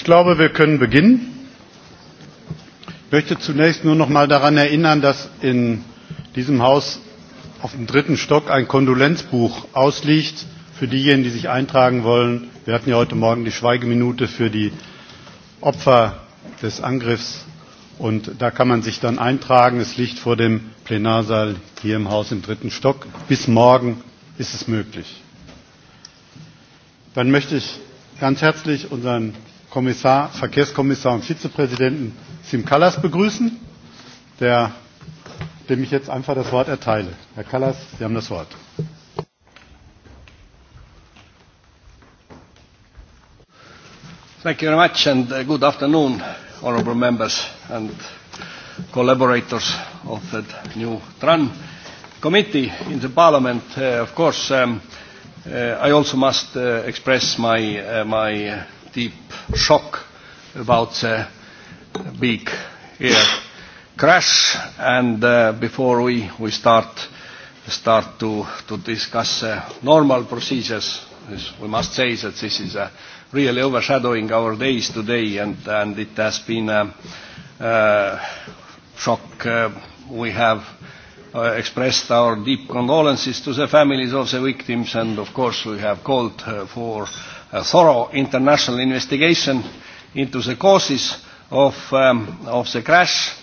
Ich glaube, wir können beginnen. Ich möchte zunächst nur noch mal daran erinnern, dass in diesem Haus auf dem dritten Stock ein Kondolenzbuch ausliegt für diejenigen, die sich eintragen wollen. Wir hatten ja heute Morgen die Schweigeminute für die Opfer des Angriffs und da kann man sich dann eintragen. Es liegt vor dem Plenarsaal hier im Haus im dritten Stock. Bis morgen ist es möglich. Dann möchte ich ganz herzlich unseren Kommissar, Verkehrskommissar und Vizepräsidenten Sim Kallas begrüßen, der, dem ich jetzt einfach das Wort erteile. Herr Kallas, Sie haben das Wort. Thank you very much and uh, good afternoon, honorable members and collaborators of the new TRAN committee in the parliament. Uh, of course, um, uh, I also must uh, express my, uh, my uh, deep shock about the big air crash and uh, before we, we start start to, to discuss uh, normal procedures we must say that this is uh, really overshadowing our days today and, it has been a uh, shock we have expressed our deep condolences to the families of the victims and of course we have called for a thorough international investigation into the causes of, um, of the crash.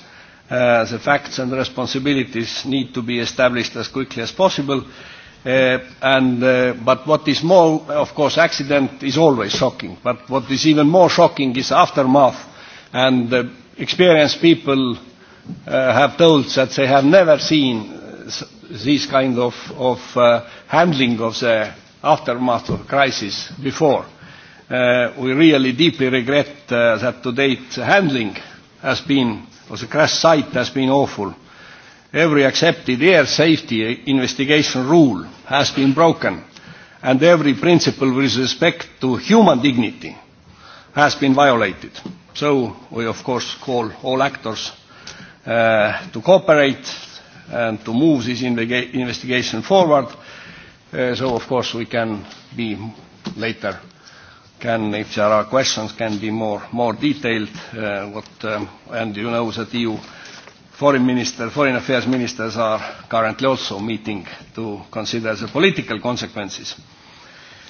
Uh, the facts and responsibilities need to be established as quickly as possible. Uh, and, uh, but what is more, of course, accident is always shocking. But what is even more shocking is aftermath. And uh, experienced people uh, have told that they have never seen this kind of, handling of the aftermath of crisis before. Uh, we really deeply regret uh, that to date handling has been, or the crash site has been awful. Every accepted air safety investigation rule has been broken and every principle with respect to human dignity has been violated. So we of course call all actors uh, to cooperate and to move this investigation forward Uh, so of course we can be later can if there are questions can be more more detailed uh, what um, and you know that EU foreign minister foreign affairs ministers are currently also meeting to consider the political consequences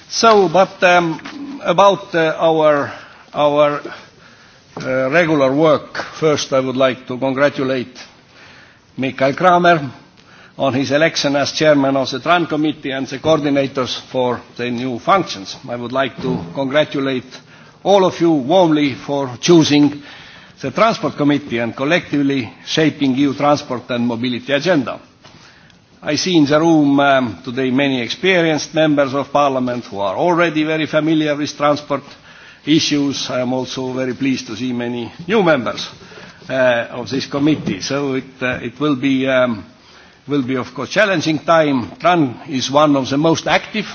so but um, about uh, our our uh, regular work first I would like to congratulate Michael Kramer on his election as chairman of the TRAN committee and the coordinators for the new functions. I would like to congratulate all of you warmly for choosing the Transport Committee and collectively shaping EU transport and mobility agenda. I see in the room um, today many experienced members of parliament who are already very familiar with transport issues. I am also very pleased to see many new members uh, of this committee. So it, uh, it will be um, will be, of course, challenging time. Tran is one of the most active,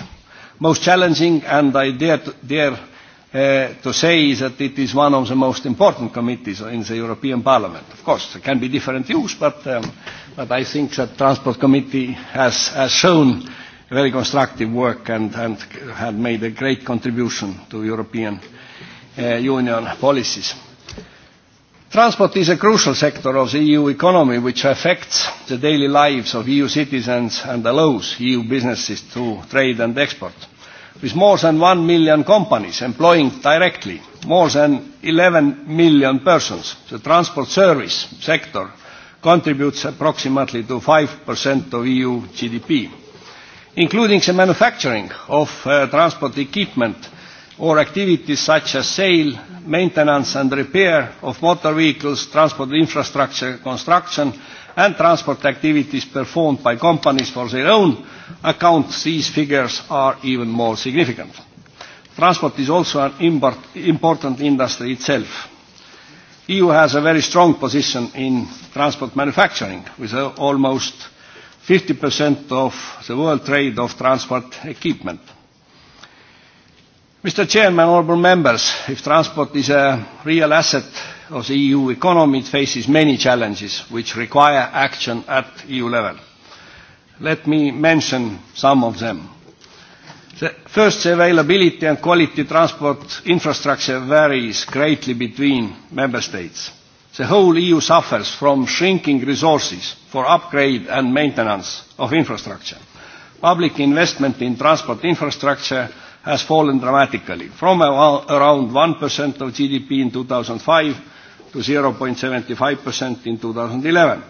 most challenging, and I dare to, dare, uh, to say that it is one of the most important committees in the European Parliament. Of course, there can be different views, but, um, but I think that Transport Committee has, has shown very constructive work and, and had made a great contribution to European uh, Union policies. Transport is a crucial sector of the EU economy which affects the daily lives of EU citizens and allows EU businesses to trade and export. With more than 1 million companies employing directly more than 11 million persons, the transport service sector contributes approximately to 5% of EU GDP. Including the manufacturing of uh, transport equipment or activities such as sale, maintenance and repair of motor vehicles, transport infrastructure construction and transport activities performed by companies for their own account, these figures are even more significant. Transport is also an important industry itself. EU has a very strong position in transport manufacturing, with almost 50% of the world trade of transport equipment. Mr. Chairman, honourable members, if transport is a real asset of the EU economy, it faces many challenges which require action at EU level. Let me mention some of them. The first, the availability and quality transport infrastructure varies greatly between member states. The whole EU suffers from shrinking resources for upgrade and maintenance of infrastructure. Public investment in transport infrastructure has fallen dramatically from around 1% of GDP in 2005 to 0.75% in 2011.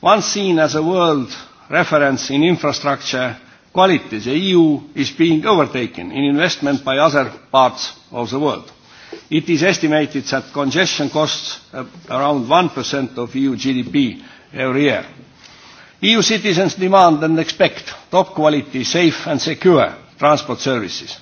Once seen as a world reference in infrastructure quality, the EU is being overtaken in investment by other parts of the world. It is estimated that congestion costs around 1% of EU GDP every year. EU citizens demand and expect top quality, safe and secure transport services.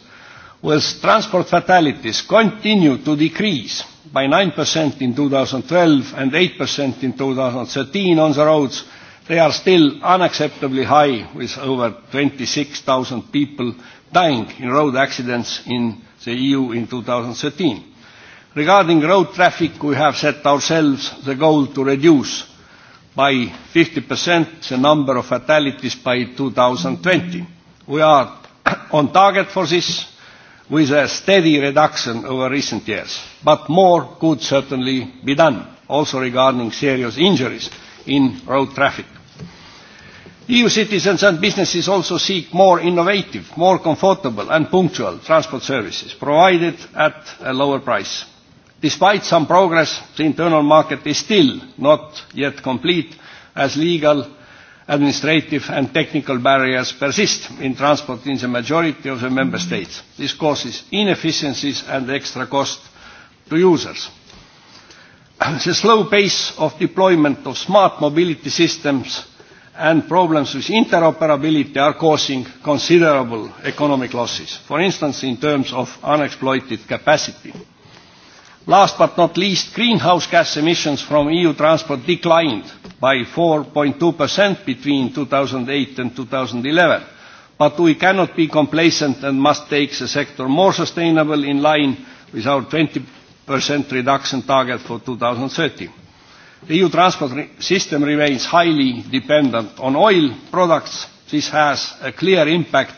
Whilst transport fatalities continue to decrease by 9% in 2012 and 8% in 2013 on the roads, they are still unacceptably high, with over 26,000 people dying in road accidents in the EU in 2013. Regarding road traffic, we have set ourselves the goal to reduce by 50% the number of fatalities by 2020. We are on target for this with a steady reduction over recent years, but more could certainly be done, also regarding serious injuries in road traffic. EU citizens and businesses also seek more innovative, more comfortable and punctual transport services, provided at a lower price. Despite some progress, the internal market is still not yet complete as legal administrative and technical barriers persist in transport in the majority of the member states. This causes inefficiencies and extra cost to users. The slow pace of deployment of smart mobility systems and problems with interoperability are causing considerable economic losses, for instance in terms of unexploited capacity. Last but not least, greenhouse gas emissions from EU transport declined by 4.2% between 2008 and 2011. But we cannot be complacent and must take the sector more sustainable in line with our 20% reduction target for 2030. The EU transport system remains highly dependent on oil products. This has a clear impact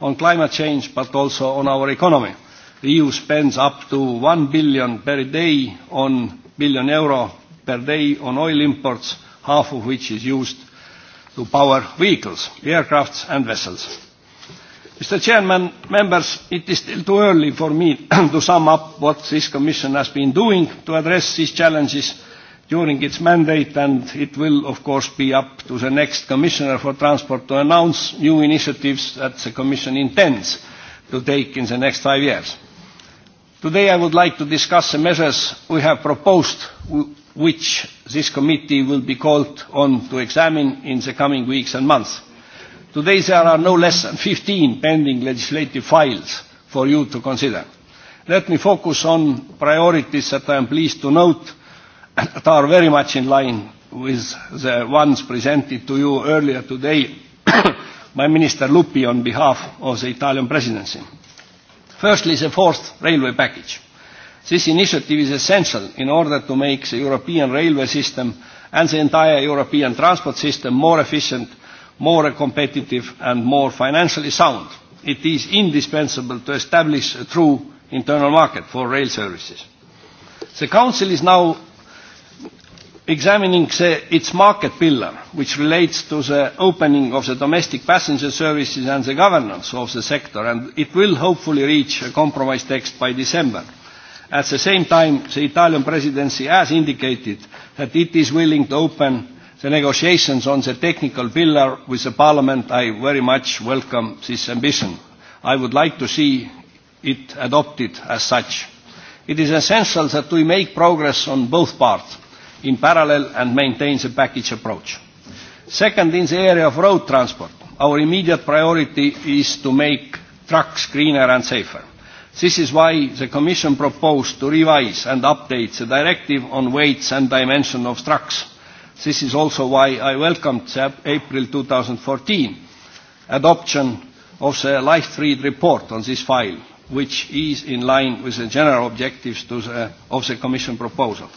on climate change but also on our economy. The EU spends up to 1 billion per day on billion euro per day on oil imports, half of which is used to power vehicles, aircrafts and vessels. Mr. Chairman, members, it is still too early for me to sum up what this Commission has been doing to address these challenges during its mandate and it will of course be up to the next Commissioner for Transport to announce new initiatives that the Commission intends to take in the next five years. Today I would like to discuss the measures we have proposed which this committee will be called on to examine in the coming weeks and months. Today there are no less than 15 pending legislative files for you to consider. Let me focus on priorities that I am pleased to note that are very much in line with the ones presented to you earlier today by Minister Lupi on behalf of the Italian presidency. Firstly, the fourth railway package. This initiative is essential in order to make the European railway system and the entire European transport system more efficient, more competitive and more financially sound. It is indispensable to establish a true internal market for rail services. The Council is now examining its market pillar, which relates to the opening of the domestic passenger services and the governance of the sector, and it will hopefully reach a compromise text by December. At the same time, the Italian presidency has indicated that it is willing to open the negotiations on the technical pillar with the Parliament. I very much welcome this ambition. I would like to see it adopted as such. It is essential that we make progress on both parts in parallel and maintains a package approach. Second, in the area of road transport, our immediate priority is to make trucks greener and safer. This is why the Commission proposed to revise and update the directive on weights and dimension of trucks. This is also why I welcomed the April 2014 adoption of the Leichtfried report on this file, which is in line with the general objectives to the, of the Commission proposal.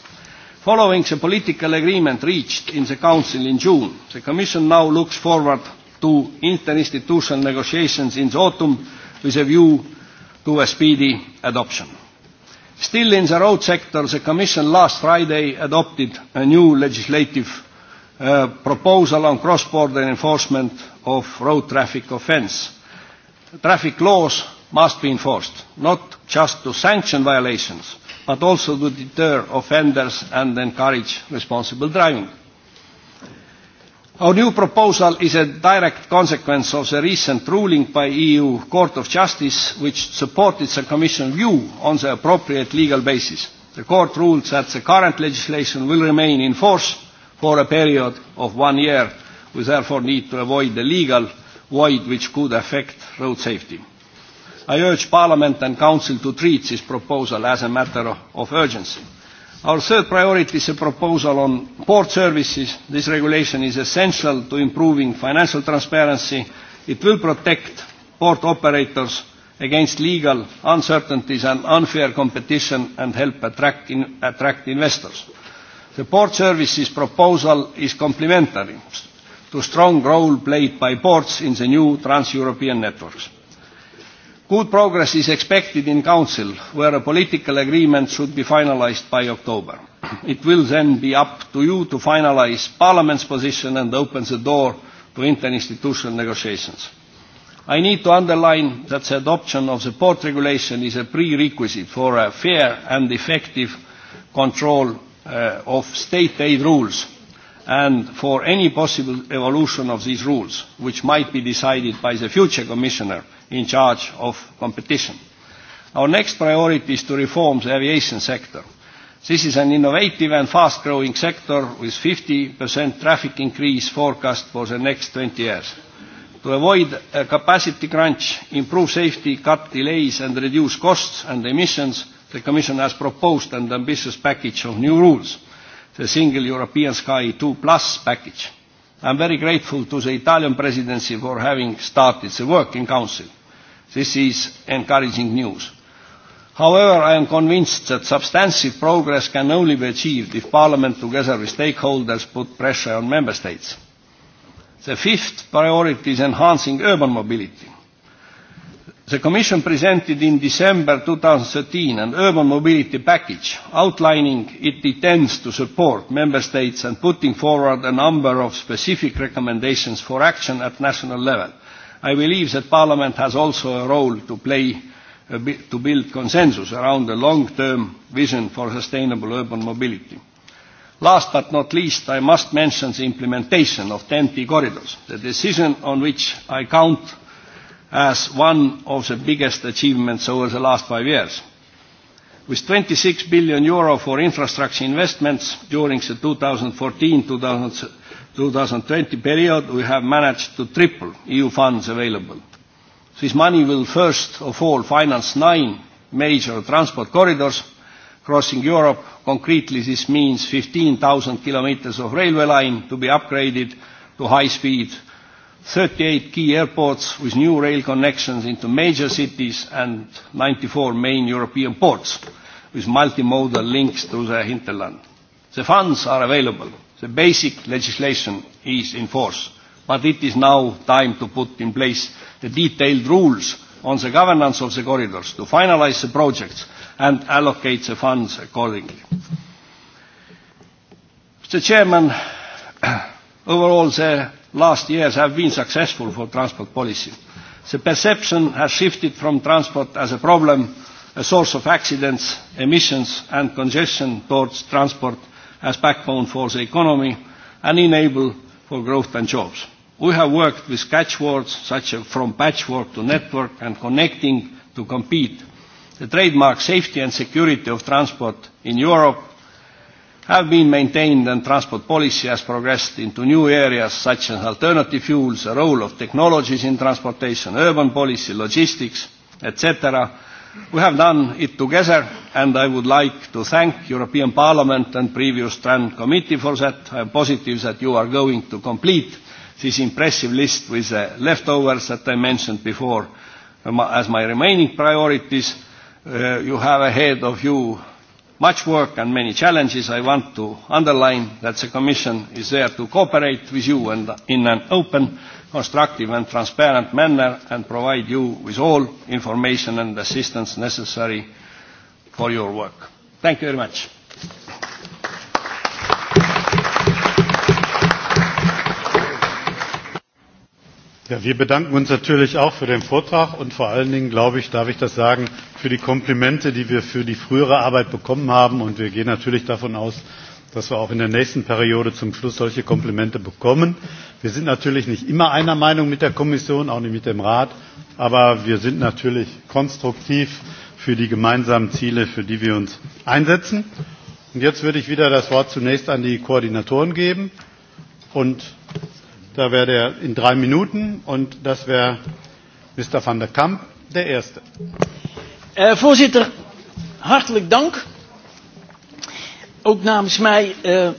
Following the political agreement reached in the Council in June, the Commission now looks forward to interinstitutional negotiations in the autumn with a view to a speedy adoption. Still in the road sector, the Commission last Friday adopted a new legislative uh, proposal on cross-border enforcement of road traffic offence. Traffic laws must be enforced, not just to sanction violations, but also to deter offenders and encourage responsible driving. Our new proposal is a direct consequence of the recent ruling by EU Court of Justice which supported the Commission's view on the appropriate legal basis. The Court ruled that the current legislation will remain in force for a period of one year. We therefore need to avoid the legal void which could affect road safety. I urge Parliament and Council to treat this proposal as a matter of urgency. Our third priority is a proposal on port services. This regulation is essential to improving financial transparency. It will protect port operators against legal uncertainties and unfair competition and help attract, in, attract investors. The port services proposal is complementary to strong role played by ports in the new trans-European networks. Good progress is expected in Council, where a political agreement should be finalised by October. It will then be up to you to finalise Parliament's position and open the door to interinstitutional negotiations. I need to underline that the adoption of the port regulation is a prerequisite for a fair and effective control uh, of state aid rules and for any possible evolution of these rules, which might be decided by the future Commissioner in charge of competition. Our next priority is to reform the aviation sector. This is an innovative and fast-growing sector with 50% traffic increase forecast for the next 20 years. To avoid a capacity crunch, improve safety, cut delays and reduce costs and emissions, the Commission has proposed an ambitious package of new rules, the Single European Sky 2 Plus package. I am very grateful to the Italian presidency for having started the work Council. This is encouraging news. However, I am convinced that substantive progress can only be achieved if Parliament together with stakeholders put pressure on Member States. The fifth priority is enhancing urban mobility. The Commission presented in December 2013 an urban mobility package outlining it intends to support member states and putting forward a number of specific recommendations for action at national level. I believe that Parliament has also a role to play to build consensus around a long-term vision for sustainable urban mobility. Last but not least, I must mention the implementation of TEN-T corridors, the decision on which I count as one of the biggest achievements over the last five years. With 26 billion euro for infrastructure investments during the 2014-2020 period, we have managed to triple EU funds available. This money will first of all finance nine major transport corridors crossing Europe. Concretely, this means 15,000 kilometers of railway line to be upgraded to high speed 38 key airports with new rail connections into major cities and 94 main European ports with multimodal links to the hinterland. The funds are available. The basic legislation is in force. But it is now time to put in place the detailed rules on the governance of the corridors to finalize the projects and allocate the funds accordingly. Mr. Chairman, overall the last years have been successful for transport policy. The perception has shifted from transport as a problem, a source of accidents, emissions and congestion towards transport as backbone for the economy and enable for growth and jobs. We have worked with catchwords such as from patchwork to network and connecting to compete. The trademark safety and security of transport in Europe have been maintained and transport policy has progressed into new areas such as alternative fuels, the role of technologies in transportation, urban policy, logistics, etc. We have done it together and I would like to thank European Parliament and previous TRAN committee for that. I am positive that you are going to complete this impressive list with the leftovers that I mentioned before as my remaining priorities. Uh, you have ahead of you much work and many challenges, I want to underline that the Commission is there to cooperate with you in an open, constructive and transparent manner and provide you with all information and assistance necessary for your work. Thank you very much. Ja, wir bedanken uns natürlich auch für den Vortrag und vor allen Dingen, glaube ich, darf ich das sagen, für die Komplimente, die wir für die frühere Arbeit bekommen haben. Und wir gehen natürlich davon aus, dass wir auch in der nächsten Periode zum Schluss solche Komplimente bekommen. Wir sind natürlich nicht immer einer Meinung mit der Kommission, auch nicht mit dem Rat, aber wir sind natürlich konstruktiv für die gemeinsamen Ziele, für die wir uns einsetzen. Und jetzt würde ich wieder das Wort zunächst an die Koordinatoren geben und da wäre er in drei Minuten und das wäre Mr. van der Kamp, der Erste. Äh, voorzitter, hartelijk dank. Ook namens mij, Äh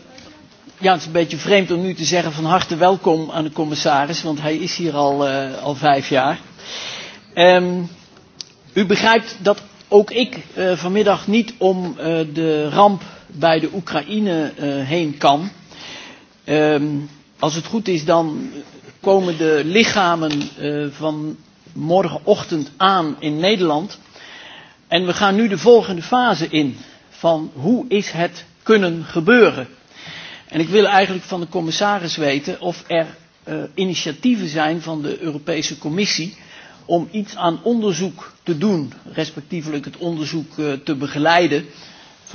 ja, het is een beetje vreemd om nu te zeggen van harte welkom aan de commissaris, want hij is hier al, uh, al vijf jaar. Um, u begrijpt dat ook ik vanmiddag niet om de ramp bij de Oekraïne heen kan. Um, als het goed is dan komen de lichamen eh, van morgenochtend aan in Nederland. En we gaan nu de volgende fase in van hoe is het kunnen gebeuren. En ik wil eigenlijk van de commissaris weten of er eh, initiatieven zijn van de Europese Commissie om iets aan onderzoek te doen, respectievelijk het onderzoek eh, te begeleiden,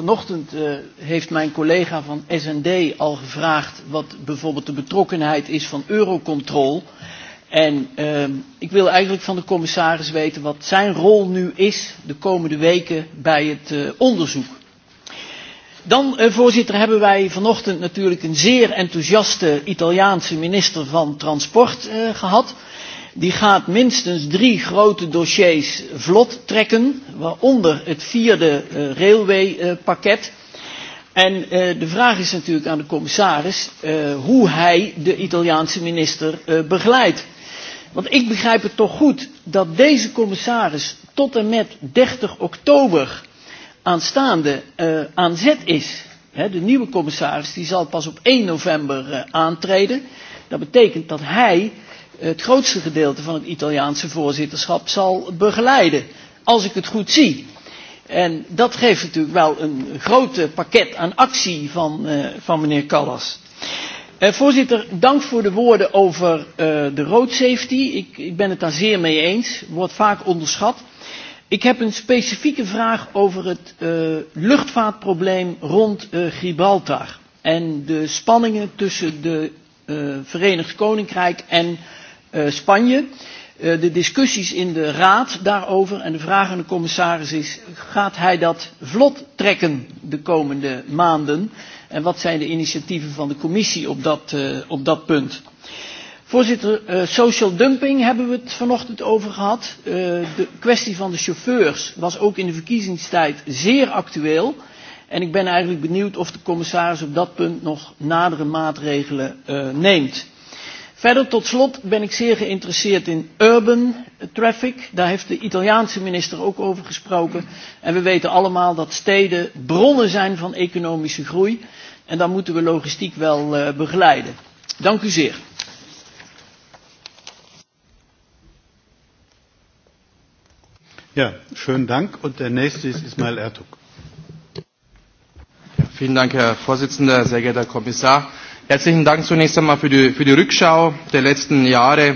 Vanochtend uh, heeft mijn collega van SND al gevraagd wat bijvoorbeeld de betrokkenheid is van Eurocontrol. En uh, ik wil eigenlijk van de commissaris weten wat zijn rol nu is de komende weken bij het eh, onderzoek. Dan, eh, voorzitter, hebben wij vanochtend natuurlijk een zeer enthousiaste Italiaanse minister van Transport gehad die gaat minstens drie grote dossiers vlot trekken, waaronder het vierde eh, railwaypakket. Eh, en eh, de vraag is natuurlijk aan de commissaris hoe hij de Italiaanse minister begeleidt. Want ik begrijp het toch goed dat deze commissaris tot en met 30 oktober aanstaande aan zet is. De nieuwe commissaris die zal pas op 1 november aantreden. Dat betekent dat hij het grootste gedeelte van het Italiaanse voorzitterschap zal begeleiden. Als ik het goed zie. En dat geeft natuurlijk wel een groot pakket aan actie van, uh, van meneer Callas. Eh, voorzitter, dank voor de woorden over eh, de road safety. Ik, ik ben het daar zeer mee eens. Wordt vaak onderschat. Ik heb een specifieke vraag over het luchtvaartprobleem rond Gibraltar. En de spanningen tussen de Verenigd Koninkrijk en Eh, Spanje. Eh, de discussies in de Raad daarover en de vraag aan de commissaris is, gaat hij dat vlot trekken de komende maanden? En wat zijn de initiatieven van de commissie op dat, eh, op dat punt? Voorzitter, social dumping hebben we het vanochtend over gehad. de kwestie van de chauffeurs was ook in de verkiezingstijd zeer actueel. En ik ben eigenlijk benieuwd of de commissaris op dat punt nog nadere maatregelen neemt verder tot slot ben ik zeer geïnteresseerd in urban traffic daar heeft de italiaanse minister ook over gesproken en we weten allemaal dat steden bronnen zijn van economische groei en dan moeten we logistiek wel eh, begeleiden. dank u zeer. Ja, schönen Dank. Und der nächste ist Ismail Ertug. Ja, vielen Dank, Herr Vorsitzender, sehr geehrter Kommissar. Herzlichen Dank zunächst einmal für die, für die Rückschau der letzten Jahre.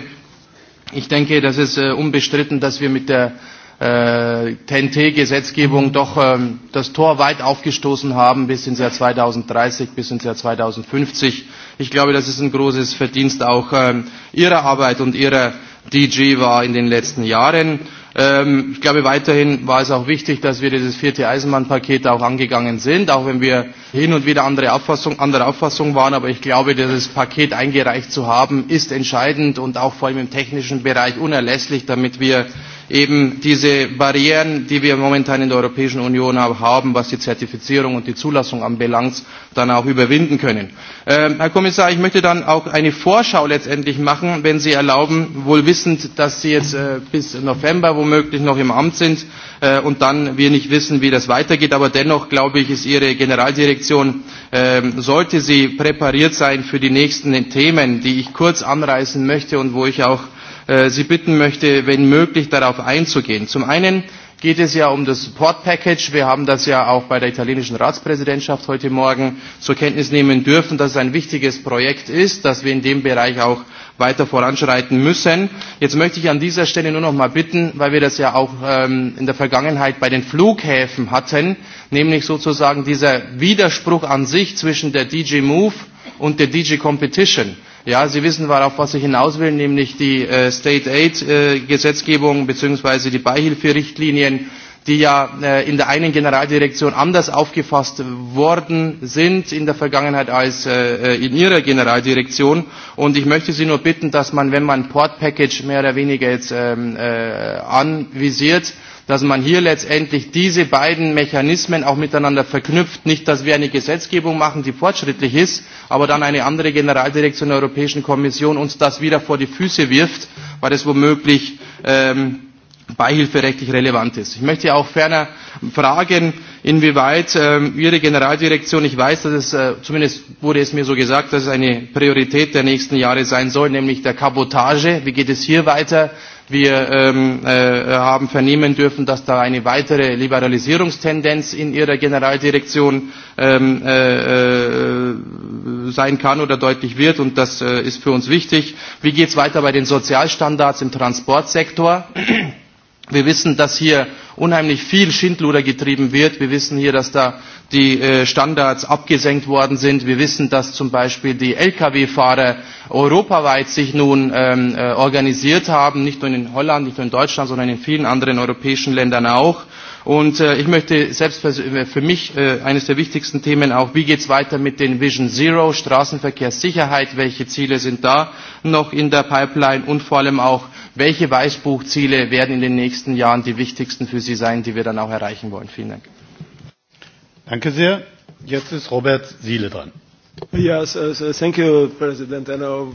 Ich denke, das ist äh, unbestritten, dass wir mit der äh, TNT-Gesetzgebung doch ähm, das Tor weit aufgestoßen haben bis ins Jahr 2030, bis ins Jahr 2050. Ich glaube, das ist ein großes Verdienst auch ähm, Ihrer Arbeit und Ihrer DG war in den letzten Jahren. Ähm, ich glaube, weiterhin war es auch wichtig, dass wir dieses vierte Eisenbahnpaket auch angegangen sind, auch wenn wir hin und wieder andere Auffassung, andere Auffassung waren. Aber ich glaube, dieses Paket eingereicht zu haben, ist entscheidend und auch vor allem im technischen Bereich unerlässlich, damit wir eben diese Barrieren, die wir momentan in der Europäischen Union haben, was die Zertifizierung und die Zulassung anbelangt, dann auch überwinden können. Ähm, Herr Kommissar, ich möchte dann auch eine Vorschau letztendlich machen, wenn Sie erlauben, wohl wissend, dass Sie jetzt äh, bis November womöglich noch im Amt sind äh, und dann wir nicht wissen, wie das weitergeht. Aber dennoch, glaube ich, ist Ihre Generaldirektion, ähm, sollte sie präpariert sein für die nächsten Themen, die ich kurz anreißen möchte und wo ich auch Äh, sie bitten möchte, wenn möglich darauf einzugehen. Zum einen geht es ja um das Support Package. Wir haben das ja auch bei der italienischen Ratspräsidentschaft heute Morgen zur Kenntnis nehmen dürfen, dass es ein wichtiges Projekt ist, dass wir in dem Bereich auch weiter voranschreiten müssen. Jetzt möchte ich an dieser Stelle nur noch mal bitten, weil wir das ja auch ähm, in der Vergangenheit bei den Flughäfen hatten, nämlich sozusagen dieser Widerspruch an sich zwischen der DG Move und der DG Competition ja, Sie wissen, auf was ich hinaus will, nämlich die äh, State Aid äh, Gesetzgebung bzw. die Beihilferichtlinien, die ja äh, in der einen Generaldirektion anders aufgefasst worden sind in der Vergangenheit als äh, äh, in Ihrer Generaldirektion. Und ich möchte Sie nur bitten, dass man, wenn man Port Package mehr oder weniger jetzt ähm, äh, anvisiert, dass man hier letztendlich diese beiden mechanismen auch miteinander verknüpft nicht dass wir eine gesetzgebung machen die fortschrittlich ist aber dann eine andere generaldirektion der europäischen kommission uns das wieder vor die füße wirft weil es womöglich ähm, beihilferechtlich relevant ist. Ich möchte auch ferner fragen, inwieweit ähm, Ihre Generaldirektion, ich weiß, dass es, äh, zumindest wurde es mir so gesagt, dass es eine Priorität der nächsten Jahre sein soll, nämlich der Kabotage. Wie geht es hier weiter? Wir ähm, äh, haben vernehmen dürfen, dass da eine weitere Liberalisierungstendenz in Ihrer Generaldirektion ähm, äh, äh sein kann oder deutlich wird, und das äh, ist für uns wichtig. Wie geht es weiter bei den Sozialstandards im Transportsektor? Wir wissen, dass hier unheimlich viel Schindluder getrieben wird. Wir wissen hier, dass da die äh, Standards abgesenkt worden sind. Wir wissen, dass zum Beispiel die Lkw-Fahrer europaweit sich nun ähm, äh, organisiert haben, nicht nur in Holland, nicht nur in Deutschland, sondern in vielen anderen europäischen Ländern auch. Und äh, ich möchte selbst für, mich eines der wichtigsten Themen auch, wie geht es weiter mit den Vision Zero, Straßenverkehrssicherheit, welche Ziele sind da noch in der Pipeline und vor allem auch, Welche Weißbuchziele werden in den nächsten Jahren die wichtigsten für Sie sein, die wir dann auch erreichen wollen? Vielen Dank. Danke sehr. Jetzt ist Robert Siele dran. Yes, uh, so thank you, President, and uh,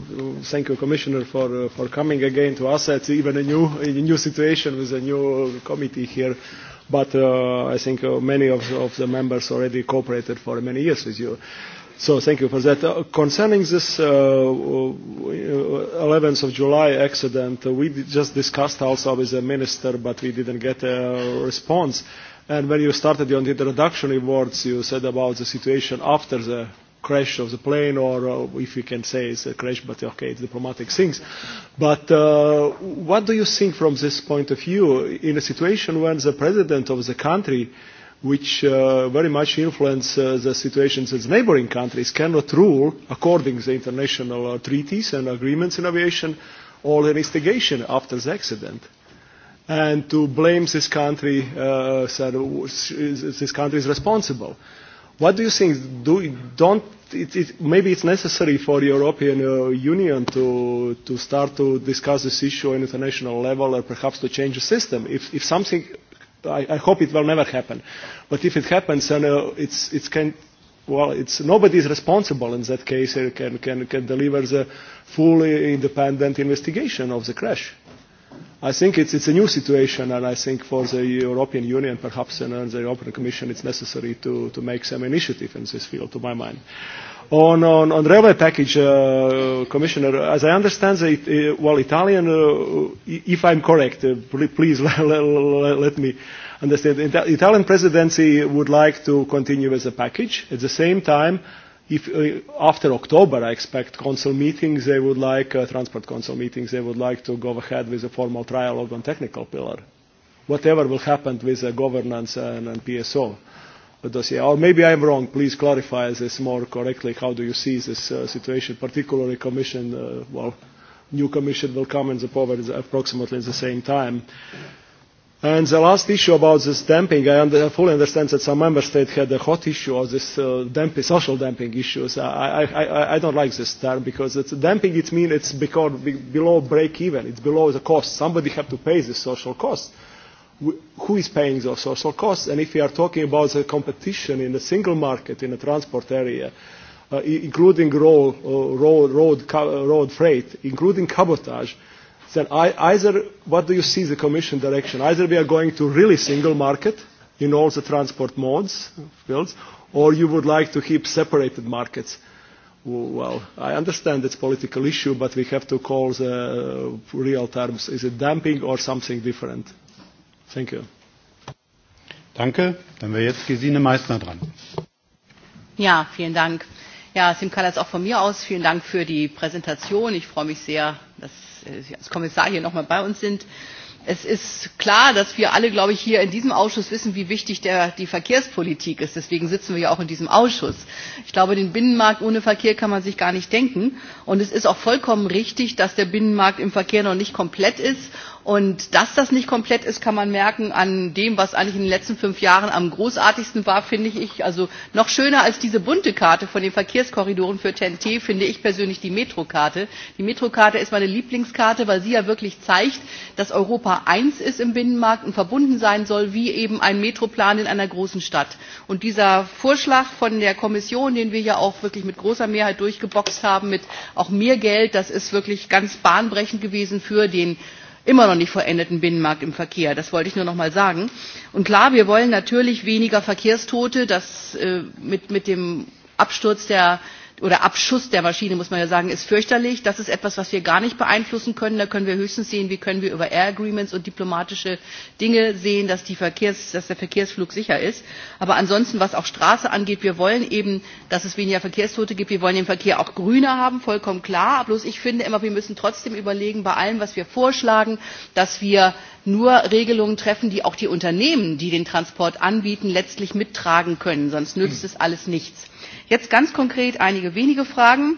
thank you, Commissioner, for, uh, for coming again to us. It's even a new, a new situation with a new committee here, but uh, I think uh, many of, of the members already cooperated for many years with you. So thank you for that. Uh, concerning this uh, 11th uh, of July accident, uh, we just discussed also with the minister, but we didn't get a response. And when you started on the introduction words, you said about the situation after the crash of the plane, or uh, if you can say it's a crash, but okay, it's diplomatic things. But uh, what do you think from this point of view in a situation when the president of the country which uh, very much influence uh, the situations in neighboring countries cannot rule according to the international uh, treaties and agreements in aviation or investigation after the accident and to blame this country uh, this country is responsible what do you think do don't it, it, maybe it's necessary for the European uh, Union to, to start to discuss this issue on international level or perhaps to change the system. If, if something i, I hope it will never happen. But if it happens, and uh, it's it's can well, it's nobody is responsible in that case and uh, can can can deliver the fully uh, independent investigation of the crash. I think it's it's a new situation, and I think for the European Union, perhaps, and uh, the European Commission, it's necessary to to make some initiative in this field, to my mind. On, on, on railway package, uh, Commissioner, as I understand, it, uh, well, Italian, uh, if I'm correct, uh, please let, let me understand. The Italian presidency would like to continue as a package. At the same time, if uh, after October I expect council meetings, they would like, uh, transport council meetings, they would like to go ahead with a formal trialogue on technical pillar. Whatever will happen with the governance and, and PSO dossier. Or maybe I am wrong. Please clarify this more correctly. How do you see this uh, situation, particularly Commission? Uh, well, new Commission will come in the power approximately at the same time. And the last issue about this damping, I under, fully understand that some member states had a hot issue of this uh, dumping, social dumping issues. I, I, I, I don't like this term because it's dumping, it means it's because below break even, it's below the cost. Somebody has to pay this social cost who is paying those social costs and if we are talking about the competition in the single market in the transport area uh, including road, uh, road, road, uh, road freight, including cabotage, then I, either, what do you see the Commission direction? Either we are going to really single market in all the transport modes, fields, or you would like to keep separated markets. Well, I understand it's a political issue, but we have to call the uh, real terms. Is it dumping or something different? Thank you. Danke. Dann wäre jetzt Gesine Meissner dran. Ja, vielen Dank. Ja, Simkalas, auch von mir aus vielen Dank für die Präsentation. Ich freue mich sehr, dass Sie äh, als Kommissar hier nochmal bei uns sind. Es ist klar, dass wir alle, glaube ich, hier in diesem Ausschuss wissen, wie wichtig der, die Verkehrspolitik ist. Deswegen sitzen wir ja auch in diesem Ausschuss. Ich glaube, den Binnenmarkt ohne Verkehr kann man sich gar nicht denken. Und es ist auch vollkommen richtig, dass der Binnenmarkt im Verkehr noch nicht komplett ist Und dass das nicht komplett ist, kann man merken an dem, was eigentlich in den letzten fünf Jahren am großartigsten war, finde ich. Also noch schöner als diese bunte Karte von den Verkehrskorridoren für TNT finde ich persönlich die Metrokarte. Die Metrokarte ist meine Lieblingskarte, weil sie ja wirklich zeigt, dass Europa eins ist im Binnenmarkt und verbunden sein soll wie eben ein Metroplan in einer großen Stadt. Und dieser Vorschlag von der Kommission, den wir ja auch wirklich mit großer Mehrheit durchgeboxt haben, mit auch mehr Geld, das ist wirklich ganz bahnbrechend gewesen für den immer noch nicht vollendeten binnenmarkt im verkehr. das wollte ich nur noch mal sagen. und klar wir wollen natürlich weniger verkehrstote. das äh, mit, mit dem absturz der oder Abschuss der Maschine, muss man ja sagen, ist fürchterlich. Das ist etwas, was wir gar nicht beeinflussen können. Da können wir höchstens sehen, wie können wir über Air Agreements und diplomatische Dinge sehen, dass, die Verkehrs-, dass der Verkehrsflug sicher ist. Aber ansonsten, was auch Straße angeht, wir wollen eben, dass es weniger Verkehrstote gibt. Wir wollen den Verkehr auch grüner haben, vollkommen klar. Bloß ich finde immer, wir müssen trotzdem überlegen, bei allem, was wir vorschlagen, dass wir nur Regelungen treffen, die auch die Unternehmen, die den Transport anbieten, letztlich mittragen können. Sonst nützt es alles nichts jetzt ganz konkret einige wenige fragen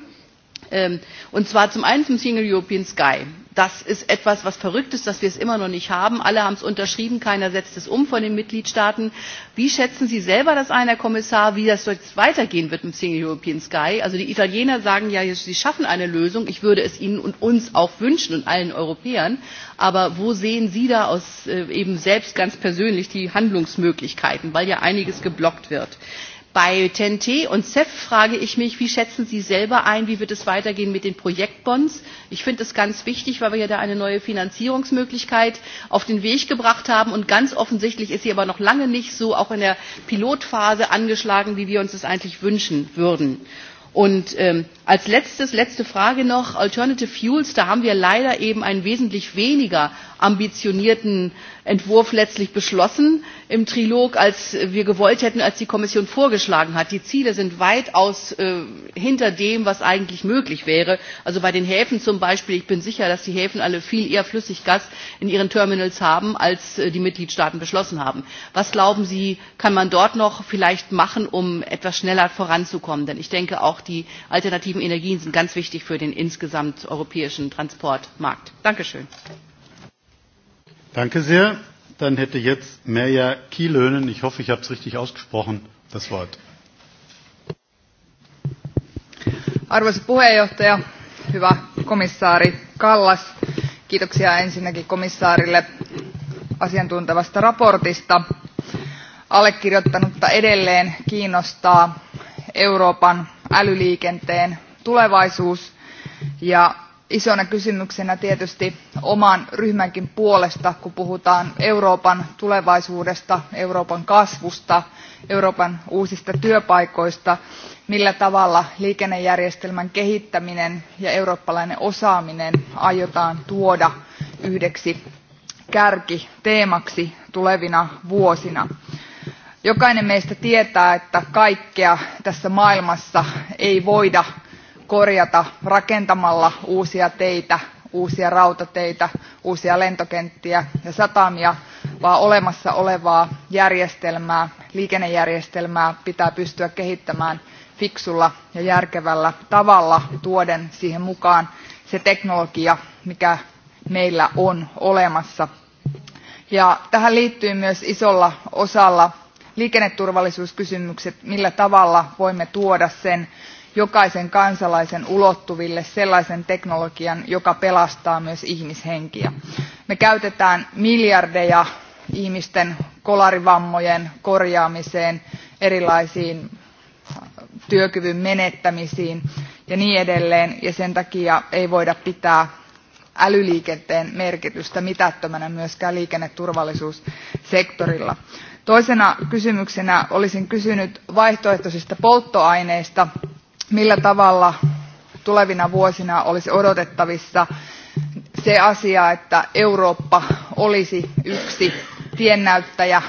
ähm, und zwar zum einen zum single european sky das ist etwas was verrückt ist dass wir es immer noch nicht haben alle haben es unterschrieben keiner setzt es um von den mitgliedstaaten wie schätzen sie selber das ein herr kommissar wie das jetzt weitergehen wird mit single european sky also die italiener sagen ja sie schaffen eine lösung ich würde es ihnen und uns auch wünschen und allen europäern aber wo sehen sie da aus äh, eben selbst ganz persönlich die handlungsmöglichkeiten weil ja einiges geblockt wird Bei TNT und CEF frage ich mich, wie schätzen Sie selber ein, wie wird es weitergehen mit den Projektbonds? Ich finde es ganz wichtig, weil wir ja da eine neue Finanzierungsmöglichkeit auf den Weg gebracht haben. Und ganz offensichtlich ist sie aber noch lange nicht so, auch in der Pilotphase angeschlagen, wie wir uns das eigentlich wünschen würden. Und ähm, als letztes letzte frage noch alternative fuels da haben wir leider eben einen wesentlich weniger ambitionierten entwurf letztlich beschlossen im trilog als wir gewollt hätten als die kommission vorgeschlagen hat. die ziele sind weitaus äh, hinter dem was eigentlich möglich wäre. also bei den häfen zum beispiel ich bin sicher dass die häfen alle viel eher flüssiggas in ihren terminals haben als äh, die mitgliedstaaten beschlossen haben. was glauben sie kann man dort noch vielleicht machen um etwas schneller voranzukommen? denn ich denke auch die Alternative alternativen energien sind ganz wichtig für den insgesamt europäischen transportmarkt. hätte jetzt ich hoffe ich habe es richtig ausgesprochen das wort. arvoisa puheenjohtaja hyvä komissaari kallas kiitoksia ensinnäkin komissaarille asiantuntevasta raportista. allekirjoittanutta edelleen kiinnostaa euroopan älyliikenteen tulevaisuus ja isona kysymyksenä tietysti oman ryhmänkin puolesta kun puhutaan euroopan tulevaisuudesta euroopan kasvusta euroopan uusista työpaikoista millä tavalla liikennejärjestelmän kehittäminen ja eurooppalainen osaaminen aiotaan tuoda yhdeksi kärkiteemaksi tulevina vuosina jokainen meistä tietää että kaikkea tässä maailmassa ei voida korjata rakentamalla uusia teitä uusia rautateitä uusia lentokenttiä ja satamia vaan olemassa olevaa järjestelmää liikennejärjestelmää pitää pystyä kehittämään fiksulla ja järkevällä tavalla tuoden siihen mukaan se teknologia mikä meillä on olemassa. Ja tähän liittyy myös isolla osalla liikenneturvallisuuskysymykset millä tavalla voimme tuoda sen jokaisen kansalaisen ulottuville sellaisen teknologian joka pelastaa myös ihmishenkiä. me käytämme miljardeja ihmisten kolarivammojen korjaamiseen erilaisiin äh, työkyvyn menettämisiin ja niin edelleen ja sen takia ei voida pitää älyliikenteen merkitystä mitättömänä myöskään liikenneturvallisuussektorilla toisena kysymyksenä olisin kysynyt vaihtoehtoisista polttoaineista millä tavalla tulevina vuosina olisi odotettavissa se asia että eurooppa olisi yksi tiennäyttäjä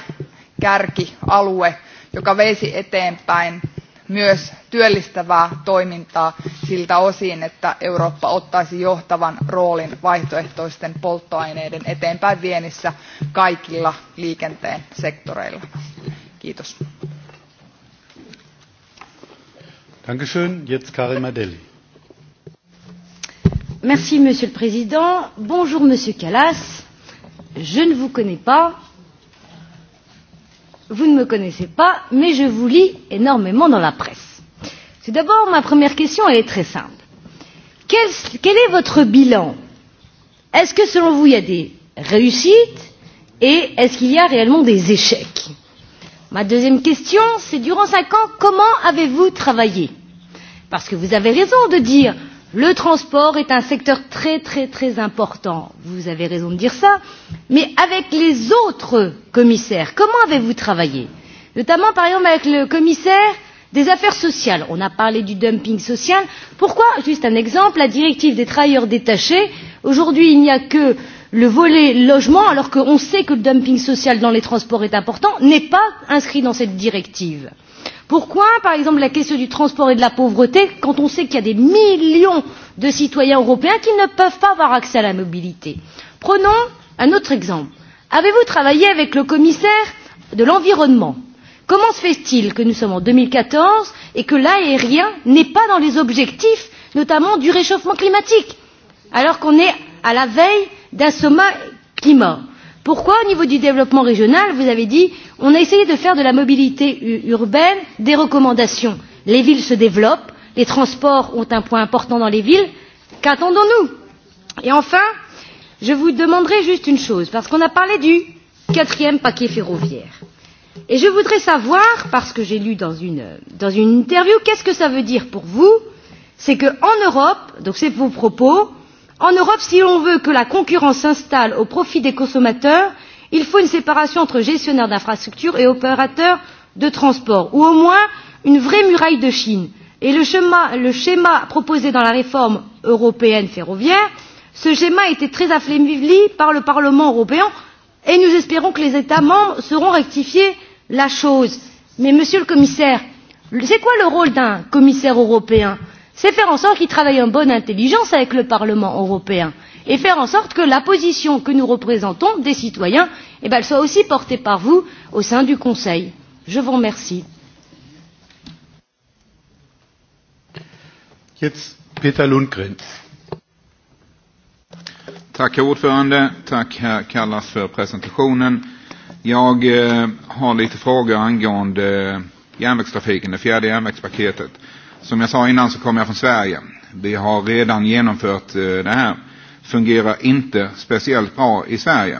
kärkialue joka veisi eteenpäin myös työllistävää toimintaa siltä osin, että Eurooppa ottaisi johtavan roolin vaihtoehtoisten polttoaineiden eteenpäin vienissä kaikilla liikenteen sektoreilla. Kiitos. Dankeschön. Jetzt Karim Adeli. Merci, Monsieur le Président. Bonjour, Monsieur Callas. Je ne vous connais pas, vous ne me connaissez pas, mais je vous lis énormément dans la presse. Tout d'abord, ma première question elle est très simple. Quel, quel est votre bilan Est-ce que selon vous, il y a des réussites et est-ce qu'il y a réellement des échecs Ma deuxième question, c'est durant cinq ans, comment avez-vous travaillé Parce que vous avez raison de dire Le transport est un secteur très très très important. Vous avez raison de dire ça, mais avec les autres commissaires, comment avez-vous travaillé Notamment par exemple avec le commissaire des affaires sociales. On a parlé du dumping social. Pourquoi Juste un exemple, la directive des travailleurs détachés. Aujourd'hui, il n'y a que le volet logement, alors qu'on sait que le dumping social dans les transports est important, n'est pas inscrit dans cette directive pourquoi par exemple la question du transport et de la pauvreté quand on sait qu'il y a des millions de citoyens européens qui ne peuvent pas avoir accès à la mobilité? prenons un autre exemple avez vous travaillé avec le commissaire de l'environnement? comment se fait il que nous sommes en deux mille quatorze et que l'aérien n'est pas dans les objectifs notamment du réchauffement climatique alors qu'on est à la veille d'un sommet climat? Pourquoi au niveau du développement régional, vous avez dit, on a essayé de faire de la mobilité urbaine des recommandations. Les villes se développent, les transports ont un point important dans les villes, qu'attendons-nous Et enfin, je vous demanderai juste une chose, parce qu'on a parlé du quatrième paquet ferroviaire. Et je voudrais savoir, parce que j'ai lu dans une, dans une interview, qu'est-ce que ça veut dire pour vous C'est qu'en Europe, donc c'est vos propos, en europe si l'on veut que la concurrence s'installe au profit des consommateurs il faut une séparation entre gestionnaires d'infrastructures et opérateurs de transport ou au moins une vraie muraille de chine et le schéma, le schéma proposé dans la réforme européenne ferroviaire ce schéma a été très affaibli par le parlement européen et nous espérons que les états membres sauront rectifier la chose. mais monsieur le commissaire c'est quoi le rôle d'un commissaire européen? c'est faire en sorte qu'ils travaillent en bonne intelligence avec le parlement européen et faire en sorte que la position que nous représentons des citoyens eh soit aussi portée par vous au sein du conseil. je vous remercie. Jetzt Peter Lundgren. Tack herr ordförande, tack herr Kallas för presentationen. Jag eh, har lite frågor angående järnvägstrafiken, det fjärde järnvägspaketet. Som jag sa innan så kommer jag från Sverige. Vi har redan genomfört eh, det här. Fungerar inte speciellt bra i Sverige.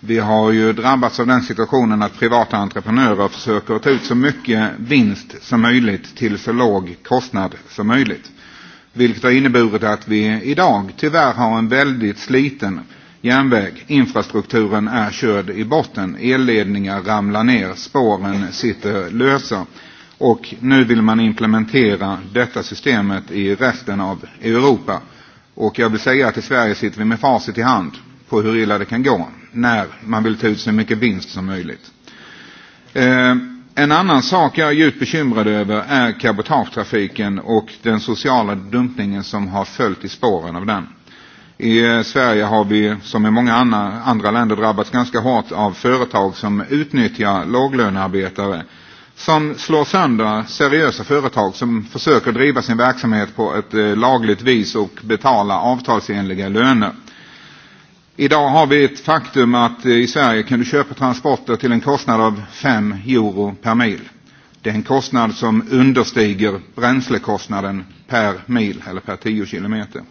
Vi har ju drabbats av den situationen att privata entreprenörer försöker ta ut så mycket vinst som möjligt till så låg kostnad som möjligt. Vilket har inneburit att vi idag tyvärr har en väldigt sliten järnväg. Infrastrukturen är körd i botten. Elledningar ramlar ner. Spåren sitter lösa och nu vill man implementera detta systemet i resten av Europa. Och jag vill säga att i Sverige sitter vi med facit i hand på hur illa det kan gå när man vill ta ut så mycket vinst som möjligt. Eh, en annan sak jag är djupt bekymrad över är cabotagetrafiken och den sociala dumpningen som har följt i spåren av den. I eh, Sverige har vi, som i många andra länder, drabbats ganska hårt av företag som utnyttjar låglönearbetare som slår sönder seriösa företag som försöker driva sin verksamhet på ett eh, lagligt vis och betala avtalsenliga löner. Idag har vi ett faktum att eh, i Sverige kan du köpa transporter till en kostnad av 5 euro per mil. Det är en kostnad som understiger bränslekostnaden per mil eller per 10 kilometer.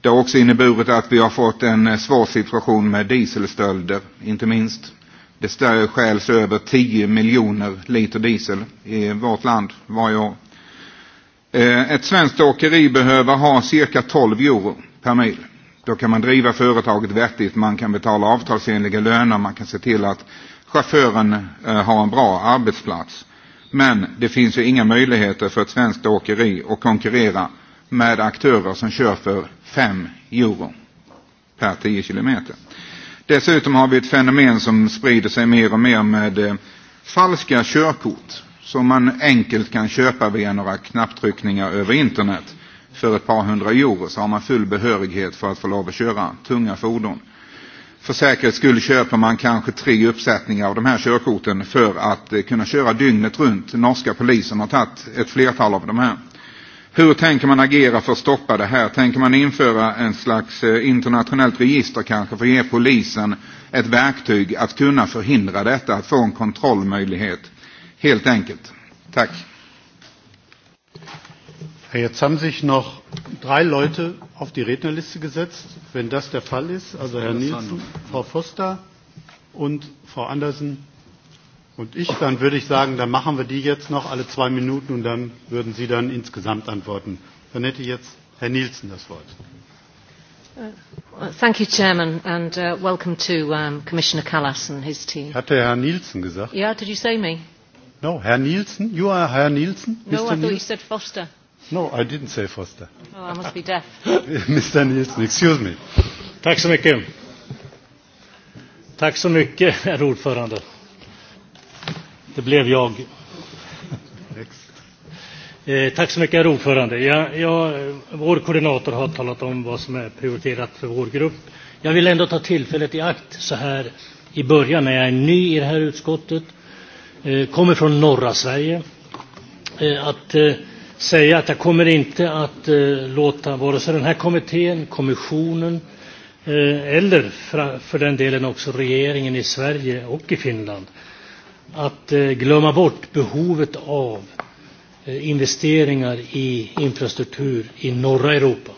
Det har också inneburit att vi har fått en eh, svår situation med dieselstölder, inte minst Det stjäls över 10 miljoner liter diesel i vårt land varje år. Eh, ett svenskt åkeri behöver ha cirka 12 euro per mil. Då kan man driva företaget vettigt, man kan betala avtalsenliga löner, man kan se till att chauffören eh, har en bra arbetsplats. Men det finns ju inga möjligheter för ett svenskt åkeri att konkurrera med aktörer som kör för 5 euro per 10 kilometer. Dessutom har vi ett fenomen som sprider sig mer och mer med eh, falska körkort som man enkelt kan köpa via några knapptryckningar över internet. För ett par hundra euro så har man full behörighet för att få lov att köra tunga fordon. För säkerhets skulle köper man kanske tre uppsättningar av de här körkorten för att eh, kunna köra dygnet runt. Norska polisen har tagit ett flertal av de här. Hur tänker man agera för att stoppa det här? Tänker man införa en slags eh, internationellt register kanske för att ge polisen ett verktyg att kunna förhindra detta, att få en kontrollmöjlighet? Helt enkelt. Tack. Jetzt haben sich noch drei Leute auf die Rednerliste gesetzt. Wenn das der Fall ist, also Herr Nielsen, Frau Foster und Frau Andersen, und ich, dann würde ich sagen, dann machen wir die jetzt noch alle zwei Minuten und dann würden Sie dann insgesamt antworten. Dann hätte jetzt Herr Nielsen das Wort. Uh, thank you, Chairman, and uh, welcome to um, Commissioner Callas and his team. Hatte Herr Nielsen gesagt? Yeah, did you say me? No, Herr Nielsen. You are Herr Nielsen? No, Mr. I thought Nielsen? you said Foster. No, I didn't say Foster. Oh, I must be deaf. Mr. Nielsen, excuse me. Tack så mycket. Tack så mycket, herr ordförande. Det blev jag. Eh, tack så mycket, ordförande. Jag, jag, vår koordinator har talat om vad som är prioriterat för vår grupp. Jag vill ändå ta tillfället i akt så här i början när jag är ny i det här utskottet, eh, kommer från norra Sverige, eh, att eh, säga att jag kommer inte att låta vare sig den här kommittén, kommissionen eller för den delen också regeringen i Sverige och i Finland att eh, glömma bort behovet av eh, investeringar i infrastruktur i norra Europa.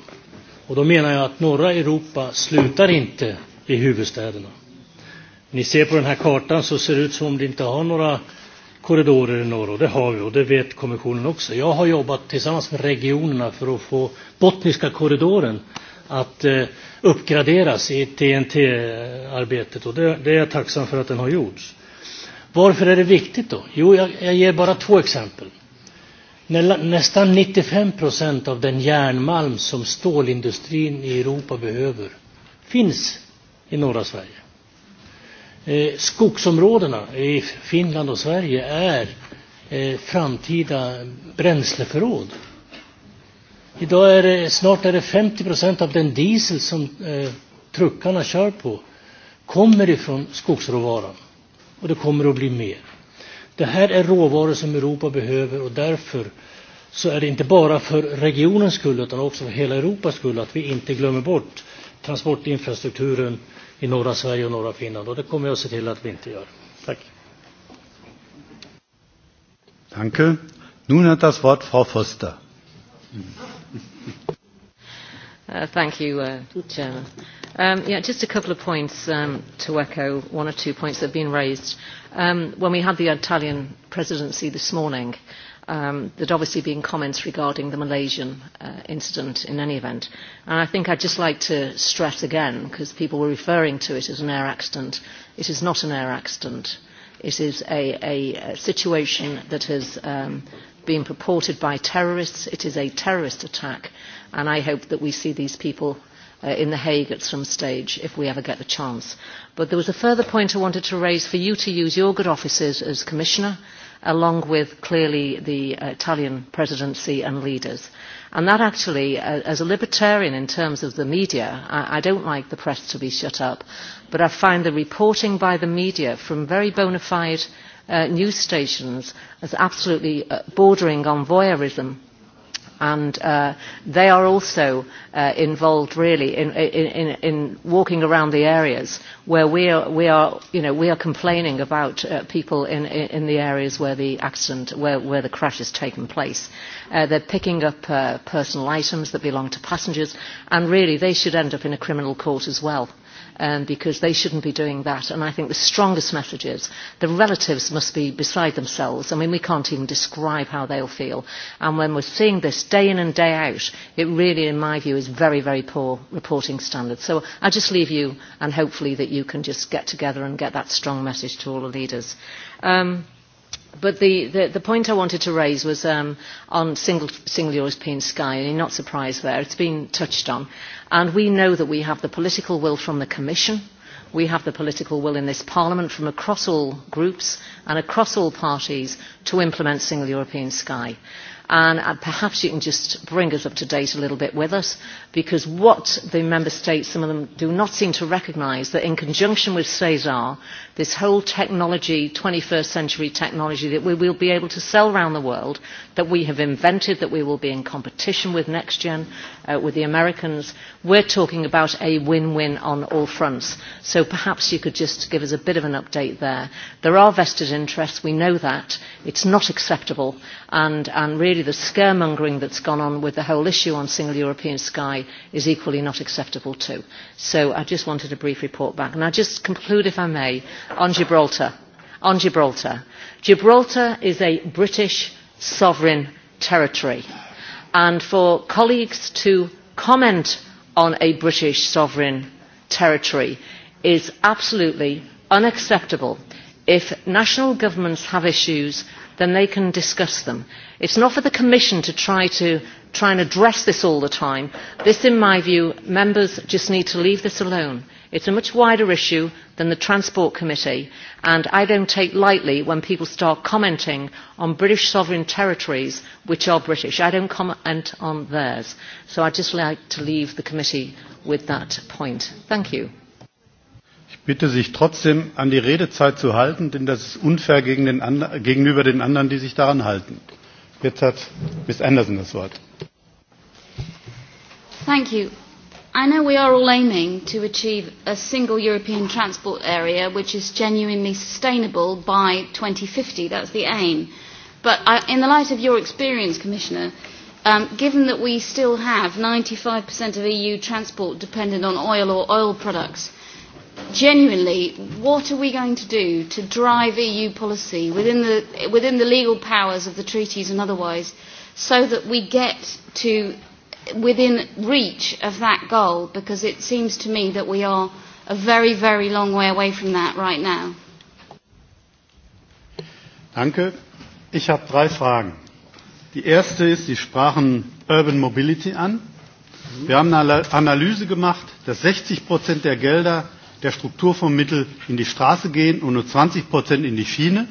Och då menar jag att norra Europa slutar inte i huvudstäderna. Ni ser på den här kartan så ser det ut som om det inte har några korridorer i norr och det har vi och det vet kommissionen också. Jag har jobbat tillsammans med regionerna för att få Botniska korridoren att eh, uppgraderas i TNT-arbetet och det, det är jag tacksam för att den har gjorts. Varför är det viktigt då? Jo, jag, jag ger bara två exempel. Nästan 95 av den järnmalm som stålindustrin i Europa behöver finns i norra Sverige. Eh, skogsområdena i Finland och Sverige är eh, framtida bränsleförråd. Idag är det, snart är det 50 procent av den diesel som eh, truckarna kör på kommer ifrån skogsråvaran och det kommer att bli mer. Det här är råvaror som Europa behöver och därför så är det inte bara för regionens skull utan också för hela Europas skull att vi inte glömmer bort transportinfrastrukturen i norra Sverige och norra Finland och det kommer jag att se till att vi inte gör. Tack. Danke. Nu har das Wort Frau Foster. Uh, thank you, uh, Chairman. Um, yeah, just a couple of points um, to echo one or two points that have been raised. Um, when we had the Italian presidency this morning, um, had obviously been comments regarding the Malaysian uh, incident in any event. And I think I'd just like to stress again, because people were referring to it as an air accident, it is not an air accident. It is a, a, situation that has um, been purported by terrorists. It is a terrorist attack, and I hope that we see these people Uh, in The Hague at some stage if we ever get the chance. But there was a further point I wanted to raise for you to use your good offices as Commissioner along with clearly the uh, Italian presidency and leaders. And that actually, uh, as a libertarian in terms of the media, I, do don't like the press to be shut up, but I find the reporting by the media from very bona fide news stations as absolutely bordering on voyeurism and uh, they are also uh, involved really in, in, in walking around the areas where we are, we are, you know, we are complaining about uh, people in, in the areas where the accident, where, where the crash has taken place. Uh, they're picking up uh, personal items that belong to passengers and really they should end up in a criminal court as well um, because they shouldn't be doing that. And I think the strongest message is the relatives must be beside themselves. I mean, we can't even describe how they'll feel. And when we're seeing this day in and day out, it really, in my view, is very, very poor reporting standards. So I just leave you and hopefully that you can just get together and get that strong message to all the leaders. Um, But the, the, the point I wanted to raise was um, on single, single European sky, and you're not surprised there. It's been touched on. And we know that we have the political will from the Commission. We have the political will in this Parliament from across all groups and across all parties to implement single European sky and uh, perhaps you can just bring us up to date a little bit with us because what the member states, some of them do not seem to recognise that in conjunction with CESAR, this whole technology, 21st century technology that we will be able to sell around the world, that we have invented, that we will be in competition with NextGen, uh, with the Americans, we're talking about a win-win on all fronts. So perhaps you could just give us a bit of an update there. There are vested interests, we know that. It's not acceptable and, and really really the scaremongering that's gone on with the whole issue on single European sky is equally not acceptable too. So I just wanted a brief report back. And I just conclude, if I may, on Gibraltar. On Gibraltar. Gibraltar is a British sovereign territory. And for colleagues to comment on a British sovereign territory is absolutely unacceptable if national governments have issues then they can discuss them. It's not for the Commission to try to try and address this all the time. This, in my view, members just need to leave this alone. It's a much wider issue than the Transport Committee, and I don't take lightly when people start commenting on British sovereign territories which are British. I don't comment on theirs. So I'd just like to leave the committee with that point. Thank you bitte sich trotzdem an die redezeit zu halten denn das ist unfair gegen den gegenüber den anderen die sich daran halten. jetzt hat ms anderson das wort. thank you. i know we are all aiming to achieve a single european transport area which is genuinely sustainable by 2050. that's the aim. but I, in the light of your experience, commissioner, um, given that we still have 95% of EU transport dependent on oil or oil products, genuinely, what are we going to do to drive EU policy within the, within the legal powers of the treaties and otherwise so that we get to within reach of that goal? Because it seems to me that we are a very, very long way away from that right now. Danke. Ich habe drei Fragen. Die erste ist, Sie sprachen Urban Mobility an. Wir haben eine Analyse gemacht, dass 60 Prozent der Gelder der Strukturfondsmittel in die Straße gehen und nur 20 Prozent in die Schiene.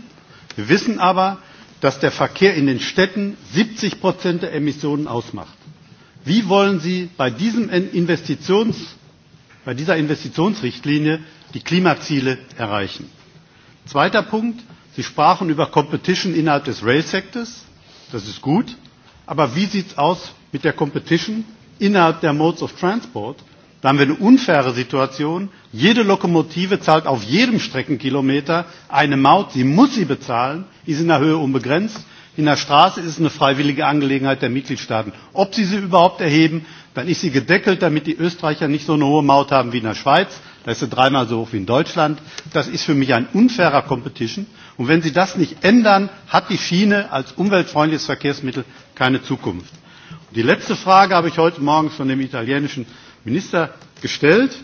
Wir wissen aber, dass der Verkehr in den Städten 70 Prozent der Emissionen ausmacht. Wie wollen Sie bei, diesem Investitions, bei dieser Investitionsrichtlinie die Klimaziele erreichen? Zweiter Punkt. Sie sprachen über Competition innerhalb des rail Das ist gut. Aber wie sieht es aus mit der Competition innerhalb der Modes of Transport? Da haben wir eine unfaire Situation, Jede Lokomotive zahlt auf jedem Streckenkilometer eine Maut, sie muss sie bezahlen, ist in der Höhe unbegrenzt. In der Straße ist es eine freiwillige Angelegenheit der Mitgliedstaaten. Ob sie sie überhaupt erheben, dann ist sie gedeckelt, damit die Österreicher nicht so eine hohe Maut haben wie in der Schweiz. Da ist sie dreimal so hoch wie in Deutschland. Das ist für mich ein unfairer Competition. Und wenn Sie das nicht ändern, hat die Schiene als umweltfreundliches Verkehrsmittel keine Zukunft. die letzte Frage habe ich heute Morgen von dem italienischen Minister gestellt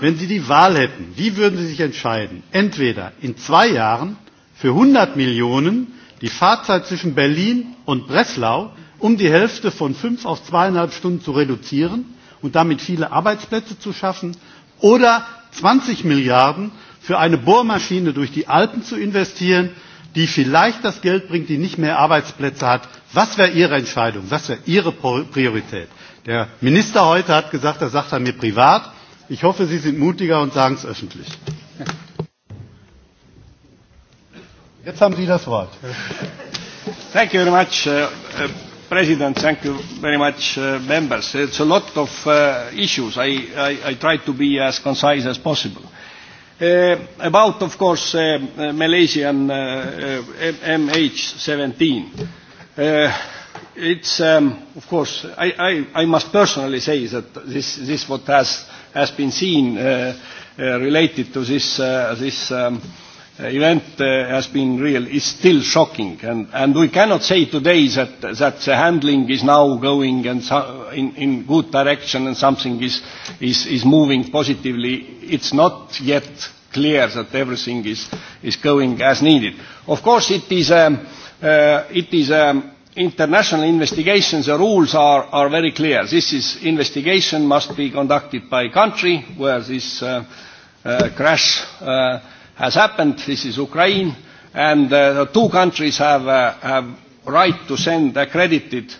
wenn Sie die Wahl hätten, wie würden Sie sich entscheiden? Entweder in zwei Jahren für 100 Millionen die Fahrzeit zwischen Berlin und Breslau um die Hälfte von fünf auf zweieinhalb Stunden zu reduzieren und damit viele Arbeitsplätze zu schaffen oder 20 Milliarden für eine Bohrmaschine durch die Alpen zu investieren, die vielleicht das Geld bringt, die nicht mehr Arbeitsplätze hat. Was wäre Ihre Entscheidung? Was wäre Ihre Priorität? Der Minister heute hat gesagt, das er sagt er mir privat. Ich hoffe, Sie sind mutiger und sagen es öffentlich. Jetzt haben Sie das Wort. Thank you very much, uh, uh, President. Thank you very much, uh, members. It's a lot of uh, issues. I, I, I try to be as concise as possible. Uh, about, of course, uh, uh Malaysian uh, uh MH17. Uh, it's, um, of course, I, I, I must personally say that this, this what has has been seen uh, uh, related to this uh, this um, event uh, has been real is still shocking and, and we cannot say today that, that the handling is now going and so in, in good direction and something is, is, is moving positively. It's not yet clear that everything is, is going as needed. Of course it is, um, it is um, international investigations, the rules are, are very clear. This is investigation must be conducted by country where this uh, uh, crash uh, has happened. This is Ukraine. And the two countries have, uh, right to send accredited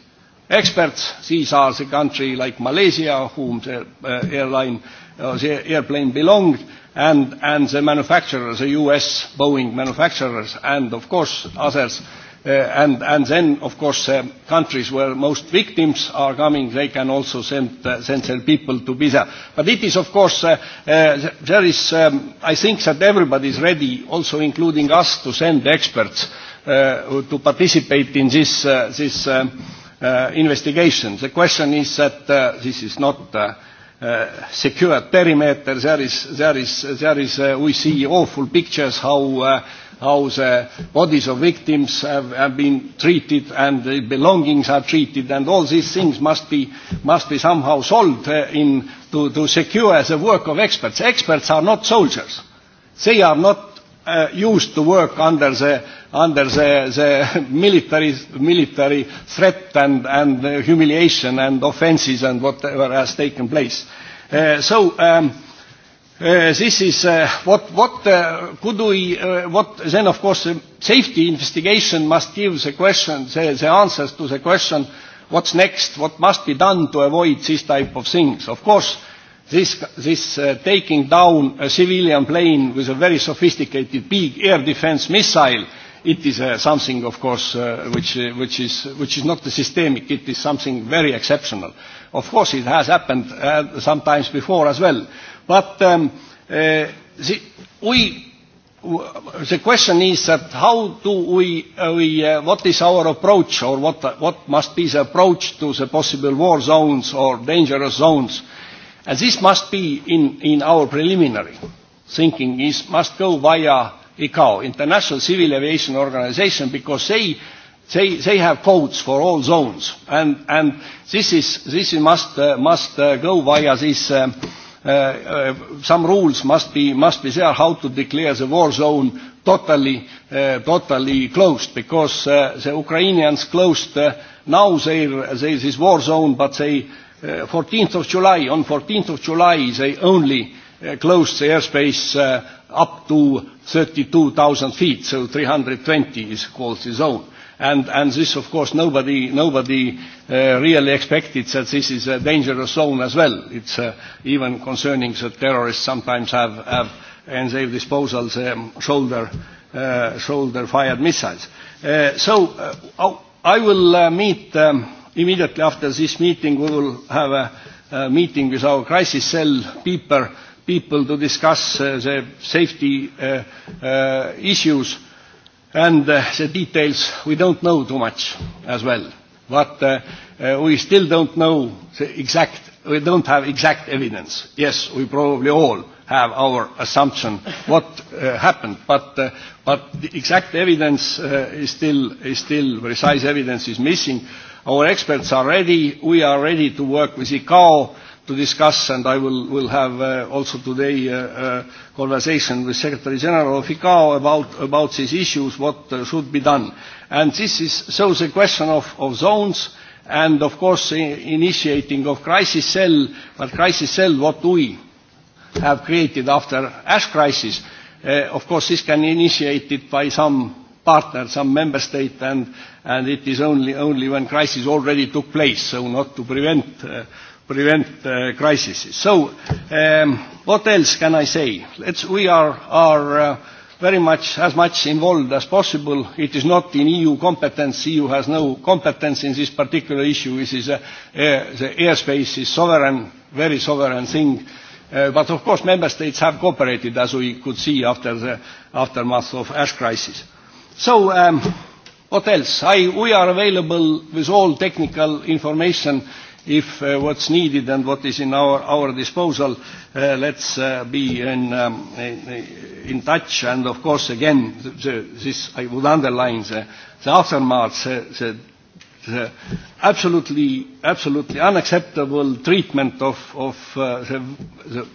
experts. These are the country like Malaysia, whom the airline, uh, airplane belonged, and, and the manufacturers, the U.S. Boeing manufacturers, and of course others Uh, and, and then, of course, uh, countries where most victims are coming, they can also send, uh, send their people to be there. But it is, of course, uh, uh, there is, um, I think that everybody is ready, also including us, to send experts uh, to participate in this, uh, this um, uh, investigation. The question is that uh, this is not uh, Uh, secure perimeter. There is, there is, there is uh, we see awful pictures how uh, how the bodies of victims have, have been treated and the belongings are treated and all these things must be, must be somehow solved uh, in, to, to secure the work of experts. Experts are not soldiers. They are not uh, used to work under the, under the, the military, military threat and, and uh, humiliation and offenses and whatever has taken place. Uh, so um, Eh, this is uh, what what uh, could we what then of course safety investigation must give the question the, the answers to the question what's next what must be done to avoid this type of things of course this this taking down a civilian plane with a very sophisticated big air defense missile it is something of course which which is which is not the systemic it is something very exceptional of course it has happened sometimes before as well But um, uh, the, we, the question is that how do we, uh, we uh, what is our approach or what, what must be the approach to the possible war zones or dangerous zones? And this must be in, in our preliminary thinking, is must go via ICAO, International Civil Aviation Organization, because they, they, they have codes for all zones. And, and this, is, this must, uh, must uh, go via this um, Uh, uh, some rules must be must be there how to declare the war zone totally uh, totally closed because the Ukrainians closed now their, their this war zone but they 14th of July on 14th of July they only closed the airspace up to 32,000 feet so 320 is called the zone and, and this of course nobody, nobody uh, really expected that this is a dangerous zone as well. It's uh, even concerning that terrorists sometimes have, have and their disposal um, shoulder, uh, shoulder fired missiles. Uh, so uh, oh, I will uh, meet um, immediately after this meeting we will have a, a meeting with our crisis cell people, people to discuss uh, the safety uh, uh, issues and uh, the details we don't know too much as well but uh, uh, we still don't know the exact we don't have exact evidence yes we probably all have our assumption what uh, happened but uh, but the exact evidence uh, is still is still precise evidence is missing our experts are ready we are ready to work with ICAO to discuss and I will, will have uh, also today uh, uh, conversation with Secretary General of ICAO about, about these issues, what uh, should be done. And this is so the question of, of zones and of course initiating of crisis cell, but crisis cell what we have created after ash crisis. Uh, of course this can be initiated by some partner, some member state, and, and it is only, only when crisis already took place, so not to prevent uh, prevent uh, crises. So, um, what else can I say? Let's, we are, are uh, very much, as much involved as possible. It is not in EU competence. EU has no competence in this particular issue. This is the airspace is sovereign, very sovereign thing. Uh, but of course, member states have cooperated, as we could see after the aftermath of ash crisis. So, um, what else? I, we are available with all technical information if uh, what's needed and what is in our, our disposal, uh, let's uh, be um, in, in, touch. And of course, again, this I would underline the, the aftermath, the, the, absolutely, absolutely unacceptable treatment of, of uh, the,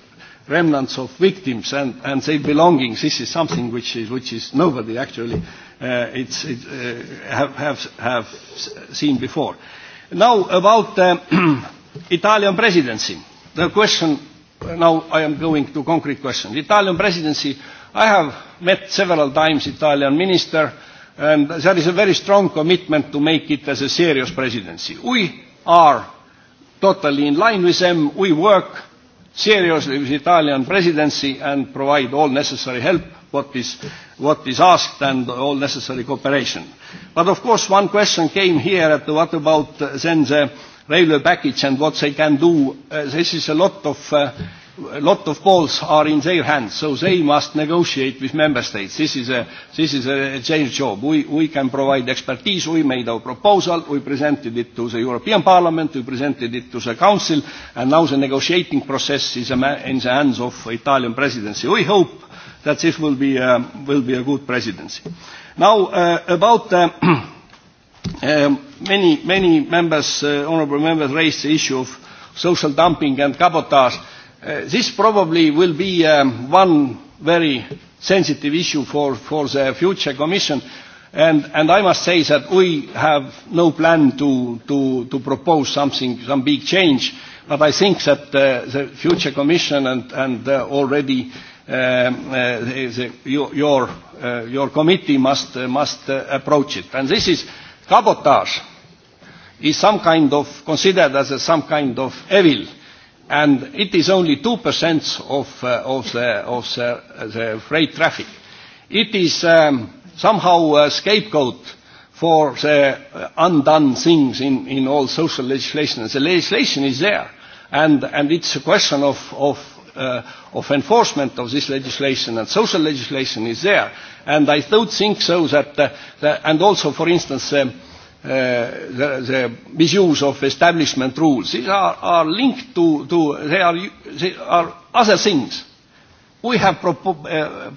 remnants of victims and, and their belongings. This is something which is, which is nobody actually it's, it, have, have seen before. Now about the Italian presidency. The question, now I am going to concrete question. The Italian presidency, I have met several times Italian minister and there is a very strong commitment to make it as a serious presidency. We are totally in line with them. We work seriously with the Italian presidency and provide all necessary help what is what is asked and all necessary cooperation. But of course one question came here at what about uh, then the railway package and what they can do. Uh, this is a lot of uh, a lot of balls are in their hands, so they must negotiate with member states. This is a, this is a change job. We, we can provide expertise. We made our proposal. We presented it to the European Parliament. We presented it to the Council. And now the negotiating process is in the hands of Italian presidency. We hope that this will be, um, will be a good presidency. Now, uh, about uh, um, many, many members, uh, members raised the issue of social dumping and cabotage. Uh, this probably will be um, one very sensitive issue for, for the future Commission. And, and I must say that we have no plan to, to, to propose something, some big change. But I think that uh, the future Commission and, and uh, already the, uh, uh, your, uh, your committee must, must approach it. And this is cabotage is some kind of considered as a, some kind of evil and it is only 2% of, of, the, of the, the freight traffic. It is um, somehow a scapegoat for the undone things in, in all social legislation. The legislation is there and, and it's a question of, of Uh, of enforcement of this legislation and social legislation is there. And I don't think so that, uh, and also for instance, um, uh, the, the misuse of establishment rules. These are, are linked to, to they, are, they are other things. We have pro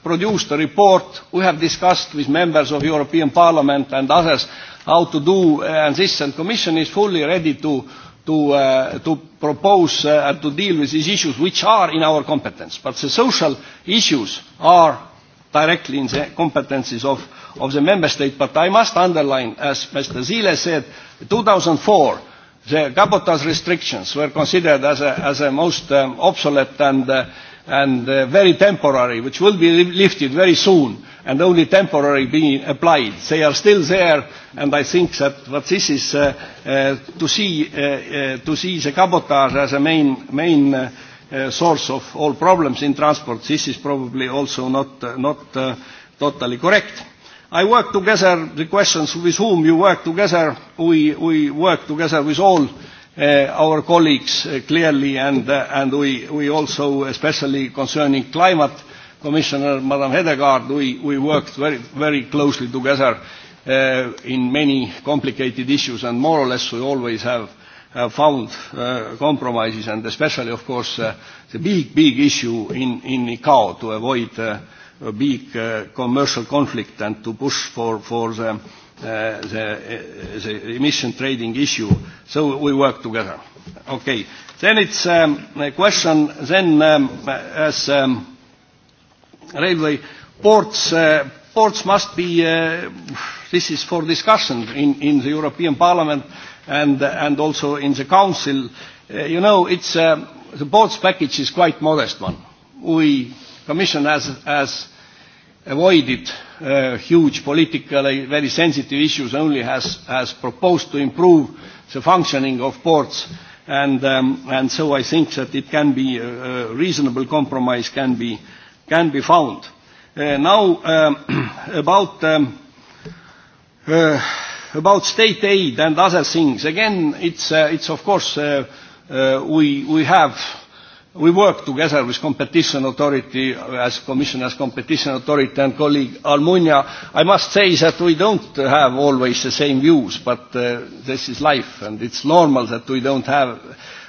produced a report, we have discussed with members of European Parliament and others how to do, uh, and this and Commission is fully ready to, to, uh, to propose uh, and to deal with these issues which are in our competence. But the social issues are directly in the competences of, of the member state. But I must underline, as Mr. Zile said, in 2004, the Gabotas restrictions were considered as a, as a most um, obsolete and, uh, and uh, very temporary, which will be lifted very soon and only temporarily being applied. They are still there and I think that what this is uh, uh, to see uh, to see the cabotage as a main main source of all problems in transport. This is probably also not not totally correct. I work together the questions with whom you work together, we we work together with all our colleagues clearly and, and we, we also especially concerning climate Commissioner Madam Hedegaard, we, we worked very, very closely together uh, in many complicated issues and more or less we always have uh, found uh, compromises and especially of course uh, the big, big issue in, in ICAO to avoid a big commercial conflict and to push for, for the, uh, the, the emission trading issue. So we work together. Okay. Then it's um, a question then um, as um, railway ports uh, ports must be uh, this is for discussion in in the european parliament and uh, and also in the council you know it's the ports package is quite modest one we commission has has avoided huge politically very sensitive issues only has, has proposed to improve the functioning of ports and, um, and so I think that it can be a reasonable compromise can be can be found. Uh, now um, about um, uh, about state aid and other things. Again, it's uh, it's of course uh, uh, we we have we work together with competition authority as commission as competition authority and colleague Almunia. I must say that we don't have always the same views, but uh, this is life and it's normal that we don't have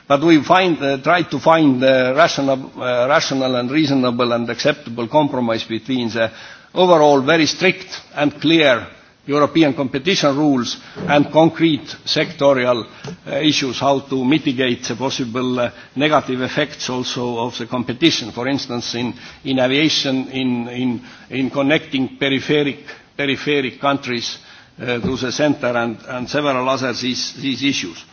But we find, uh, to find a rational, uh, rational and reasonable and acceptable compromise between the overall very strict and clear European competition rules and concrete sectorial uh, issues, how to mitigate the possible uh, negative effects also of the competition, for instance in, in aviation, in, in, connecting peripheric, peripheric countries uh, to the center and, and several other these issues.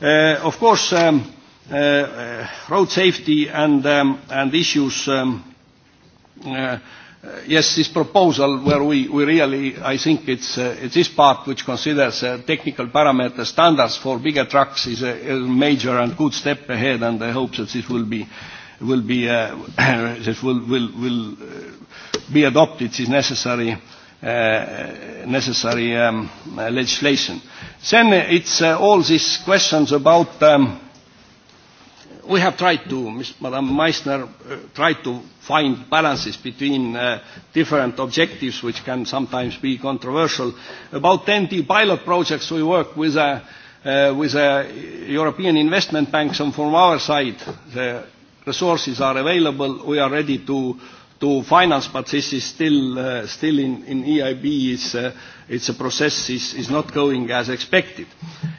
Uh, of course, um, uh, uh, road safety and, um, and issues, um, uh, yes, this proposal where we, we really, I think it's, this part which considers technical parameter standards for bigger trucks is a, major and good step ahead and I hope that this will be will be uh, will will will be adopted is necessary uh, necessary um, uh, legislation. Then it's uh, all these questions about um, we have tried to, Ms. Madam Meissner, uh, tried to find balances between uh, different objectives which can sometimes be controversial. About 10 pilot projects we work with a, uh, uh, with a uh, European investment banks and from our side the resources are available. We are ready to to finance, but this is still uh, still in, in EIB. It's, uh, it's a process is, not going as expected.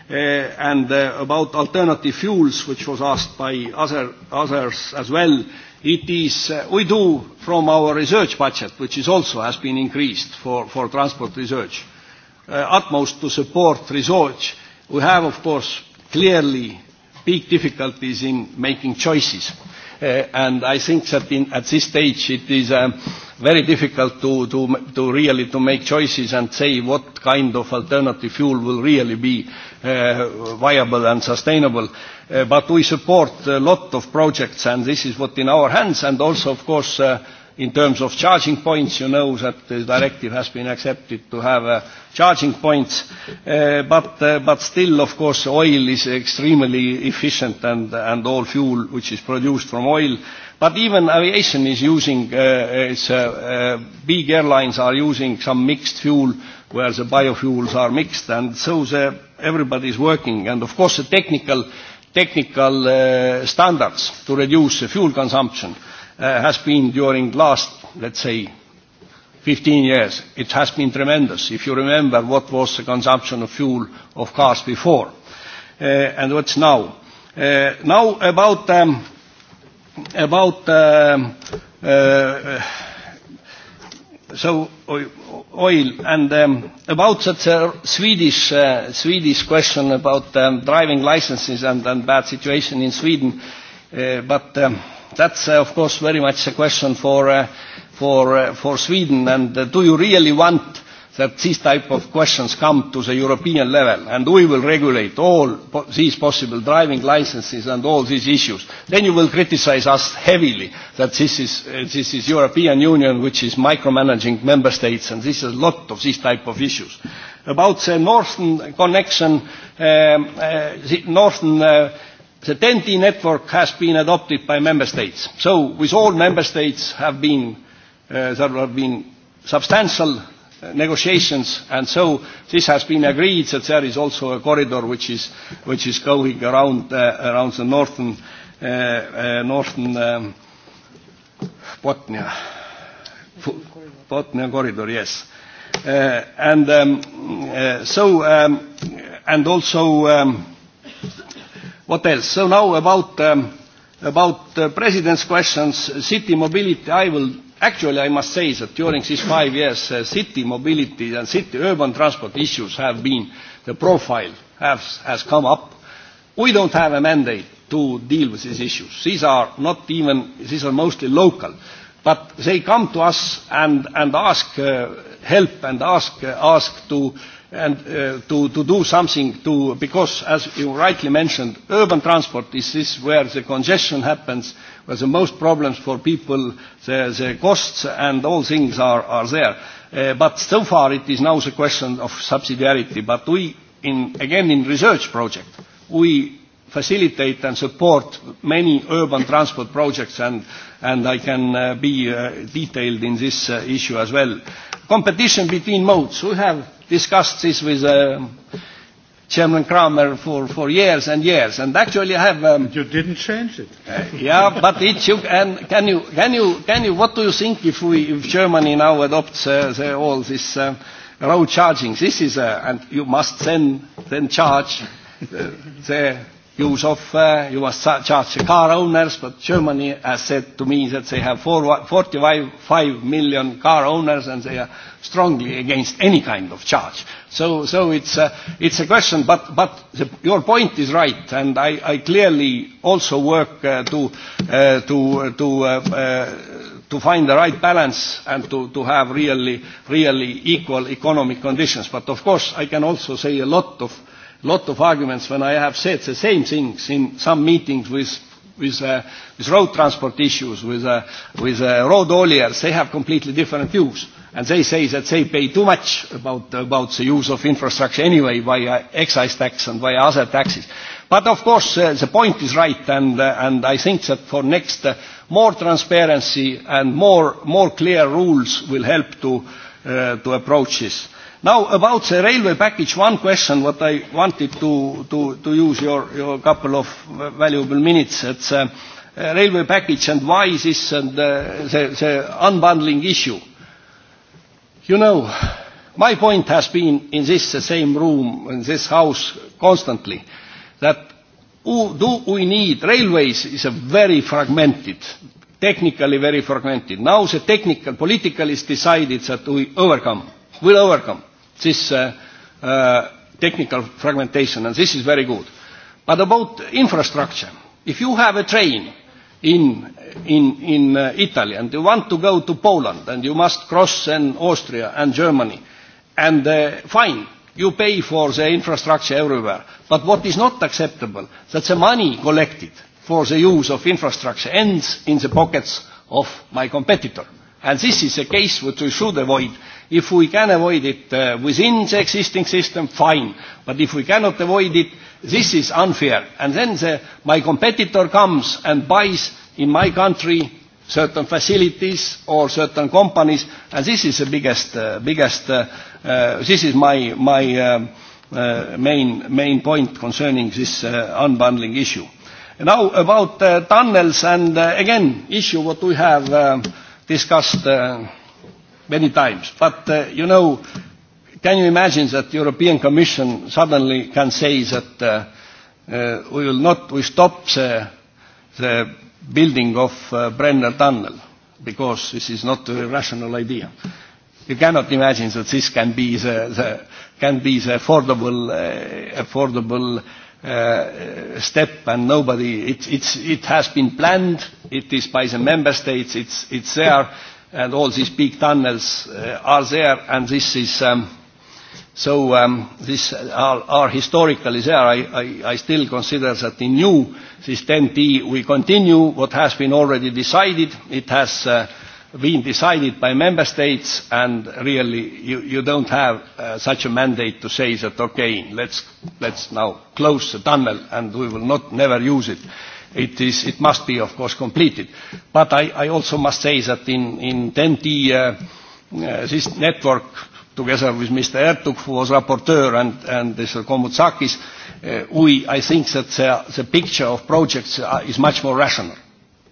Uh, and about alternative fuels, which was asked by others as well, it is we do from our research budget, which is also has been increased for, transport research, utmost to support research. We have, of course, clearly big difficulties in making choices Uh, and I think that in, at this stage it is um, very difficult to, to, to really to make choices and say what kind of alternative fuel will really be uh, viable and sustainable. Uh, but we support a lot of projects and this is what in our hands and also of course uh, in terms of charging points, you know that the directive has been accepted to have uh, charging points, uh, but, uh, but still, of course, oil is extremely efficient and, and all fuel which is produced from oil. But even aviation is using, uh, it's, uh, uh, big airlines are using some mixed fuel where the biofuels are mixed, and so the, everybody is working. And of course, the technical, technical uh, standards to reduce the fuel consumption – Uh, has been during last, let's say, 15 years. It has been tremendous. If you remember what was the consumption of fuel of cars before uh, and what's now. Uh, now about um, about um, so oil and um, about that Swedish Swedish question about um, driving licenses and, and bad situation in Sweden, uh, but that's uh, of course very much a question for uh, for uh, for Sweden and uh, do you really want that these type of questions come to the European level and we will regulate all po these possible driving licenses and all these issues. Then you will criticize us heavily that this is, uh, this is European Union which is micromanaging member states and this is a lot of these type of issues. About the northern connection, um, uh, the northern uh, The TEN-T network has been adopted by member states. So with all member states have been, uh, there have been substantial uh, negotiations and so this has been agreed that there is also a corridor which is, which is going around, uh, around the northern, northern um, corridor, yes. and um, so, um, and also um, What else? So now about, um, about uh, President's questions, city mobility, I will actually I must say that during these five years uh, city mobility and city urban transport issues have been the profile has, has come up. We don't have a mandate to deal with these issues. These are not even, these are mostly local. But they come to us and, and ask uh, help and ask, ask to and uh, to, to do something to, because as you rightly mentioned, urban transport is this where the congestion happens, where the most problems for people, the, the costs and all things are, are there. Uh, but so far it is now the question of subsidiarity, but we, in, again in research project, we facilitate and support many urban transport projects and, and I can uh, be uh, detailed in this issue as well. Competition between modes. We have discussed this with um, Chairman Kramer for, for years and years. And actually I have... Um, you didn't change it. uh, yeah, but it took. And can you, can you, can you, what do you think if, we, if Germany now adopts uh, the, all this uh, road charging? This is, uh, and you must then, then charge uh, the use of uh, you was such car owners, but Germany has said to me that they have four, 45 million car owners and they are strongly against any kind of charge. So, so it's, eh, it's a question, but, but the, your point is right, and I, I clearly also work eh, to, eh, to, to, to find the right balance and to, to have really, really equal economic conditions. But of course, I can also say a lot of lot of arguments when I have said the same things in some meetings with with, uh, with road transport issues, with, uh, with uh, road hauliers, they have completely different views. And they say that they pay too much about, about the use of infrastructure anyway via uh, excise tax and via other taxes. But of course, uh, the point is right, and, uh, and I think that for next, uh, more transparency and more, more clear rules will help to, uh, to approach this. Now about the railway package, one question what I wanted to, to, to use your, your couple of valuable minutes. It's uh, uh, railway package and why this and uh, the, the unbundling issue. You know, my point has been in this same room, in this house constantly, that do we need? Railways is a very fragmented technically very fragmented. Now the technical, political is decided that we overcome, will overcome this uh, uh, technical fragmentation, and this is very good. But about infrastructure, if you have a train in, in, in uh, Italy and you want to go to Poland and you must cross Austria and Germany, and uh, fine, you pay for the infrastructure everywhere. But what is not acceptable, is that the money collected for the use of infrastructure ends in the pockets of my competitor. And this is a case which we should avoid If we can avoid it uh, within the existing system, fine. But if we cannot avoid it, this is unfair. And then the, my competitor comes and buys in my country certain facilities or certain companies, and this is the biggest, uh, biggest uh, uh, this is my, my um, main, main point concerning this uh, unbundling issue. Now about uh, tunnels and uh, again, issue what we have uh, discussed uh, many times. But, uh, you know, can you imagine that the European Commission suddenly can say that uh, uh, we will not, we stop the, the building of uh, Brenner Tunnel because this is not a rational idea. You cannot imagine that this can be the, the, can be the affordable, uh, affordable uh, step and nobody, it, it's, it has been planned, it is by the member states, it's, it's there and all these big tunnels uh, are there and this is um, so um, this are, are historically there. I, I, I still consider that in new this 10T we continue what has been already decided. It has uh, been decided by member states and really you, you don't have uh, such a mandate to say that okay, let's, let's now close the tunnel and we will not never use it it is it must be of course completed but i i also must say that in in t uh, uh, this network together with mr ertug who was rapporteur and and mr komutsakis uh, we i think that the, picture of projects uh, is much more rational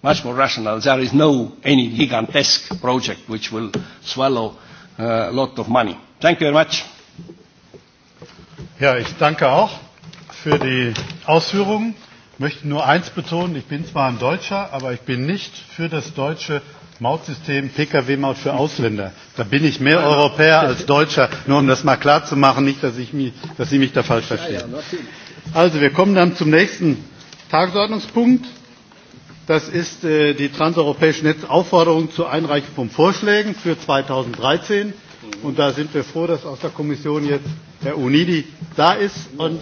much more rational there is no any gigantesque project which will swallow a lot of money thank you very much ich danke auch für die möchte nur eins betonen ich bin zwar ein deutscher aber ich bin nicht für das deutsche mautsystem pkw maut für ausländer. da bin ich mehr europäer als deutscher nur um das mal klarzumachen nicht dass, ich mich, dass sie mich da falsch verstehen. also wir kommen dann zum nächsten tagesordnungspunkt das ist äh, die transeuropäische netzaufforderung zur einreichung von vorschlägen für 2013 und da sind wir froh dass aus der kommission jetzt herr unidi da ist und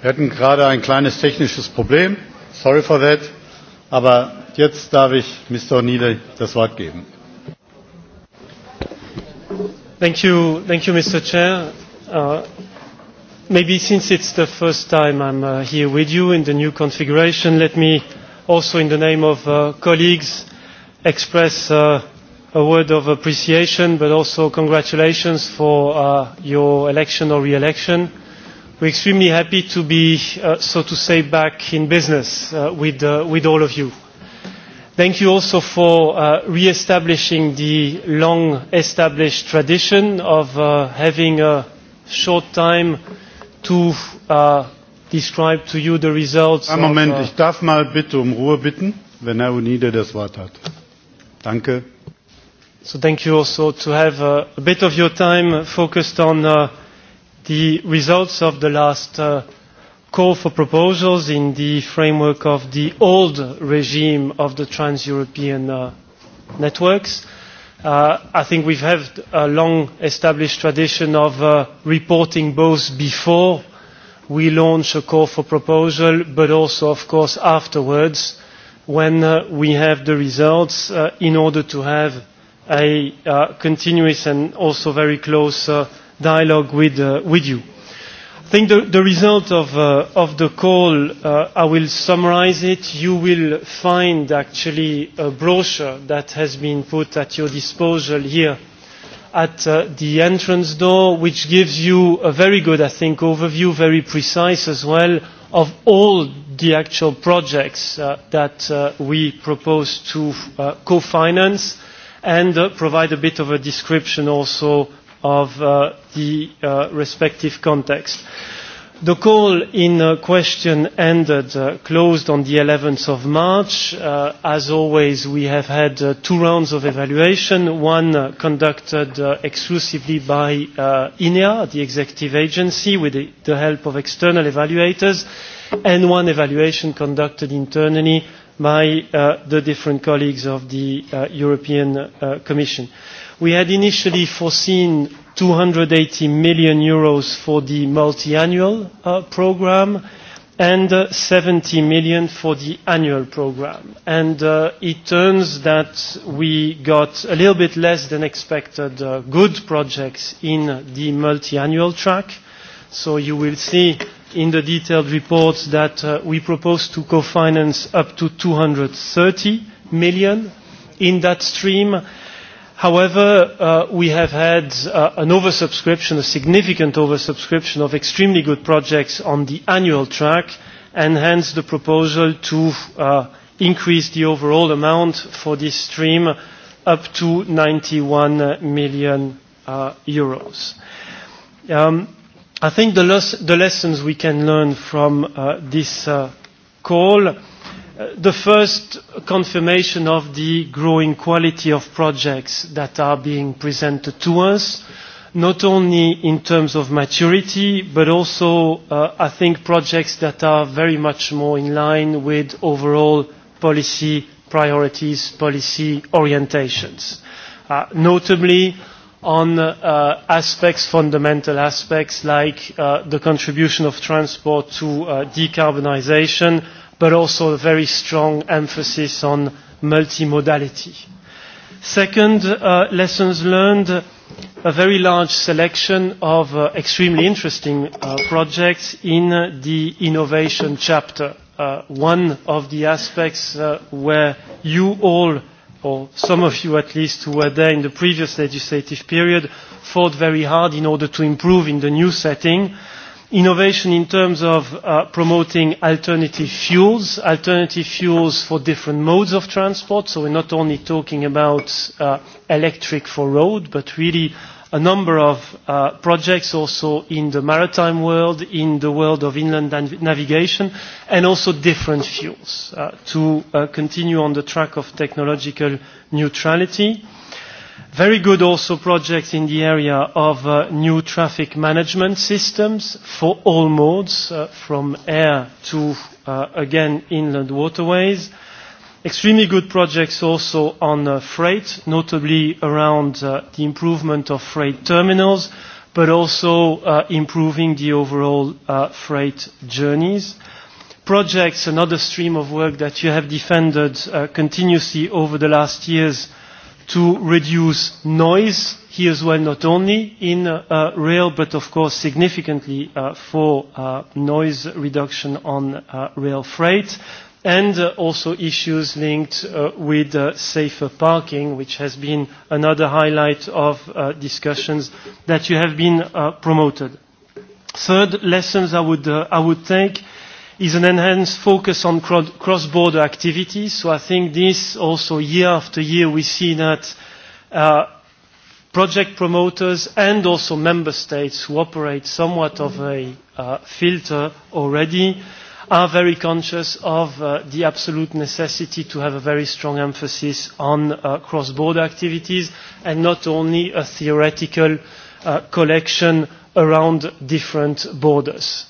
Wir hatten gerade ein kleines technisches Problem. Sorry for that. Aber jetzt darf ich Mr. O'Neill das Wort geben. Thank you, thank you, Mr. Chair. Uh, maybe since it's the first time I'm uh, here with you in the new configuration, let me also in the name of uh, colleagues express uh, a word of appreciation but also congratulations for your election or re-election We're extremely happy to be, uh, so to say, back in business uh, with, uh, with all of you. Thank you also for uh, re-establishing the long-established tradition of uh, having a short time to uh, describe to you the results. Ein Moment, of, uh, ich darf mal bitte um Ruhe bitten, wenn Herr Unide das Wort hat. Danke. So thank you also to have uh, a bit of your time focused on uh, the results of the last uh, call for proposals in the framework of the old regime of the trans-European uh, networks. Uh, I think we've had a long established tradition of reporting both before we launch a call for proposal, but also, of course, afterwards when we have the results in order to have a continuous and also very close dialogue with, uh, with you. I think the, the result of, uh, of the call, uh, I will summarize it. You will find actually a brochure that has been put at your disposal here at uh, the entrance door, which gives you a very good, I think, overview, very precise as well, of all the actual projects uh, that uh, we propose to uh, co-finance and uh, provide a bit of a description also of uh, the uh, respective context. The call in uh, question ended, uh, closed on the 11th of March. Uh, as always, we have had uh, two rounds of evaluation, one uh, conducted uh, exclusively by uh, INEA, the executive agency, with the, the help of external evaluators, and one evaluation conducted internally by uh, the different colleagues of the uh, European uh, Commission. We had initially foreseen 280 million euros for the multi-annual uh, program and uh, 70 million for the annual program. And uh, it turns that we got a little bit less than expected uh, good projects in the multi-annual track. So you will see in the detailed reports that uh, we propose to co-finance up to 230 million in that stream However, uh, we have had uh, an oversubscription, a significant oversubscription of extremely good projects on the annual track, and hence the proposal to uh, increase the overall amount for this stream up to 91 million uh, euros. Um, I think the, the lessons we can learn from uh, this uh, call Uh, the first confirmation of the growing quality of projects that are being presented to us, not only in terms of maturity, but also, uh, I think, projects that are very much more in line with overall policy priorities, policy orientations. Uh, notably, on uh, aspects, fundamental aspects, like uh, the contribution of transport to uh, decarbonisation but also a very strong emphasis on multimodality. Second, uh, lessons learned, a very large selection of uh, extremely interesting uh, projects in the innovation chapter. Uh, one of the aspects uh, where you all, or some of you at least, who were there in the previous legislative period, fought very hard in order to improve in the new setting innovation in terms of uh, promoting alternative fuels, alternative fuels for different modes of transport. So we're not only talking about uh, electric for road, but really a number of uh, projects also in the maritime world, in the world of inland navigation, and also different fuels uh, to uh, continue on the track of technological neutrality. Very good also projects in the area of uh, new traffic management systems for all modes, uh, from air to, uh, again, inland waterways. Extremely good projects also on freight, notably around the improvement of freight terminals, but also improving the overall freight journeys. Projects, another stream of work that you have defended continuously over the last years, to reduce noise here as well, not only in uh, uh, rail, but of course significantly uh, for uh, noise reduction on uh, rail freight, and uh, also issues linked uh, with uh, safer parking, which has been another highlight of uh, discussions that you have been uh, promoted. Third lessons I would, uh, I would take is an enhanced focus on cross-border activities. So I think this also year after year we see that uh, project promoters and also member states who operate somewhat of a uh, filter already are very conscious of uh, the absolute necessity to have a very strong emphasis on uh, cross-border activities and not only a theoretical uh, collection around different borders.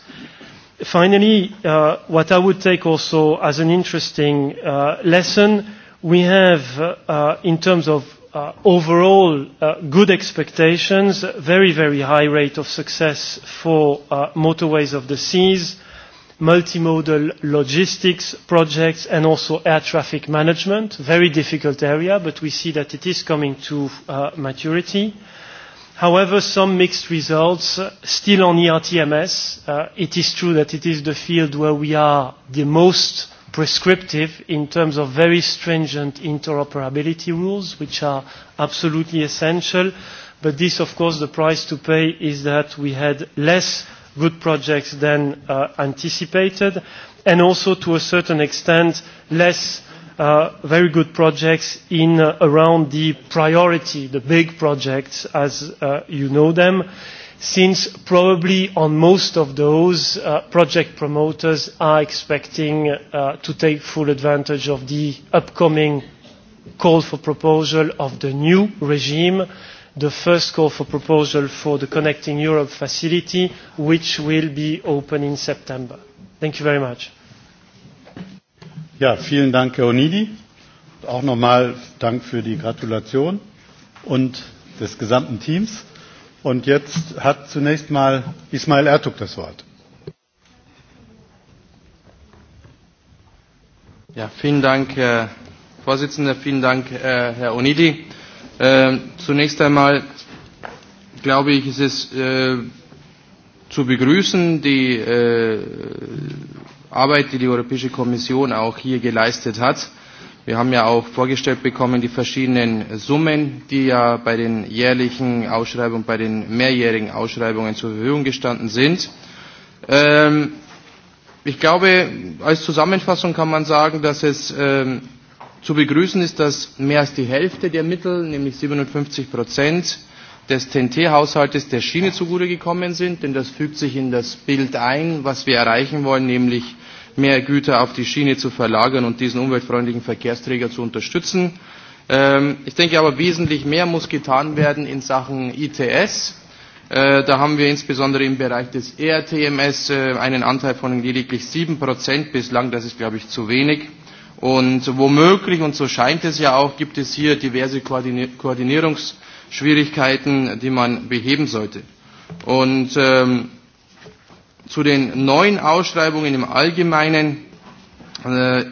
Finally, uh, what I would take also as an interesting uh, lesson, we have, uh, uh, in terms of uh, overall uh, good expectations, very, very high rate of success for uh, motorways of the seas, multimodal logistics projects, and also air traffic management. Very difficult area, but we see that it is coming to uh, maturity. However, some mixed results uh, still on ERTMS. Uh, it is true that it is the field where we are the most prescriptive in terms of very stringent interoperability rules, which are absolutely essential. But this, of course, the price to pay is that we had less good projects than uh, anticipated, and also to a certain extent less Uh, very good projects in uh, around the priority, the big projects as uh, you know them, since probably on most of those uh, project promoters are expecting uh, to take full advantage of the upcoming call for proposal of the new regime the first call for proposal for the Connecting Europe facility, which will be open in September. Thank you very much. Ja, vielen Dank, Herr Onidi. Auch nochmal Dank für die Gratulation und des gesamten Teams. Und jetzt hat zunächst mal Ismail Ertug das Wort. Ja, vielen Dank, Herr Vorsitzender. Vielen Dank, äh, Herr Onidi. Ähm, zunächst einmal glaube ich, ist es äh, zu begrüßen, die äh, Arbeit, die die Europäische Kommission auch hier geleistet hat. Wir haben ja auch vorgestellt bekommen, die verschiedenen Summen, die ja bei den jährlichen Ausschreibungen, bei den mehrjährigen Ausschreibungen zur Verfügung gestanden sind. Ähm, ich glaube, als Zusammenfassung kann man sagen, dass es ähm, zu begrüßen ist, dass mehr als die Hälfte der Mittel, nämlich 57 Prozent, des TNT-Haushaltes der Schiene zugute gekommen sind, denn das fügt sich in das Bild ein, was wir erreichen wollen, nämlich mehr Güter auf die Schiene zu verlagern und diesen umweltfreundlichen Verkehrsträger zu unterstützen. Ähm, ich denke aber, wesentlich mehr muss getan werden in Sachen ITS. Äh, da haben wir insbesondere im Bereich des ERTMS äh, einen Anteil von lediglich 7% bislang. Das ist, glaube ich, zu wenig. Und womöglich, und so scheint es ja auch, gibt es hier diverse Koordinierungs- Schwierigkeiten, die man beheben sollte. Und ähm, zu den neuen Ausschreibungen im Allgemeinen äh,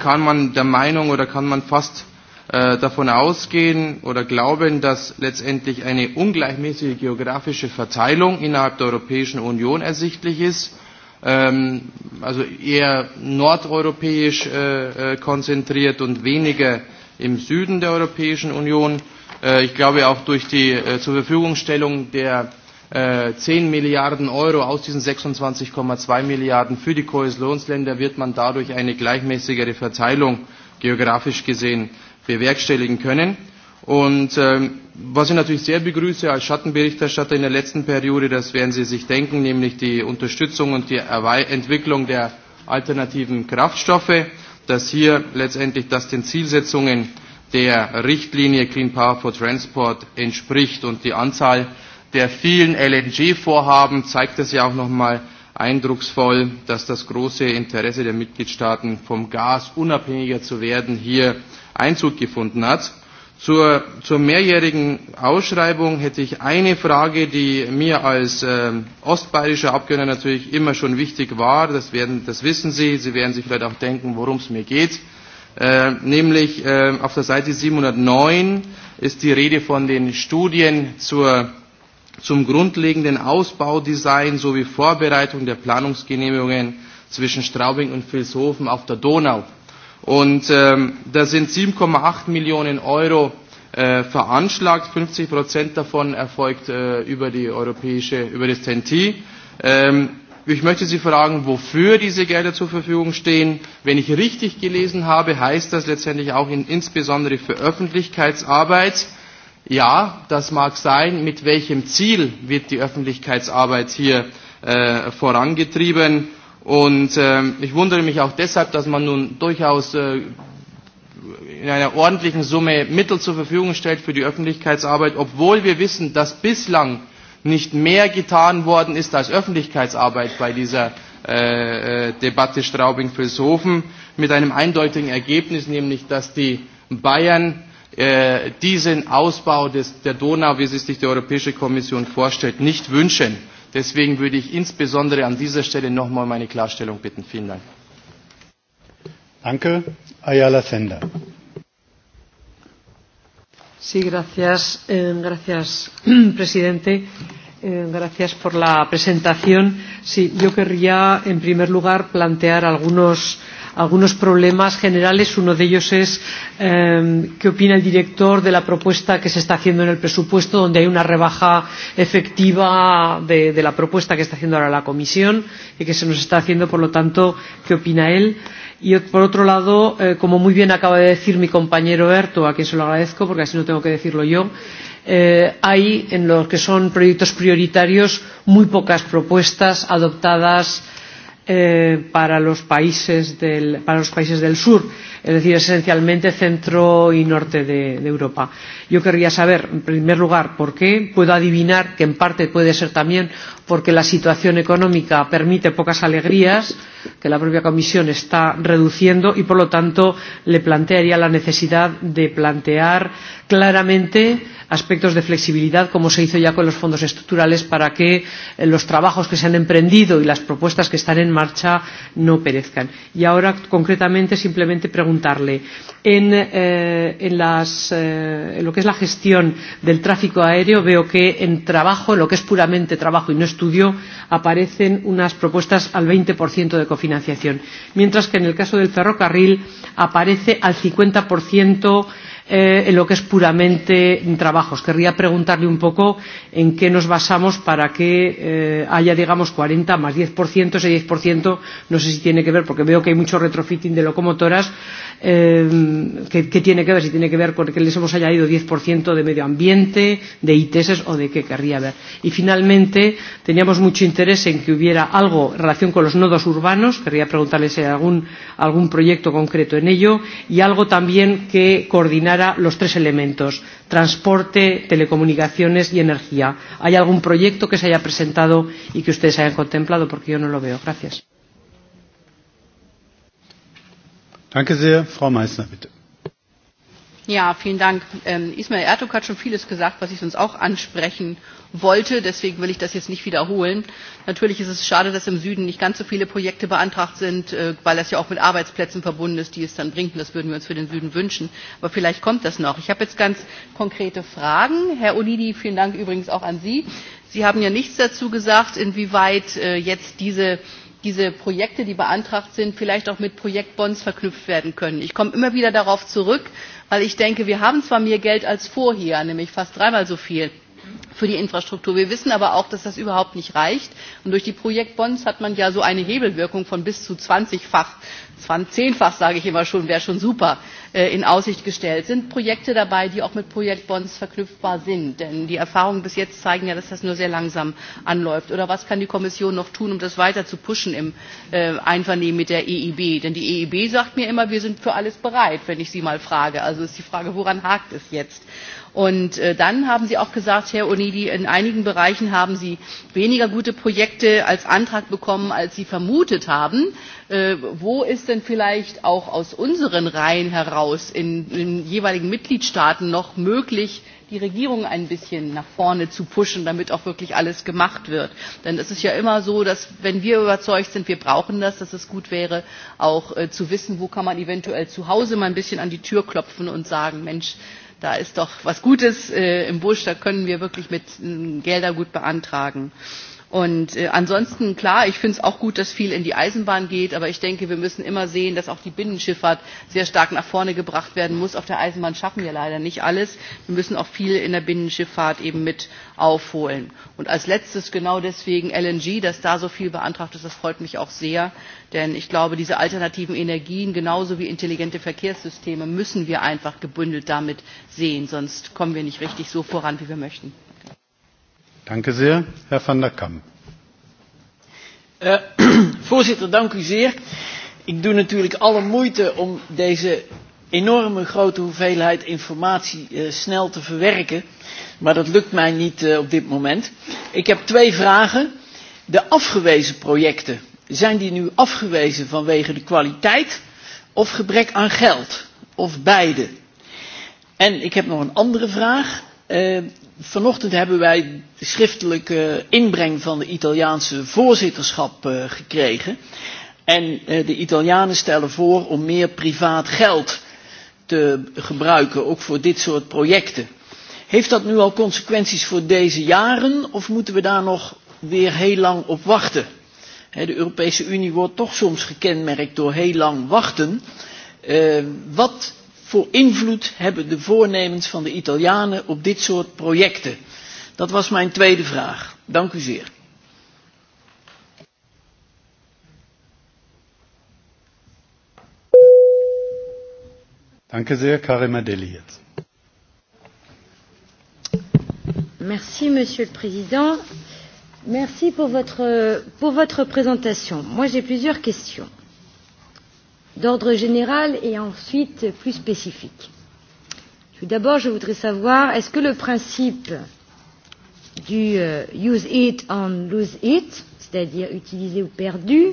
kann man der Meinung oder kann man fast äh, davon ausgehen oder glauben, dass letztendlich eine ungleichmäßige geografische Verteilung innerhalb der Europäischen Union ersichtlich ist, ähm, also eher nordeuropäisch äh, äh, konzentriert und weniger im Süden der Europäischen Union Äh, ich glaube auch durch die äh, zur Verfügungstellung der 10 äh, Milliarden Euro aus diesen 26,2 Milliarden für die Kohäsionsländer wird man dadurch eine gleichmäßigere Verteilung geografisch gesehen bewerkstelligen können. Und ähm, was ich natürlich sehr begrüße als Schattenberichterstatter in der letzten Periode, das werden Sie sich denken, nämlich die Unterstützung und die Entwicklung der alternativen Kraftstoffe, dass hier letztendlich das den Zielsetzungen der Richtlinie Clean Power for Transport entspricht. Und die Anzahl der vielen LNG-Vorhaben zeigt es ja auch noch mal eindrucksvoll, dass das große Interesse der Mitgliedstaaten vom Gas unabhängiger zu werden hier Einzug gefunden hat. Zur, zur mehrjährigen Ausschreibung hätte ich eine Frage, die mir als äh, ostbayerischer Abgeordneter natürlich immer schon wichtig war. Das, werden, das wissen Sie. Sie werden sich vielleicht auch denken, worum es mir geht. Äh, nämlich äh, auf der Seite 709 ist die Rede von den Studien zur zum grundlegenden Ausbaudesign sowie Vorbereitung der Planungsgenehmigungen zwischen Straubing und Vilshofen auf der Donau. Und ähm, da sind 7,8 Millionen Euro äh, veranschlagt, 50 Prozent davon erfolgt äh, über die europäische, über das TNT. Ähm, Ich möchte Sie fragen, wofür diese Gelder zur Verfügung stehen. Wenn ich richtig gelesen habe, heißt das letztendlich auch in, insbesondere für Öffentlichkeitsarbeit. Ja, das mag sein. Mit welchem Ziel wird die Öffentlichkeitsarbeit hier äh, vorangetrieben? Und äh, ich wundere mich auch deshalb, dass man nun durchaus äh, in einer ordentlichen Summe Mittel zur Verfügung stellt für die Öffentlichkeitsarbeit, obwohl wir wissen, dass bislang nicht mehr getan worden ist als Öffentlichkeitsarbeit bei dieser äh, äh Debatte straubing Philosophen mit einem eindeutigen Ergebnis, nämlich dass die Bayern äh, diesen Ausbau des, der Donau, wie es sich die Europäische Kommission vorstellt, nicht wünschen. Deswegen würde ich insbesondere an dieser Stelle noch einmal meine Klarstellung bitten. Vielen Dank. Danke. Ayala Sender. Sí, gracias, eh, gracias, presidente. Eh, gracias por la presentación. Sí, yo querría, en primer lugar, plantear algunos, algunos problemas generales. Uno de ellos es eh, qué opina el director de la propuesta que se está haciendo en el presupuesto, donde hay una rebaja efectiva de, de la propuesta que está haciendo ahora la Comisión y que se nos está haciendo, por lo tanto, qué opina él y por otro lado eh, como muy bien acaba de decir mi compañero ertug a quien se lo agradezco porque así no tengo que decirlo yo eh, hay en los que son proyectos prioritarios muy pocas propuestas adoptadas eh, para los países del para los países del sur es decir, esencialmente centro y norte de, de Europa. Yo querría saber, en primer lugar, por qué. Puedo adivinar que en parte puede ser también porque la situación económica permite pocas alegrías, que la propia Comisión está reduciendo y, por lo tanto, le plantearía la necesidad de plantear claramente aspectos de flexibilidad, como se hizo ya con los fondos estructurales, para que eh, los trabajos que se han emprendido y las propuestas que están en marcha no perezcan. Y ahora, concretamente, simplemente preguntarle en, eh, en, las, eh, en lo que es la gestión del tráfico aéreo veo que en trabajo, en lo que es puramente trabajo y no estudio, aparecen unas propuestas al 20% de cofinanciación, mientras que en el caso del ferrocarril aparece al 50% eh, en lo que es puramente trabajos. Querría preguntarle un poco en qué nos basamos para que eh, haya, digamos, 40 más 10%, ese 10%, no sé si tiene que ver, porque veo que hay mucho retrofitting de locomotoras, eh, ¿qué, ¿qué tiene que ver? Si tiene que ver con que les hemos añadido 10% de medio ambiente, de ITS o de qué querría ver. Y finalmente, teníamos mucho interés en que hubiera algo en relación con los nodos urbanos, querría preguntarle si hay algún, algún proyecto concreto en ello, y algo también que coordinar combinara los tres elementos transporte telecomunicaciones y energía hay algún proyecto que se haya presentado y que ustedes hayan contemplado porque yo no lo veo gracias Danke sehr Frau Meissner bitte Ja, vielen Dank. Ähm, Ismail Ertug hat schon vieles gesagt, was ich uns auch ansprechen wollte. Deswegen will ich das jetzt nicht wiederholen. Natürlich ist es schade, dass im Süden nicht ganz so viele Projekte beantragt sind, äh, weil das ja auch mit Arbeitsplätzen verbunden ist, die es dann bringt. Das würden wir uns für den Süden wünschen. Aber vielleicht kommt das noch. Ich habe jetzt ganz konkrete Fragen. Herr Olidi, vielen Dank übrigens auch an Sie. Sie haben ja nichts dazu gesagt, inwieweit äh, jetzt diese diese Projekte, die beantragt sind, vielleicht auch mit Projektbonds verknüpft werden können. Ich komme immer wieder darauf zurück, weil ich denke, wir haben zwar mehr Geld als vorher, nämlich fast dreimal so viel für die infrastruktur. wir wissen aber auch dass das überhaupt nicht reicht und durch die projektbonds hat man ja so eine hebelwirkung von bis zu zwanzigfach zehnfach sage ich immer schon wäre schon super äh, in aussicht gestellt. sind projekte dabei die auch mit projektbonds verknüpfbar sind? denn die erfahrungen bis jetzt zeigen ja dass das nur sehr langsam anläuft. oder was kann die kommission noch tun um das weiter zu pushen im äh, einvernehmen mit der eib? E denn die eib e sagt mir immer wir sind für alles bereit wenn ich sie mal frage. also ist die frage woran hakt es jetzt? Und äh, dann haben Sie auch gesagt, Herr Onidi, in einigen Bereichen haben Sie weniger gute Projekte als Antrag bekommen, als Sie vermutet haben. Äh, wo ist denn vielleicht auch aus unseren Reihen heraus in den jeweiligen Mitgliedstaaten noch möglich, die Regierung ein bisschen nach vorne zu pushen, damit auch wirklich alles gemacht wird. Denn es ist ja immer so, dass wenn wir überzeugt sind, wir brauchen das, dass es gut wäre, auch äh, zu wissen, wo kann man eventuell zu Hause mal ein bisschen an die Tür klopfen und sagen, Mensch, da ist doch was gutes äh, im busch da können wir wirklich mit äh, gelder gut beantragen. Und äh, ansonsten, klar, ich finde es auch gut, dass viel in die Eisenbahn geht, aber ich denke, wir müssen immer sehen, dass auch die Binnenschifffahrt sehr stark nach vorne gebracht werden muss. Auf der Eisenbahn schaffen wir leider nicht alles. Wir müssen auch viel in der Binnenschifffahrt eben mit aufholen. Und als letztes genau deswegen LNG, dass da so viel beantragt ist, das freut mich auch sehr. Denn ich glaube, diese alternativen Energien genauso wie intelligente Verkehrssysteme müssen wir einfach gebündelt damit sehen. Sonst kommen wir nicht richtig so voran, wie wir möchten. Eh, voorzitter, Ik doe natuurlijk alle moeite om deze enorme grote hoeveelheid informatie eh, snel te verwerken. Maar dat lukt mij niet eh, op dit moment. Ik heb twee vragen. De afgewezen projecten, zijn die nu afgewezen vanwege de kwaliteit of gebrek aan geld? Of beide? En ik heb nog een andere vraag vanochtend hebben wij de schriftelijke inbreng van de Italiaanse voorzitterschap eh, gekregen. En eh, de Italianen stellen voor om meer privaat geld te gebruiken, ook voor dit soort projecten. Heeft dat nu al consequenties voor deze jaren of moeten we daar nog weer heel lang op wachten? De Europese Unie wordt toch soms gekenmerkt door heel lang wachten. Eh, wat voor invloed hebben de voornemens van de Italianen op dit soort projecten? Dat was mijn tweede vraag. Dank u zeer. Danke sehr, Karim Adeli jetzt. Merci, Monsieur le Président. Merci pour votre, pour votre présentation. Moi, j'ai plusieurs questions d'ordre général et ensuite plus spécifique. Tout d'abord, je voudrais savoir, est-ce que le principe du euh, use it and lose it, c'est-à-dire utilisé ou perdu,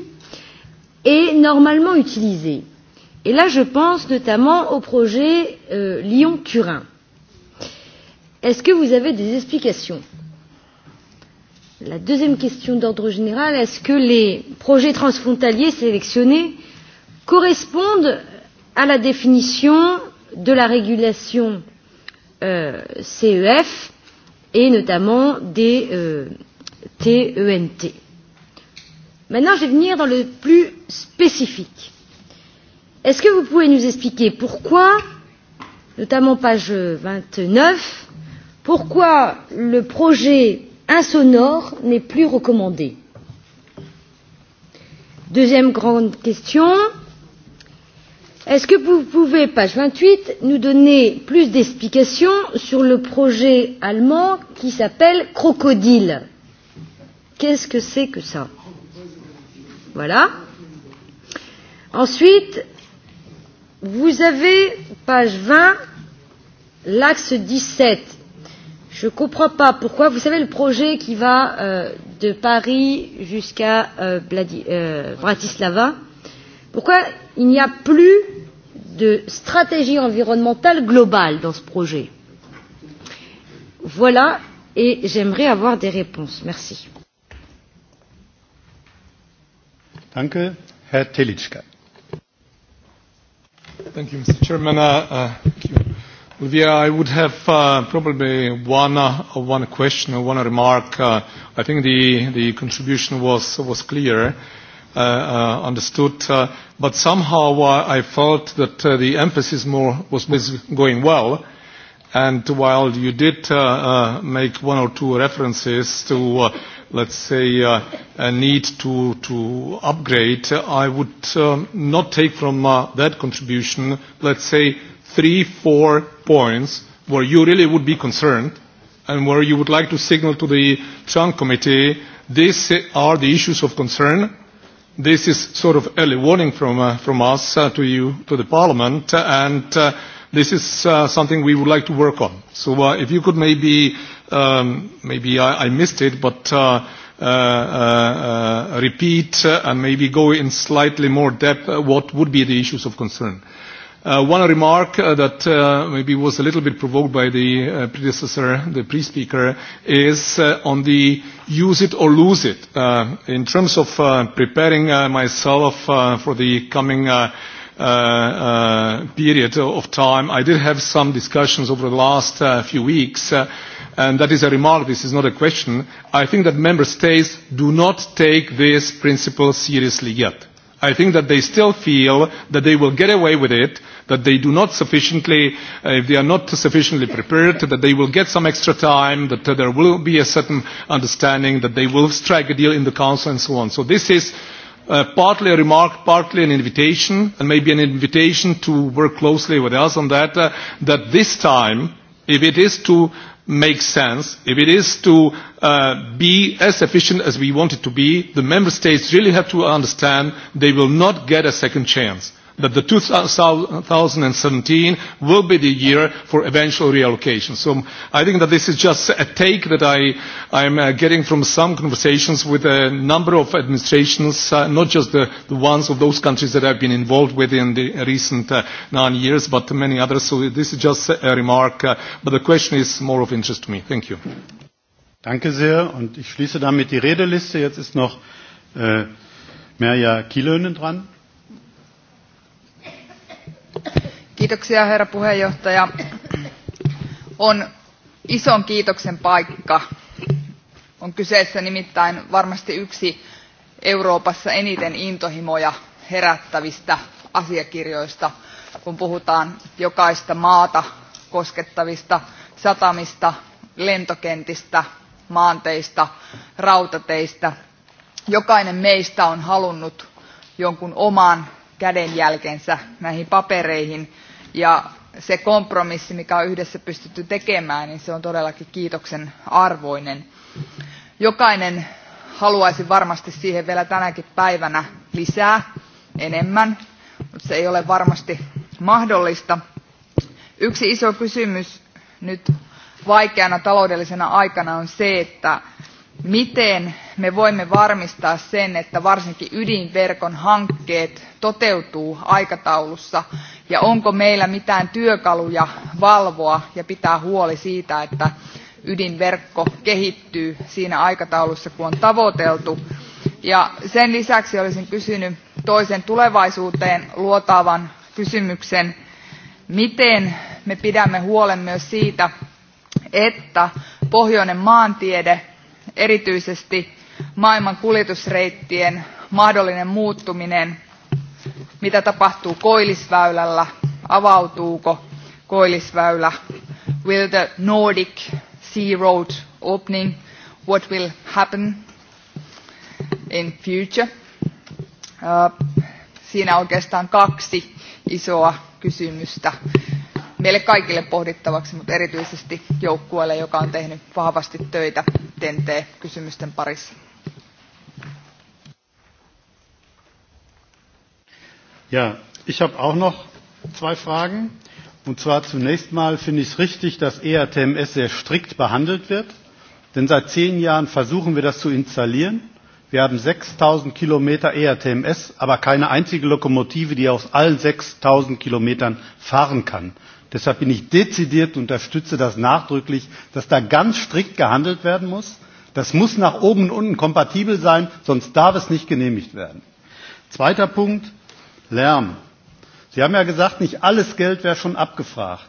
est normalement utilisé Et là, je pense notamment au projet euh, Lyon-Turin. Est-ce que vous avez des explications La deuxième question d'ordre général, est-ce que les projets transfrontaliers sélectionnés correspondent à la définition de la régulation euh, CEF et notamment des euh, TENT. E Maintenant, je vais venir dans le plus spécifique. Est-ce que vous pouvez nous expliquer pourquoi, notamment page 29, pourquoi le projet insonore n'est plus recommandé Deuxième grande question, Est-ce que vous pouvez, page 28, nous donner plus d'explications sur le projet allemand qui s'appelle Crocodile Qu'est-ce que c'est que ça Voilà. Ensuite, vous avez, page 20, l'axe 17. Je ne comprends pas pourquoi. Vous savez, le projet qui va euh, de Paris jusqu'à euh, euh, Bratislava. Pourquoi il n'y a plus de stratégie environnementale globale dans ce projet Voilà, et j'aimerais avoir des réponses. Merci. Danke, Herr Telitschka. Thank you, Mr. Chairman. Uh, Olivia, uh, I would have uh, probably one, uh, one question or one remark. Uh, I think the, the contribution was, was clear. Uh, uh, understood, uh, but somehow uh, I felt that uh, the emphasis more was, going well, and while you did uh, uh, make one or two references to, uh, let's say, uh, a need to, to upgrade, I would um, not take from uh, that contribution, let's say, three, four points where you really would be concerned and where you would like to signal to the Trump committee, these are the issues of concern this is sort of early warning from, uh, from us uh, to you, to the Parliament, and uh, this is uh, something we would like to work on. So uh, if you could maybe, um, maybe I, I missed it, but uh, uh, uh, uh repeat uh, and maybe go in slightly more depth uh, what would be the issues of concern. Uh, one remark uh, that uh, maybe was a little bit provoked by the predecessor, the pre-speaker, is on the use it or lose it. In terms of preparing myself for the coming period of time, I did have some discussions over the last few weeks, and that is a remark, this is not a question. I think that member states do not take this principle seriously yet i think that they still feel that they will get away with it, that they do not sufficiently, uh, if they are not sufficiently prepared, that they will get some extra time, that uh, there will be a certain understanding, that they will strike a deal in the council and so on. So this is uh, partly a remark, partly an invitation, and maybe an invitation to work closely with us on that, uh, that this time, if it is to makes sense if it is to uh, be as efficient as we want it to be the member states really have to understand they will not get a second chance that the 2017 will be the year for eventual reallocation. So I think that this is just a take that I, I'm uh, getting from some conversations with a number of administrations, uh, not just the, the ones of those countries that have been involved with in the recent uh, nine years, but many others. So this is just a remark, uh, but the question is more of interest to me. Thank you. Danke sehr und ich schließe damit die Redeliste. Jetzt ist noch äh, Merja dran. Kiitoksia herra puheenjohtaja. On ison kiitoksen paikka. On kyseessä nimittäin varmasti yksi Euroopassa eniten intohimoja herättävistä asiakirjoista, kun puhutaan jokaista maata koskettavista satamista, lentokentistä, maanteista, rautateistä. Jokainen meistä on halunnut jonkun oman kädenjälkensä näihin papereihin ja se kompromissi mikä on yhdessä pystytty tekemään niin se on todellakin kiitoksen arvoinen. jokainen haluaisi varmasti siihen vielä tänäkin päivänä lisää enemmän mutta se ei ole varmasti mahdollista. yksi iso kysymys nyt vaikeana taloudellisena aikana on se että miten me voimme varmistaa sen että varsinkin ydinverkon hankkeet ...toteutuu... aikataulussa ja onko meillä mitään työkaluja valvoa ja pitää huoli siitä että ydinverkko kehittyy siinä aikataulussa kuin on tavoiteltu. Ja sen lisäksi olisin kysynyt toisen tulevaisuuteen luotaavan kysymyksen miten me pidämme huolen myös siitä että pohjoinen maantiede erityisesti maailman kuljetusreittien mahdollinen muuttuminen mitä tapahtuu koillisväylällä, avautuuko koillisväylä, will the Nordic Sea Road opening, what will happen in future. Uh, siinä oikeastaan kaksi isoa kysymystä meille kaikille pohdittavaksi, mutta erityisesti joukkueelle, joka on tehnyt vahvasti töitä tentee kysymysten parissa. Ja, ich habe auch noch zwei Fragen. Und zwar zunächst mal finde ich es richtig, dass ERTMS sehr strikt behandelt wird. Denn seit zehn Jahren versuchen wir das zu installieren. Wir haben 6000 Kilometer ERTMS, aber keine einzige Lokomotive, die aus allen 6000 Kilometern fahren kann. Deshalb bin ich dezidiert und unterstütze das nachdrücklich, dass da ganz strikt gehandelt werden muss. Das muss nach oben und unten kompatibel sein, sonst darf es nicht genehmigt werden. Zweiter Punkt. Lärm. Sie haben ja gesagt, nicht alles Geld wäre schon abgefragt.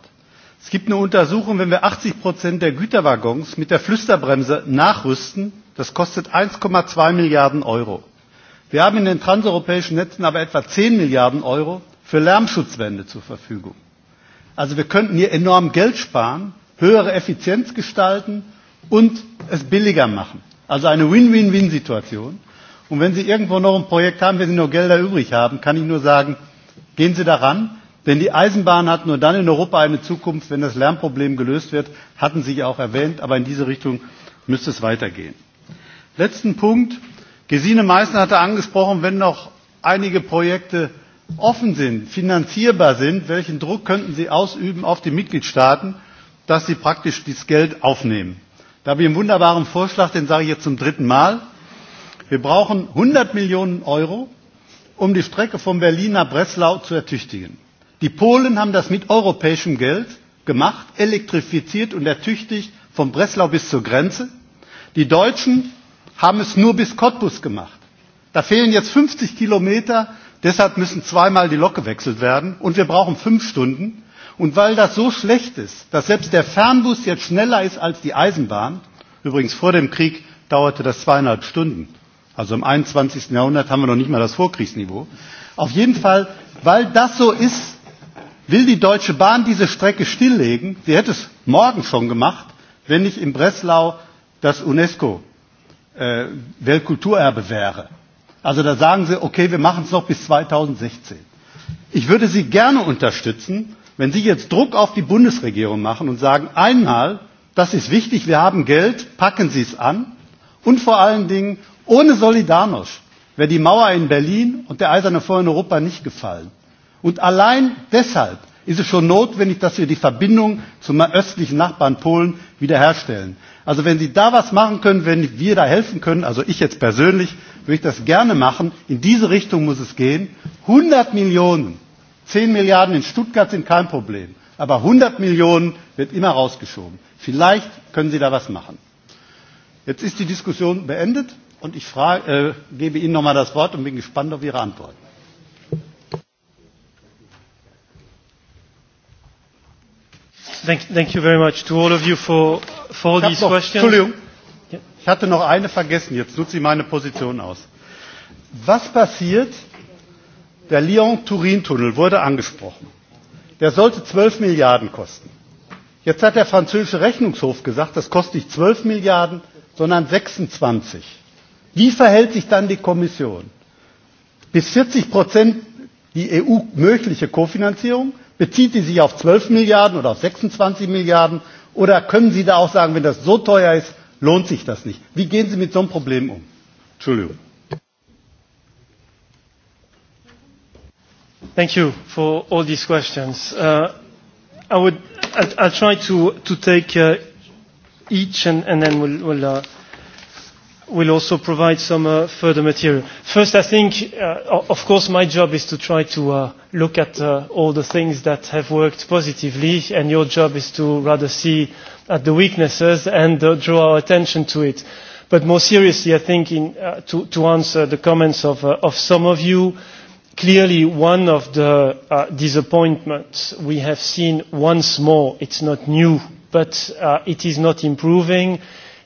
Es gibt eine Untersuchung, wenn wir 80 der Güterwaggons mit der Flüsterbremse nachrüsten, das kostet 1,2 Milliarden Euro. Wir haben in den transeuropäischen Netzen aber etwa 10 Milliarden Euro für Lärmschutzwände zur Verfügung. Also wir könnten hier enorm Geld sparen, höhere Effizienz gestalten und es billiger machen. Also eine Win-Win-Win-Situation. Und wenn Sie irgendwo noch ein Projekt haben, wenn Sie noch Gelder übrig haben, kann ich nur sagen, gehen Sie daran. Denn die Eisenbahn hat nur dann in Europa eine Zukunft, wenn das Lärmproblem gelöst wird, hatten Sie ja auch erwähnt, aber in diese Richtung müsste es weitergehen. Letzten Punkt. Gesine Meissner hatte angesprochen, wenn noch einige Projekte offen sind, finanzierbar sind, welchen Druck könnten sie ausüben auf die Mitgliedstaaten, dass sie praktisch dieses Geld aufnehmen. Da habe ich einen wunderbaren Vorschlag, den sage ich jetzt zum dritten Mal wir brauchen 100 millionen euro um die strecke von berlin nach breslau zu ertüchtigen. die polen haben das mit europäischem geld gemacht elektrifiziert und ertüchtigt von breslau bis zur grenze. die deutschen haben es nur bis cottbus gemacht. da fehlen jetzt 50 kilometer deshalb müssen zweimal die lok gewechselt werden und wir brauchen fünf stunden. und weil das so schlecht ist dass selbst der fernbus jetzt schneller ist als die eisenbahn übrigens vor dem krieg dauerte das zweieinhalb stunden Also im 21. Jahrhundert haben wir noch nicht mal das Vorkriegsniveau. Auf jeden Fall, weil das so ist, will die Deutsche Bahn diese Strecke stilllegen. Sie hätte es morgen schon gemacht, wenn nicht in Breslau das UNESCO äh, Weltkulturerbe wäre. Also da sagen sie, okay, wir machen es noch bis 2016. Ich würde Sie gerne unterstützen, wenn Sie jetzt Druck auf die Bundesregierung machen und sagen, einmal, das ist wichtig, wir haben Geld, packen Sie es an und vor allen Dingen Ohne Solidarność wäre die Mauer in Berlin und der eiserne vor in Europa nicht gefallen. Und allein deshalb ist es schon notwendig, dass wir die Verbindung zum östlichen Nachbarn Polen wiederherstellen. Also wenn Sie da was machen können, wenn wir da helfen können, also ich jetzt persönlich, würde ich das gerne machen. In diese Richtung muss es gehen. 100 Millionen, 10 Milliarden in Stuttgart sind kein Problem, aber 100 Millionen wird immer rausgeschoben. Vielleicht können Sie da was machen. Jetzt ist die Diskussion beendet. Und ich frage, äh, gebe Ihnen noch einmal das Wort und bin gespannt auf Ihre Antwort. Thank, thank you very much to all of you for, for all these noch, questions. Entschuldigung, ich hatte noch eine vergessen. Jetzt nutze ich meine Position aus. Was passiert? Der Lyon-Turin-Tunnel wurde angesprochen. Der sollte 12 Milliarden kosten. Jetzt hat der französische Rechnungshof gesagt, das kostet nicht 12 Milliarden, sondern 26. Wie verhält sich dann die Kommission? Bis 40 Prozent die EU mögliche Kofinanzierung? Bezieht sie sich auf 12 Milliarden oder auf 26 Milliarden? Oder können Sie da auch sagen, wenn das so teuer ist, lohnt sich das nicht? Wie gehen Sie mit so einem Problem um? Entschuldigung. Thank you for all these questions. Uh, I would, I'll, I'll try to, to take uh, each and, and then we'll, we'll uh, will also provide some uh, further material. First, I think, uh, of course, my job is to try to uh, look at uh, all the things that have worked positively, and your job is to rather see at the weaknesses and uh, draw our attention to it. But more seriously, I think, in, uh, to, to answer the comments of, uh, of some of you, clearly one of the uh, disappointments we have seen once more, it's not new, but uh, it is not improving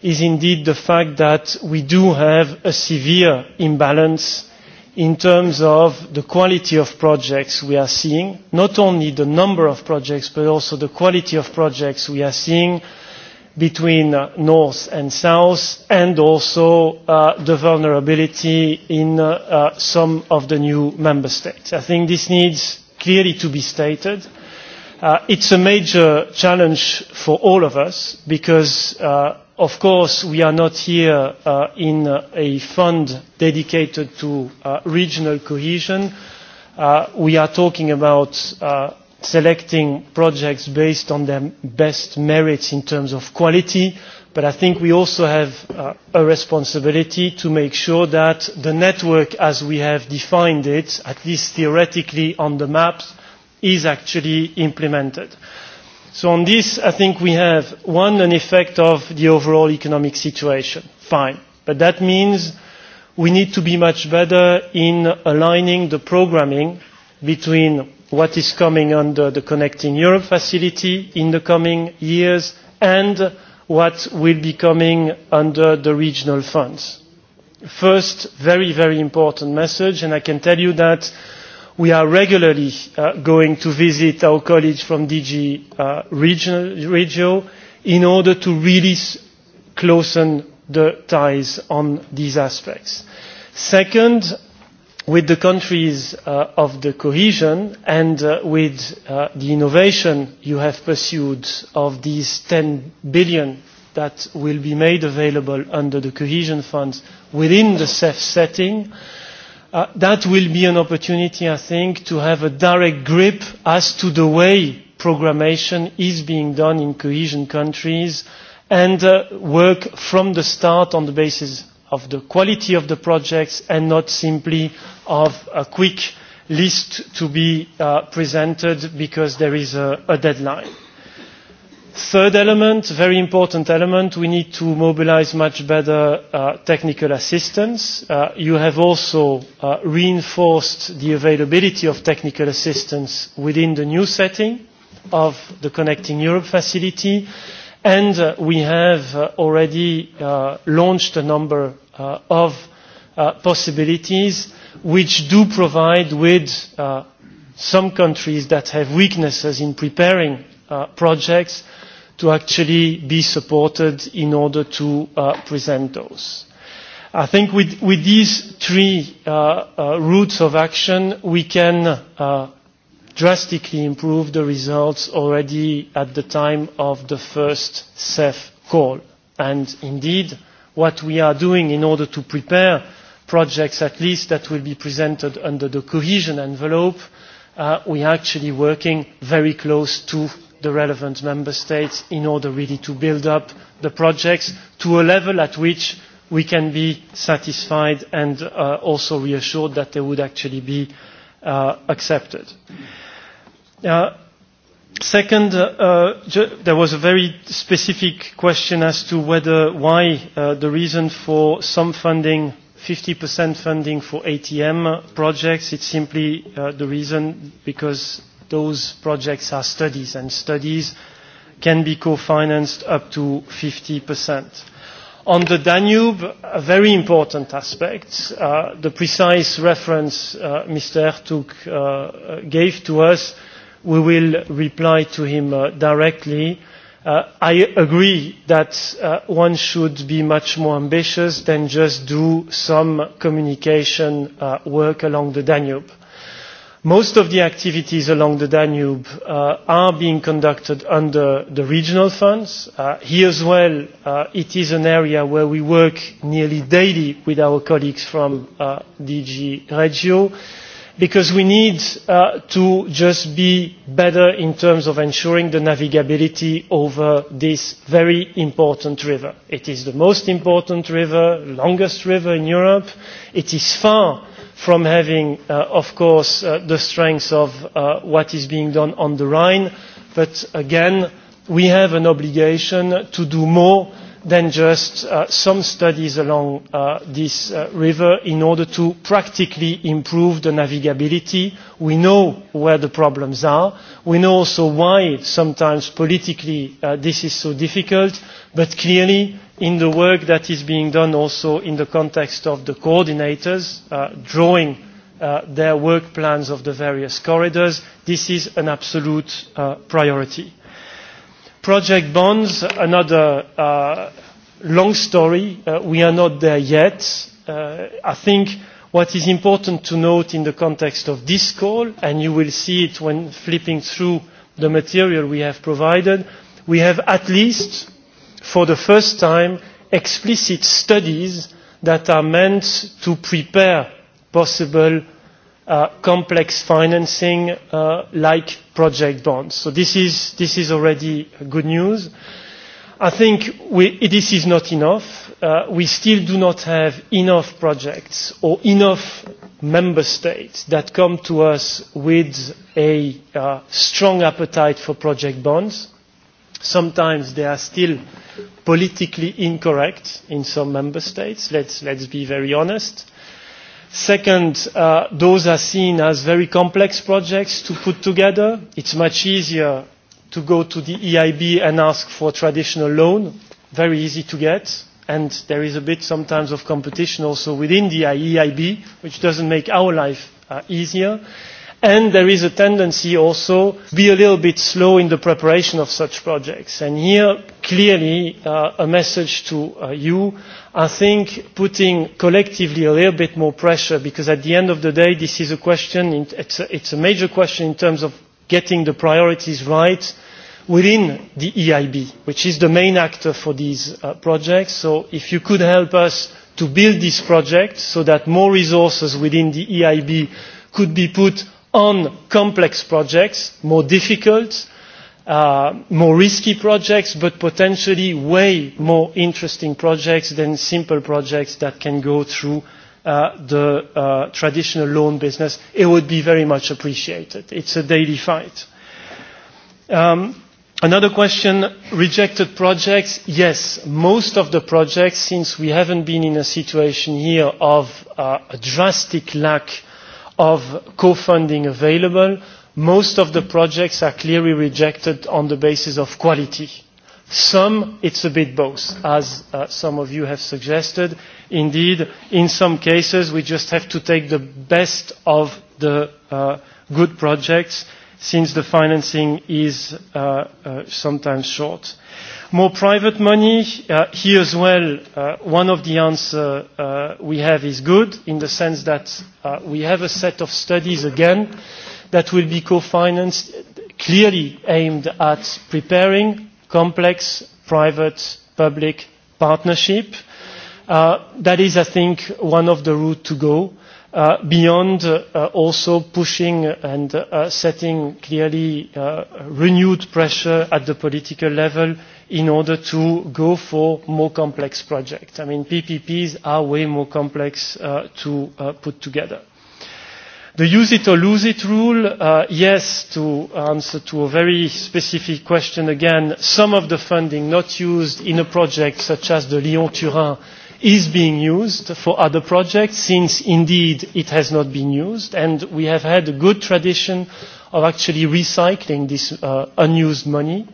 is indeed the fact that we do have a severe imbalance in terms of the quality of projects we are seeing, not only the number of projects but also the quality of projects we are seeing between uh, north and south and also uh, the vulnerability in uh, uh, some of the new member states. I think this needs clearly to be stated It uh, it's a major challenge for all of us because, uh, of course, we are not here uh, in a fund dedicated to regional cohesion. We are talking about selecting projects based on their best merits in terms of quality, but I think we also have a responsibility to make sure that the network as we have defined it, at least theoretically on the maps, is actually implemented. So on this, I think we have, one, an effect of the overall economic situation. Fine. But that means we need to be much better in aligning the programming between what is coming under the Connecting Europe facility in the coming years and what will be coming under the regional funds. First, very, very important message, and I can tell you that we are regularly uh, going to visit our colleagues from dg uh, regional, regio in order to really closen the ties on these aspects. second with the countries uh, of the cohesion and uh, with uh, the innovation you have pursued of these 10 billion that will be made available under the cohesion funds within the cef setting Uh, that will be an opportunity, I think, to have a direct grip as to the way programmation is being done in cohesion countries and uh, work from the start on the basis of the quality of the projects and not simply of a quick list to be uh, presented because there is a, a deadline. Third element, very important element, we need to mobilise much better uh, technical assistance. Uh, you have also uh, reinforced the availability of technical assistance within the new setting of the Connecting Europe facility, and we have already launched a number of possibilities which do provide with some countries that have weaknesses in preparing projects to actually be supported in order to uh, present those. I think with, with these three uh, uh, routes of action, we can drastically improve the results already at the time of the first CEF call. And indeed, what we are doing in order to prepare projects at least that will be presented under the cohesion envelope, we are actually working very close to the relevant member states in order really to build up the projects to a level at which we can be satisfied and uh, also reassured that they would actually be uh, accepted. Uh, second, uh, there was a very specific question as to whether why the reason for some funding 50% funding for ATM projects, it's simply the reason because those projects are studies, and studies can be co-financed up to 50%. On the Danube, a very important aspect, uh, the precise reference uh, Mr. Ertug uh, gave to us, we will reply to him uh, directly. Uh, I agree that uh, one should be much more ambitious than just do some communication work along the Danube most of the activities along the danube uh, are being conducted under the regional funds uh, here as well uh, it is an area where we work nearly daily with our colleagues from dg regio because we need to just be better in terms of ensuring the navigability over this very important river it is the most important river the longest river in europe it is far from having, uh, of course, uh, the strength of uh, what is being done on the Rhine. But again, we have an obligation to do more than just some studies along this river in order to practically improve the navigability. We know where the problems are. We know also why sometimes politically this is so difficult. But clearly, in the work that is being done also in the context of the coordinators uh, drawing uh, their work plans of the various corridors. This is an absolute uh, priority. Project bonds, another uh, long story. Uh, we are not there yet. Uh, I think what is important to note in the context of this call, and you will see it when flipping through the material we have provided, we have at least for the first time explicit studies that are meant to prepare possible uh, complex financing uh, like project bonds. So this is, this is already good news. I think we, this is not enough. Uh, we still do not have enough projects or enough member states that come to us with a uh, strong appetite for project bonds sometimes they are still politically incorrect in some member states let's let's be very honest second uh, those are seen as very complex projects to put together it's much easier to go to the EIB and ask for traditional loan very easy to get and there is a bit sometimes of competition also within the EIB which doesn't make our life uh, easier and there is a tendency also to be a little bit slow in the preparation of such projects and here clearly uh, a message to uh, you i think putting collectively a little bit more pressure because at the end of the day this is a question it's a, a major question in terms of getting the priorities right within the eib which is the main actor for these uh, projects so if you could help us to build this project so that more resources within the eib could be put on complex projects, more difficult, uh, more risky projects, but potentially way more interesting projects than simple projects that can go through uh, the uh, traditional loan business. It would be very much appreciated. It's a daily fight. Um, another question, rejected projects. Yes, most of the projects, since we haven't been in a situation here of a drastic lack of co-funding available, most of the projects are clearly rejected on the basis of quality. Some, it's a bit both, as uh, some of you have suggested. Indeed, in some cases, we just have to take the best of the uh, good projects, since the financing is uh, uh sometimes short. More private money, uh, here as well, uh, one of the answers uh, we have is good in the sense that uh, we have a set of studies again that will be co-financed, clearly aimed at preparing complex private-public partnership. Uh, that is, I think, one of the routes to go. Uh, beyond uh, also pushing and uh, setting clearly uh, renewed pressure at the political level in order to go for more complex projects. I mean, PPPs are way more complex uh, to uh, put together. The use it or lose it rule, uh, yes, to answer to a very specific question again, some of the funding not used in a project such as the Lyon-Turin is being used for other projects since indeed it has not been used and we have had a good tradition of actually recycling this uh, unused money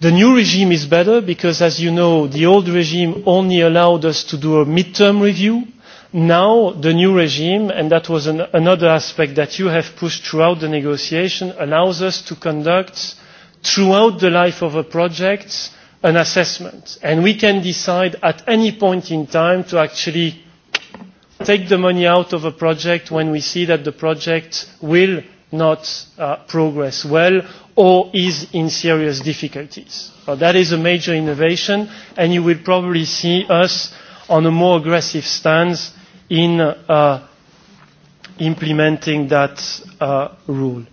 the new regime is better because as you know the old regime only allowed us to do a mid term review now the new regime and that was another aspect that you have pushed throughout the negotiation allows us to conduct throughout the life of a project an assessment and we can decide at any point in time to actually take the money out of a project when we see that the project will not uh, progress well or is in serious difficulties. So that is a major innovation and you will probably see us on a more aggressive stance in uh, implementing that uh, rule.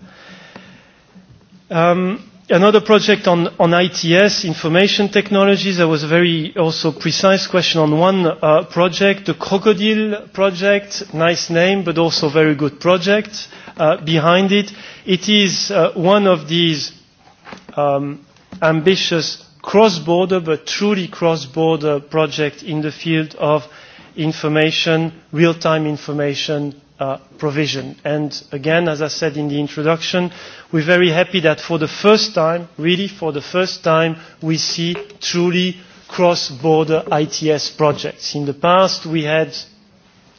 Um, another project on, on ITS, information technologies, there was a very also precise question on one uh, project, the Crocodile project, nice name but also very good project. Uh, behind it. It is uh, one of these um, ambitious cross-border but truly cross-border projects in the field of information, real-time information uh, provision. And again, as I said in the introduction, we're very happy that for the first time, really for the first time, we see truly cross-border ITS projects. In the past, we had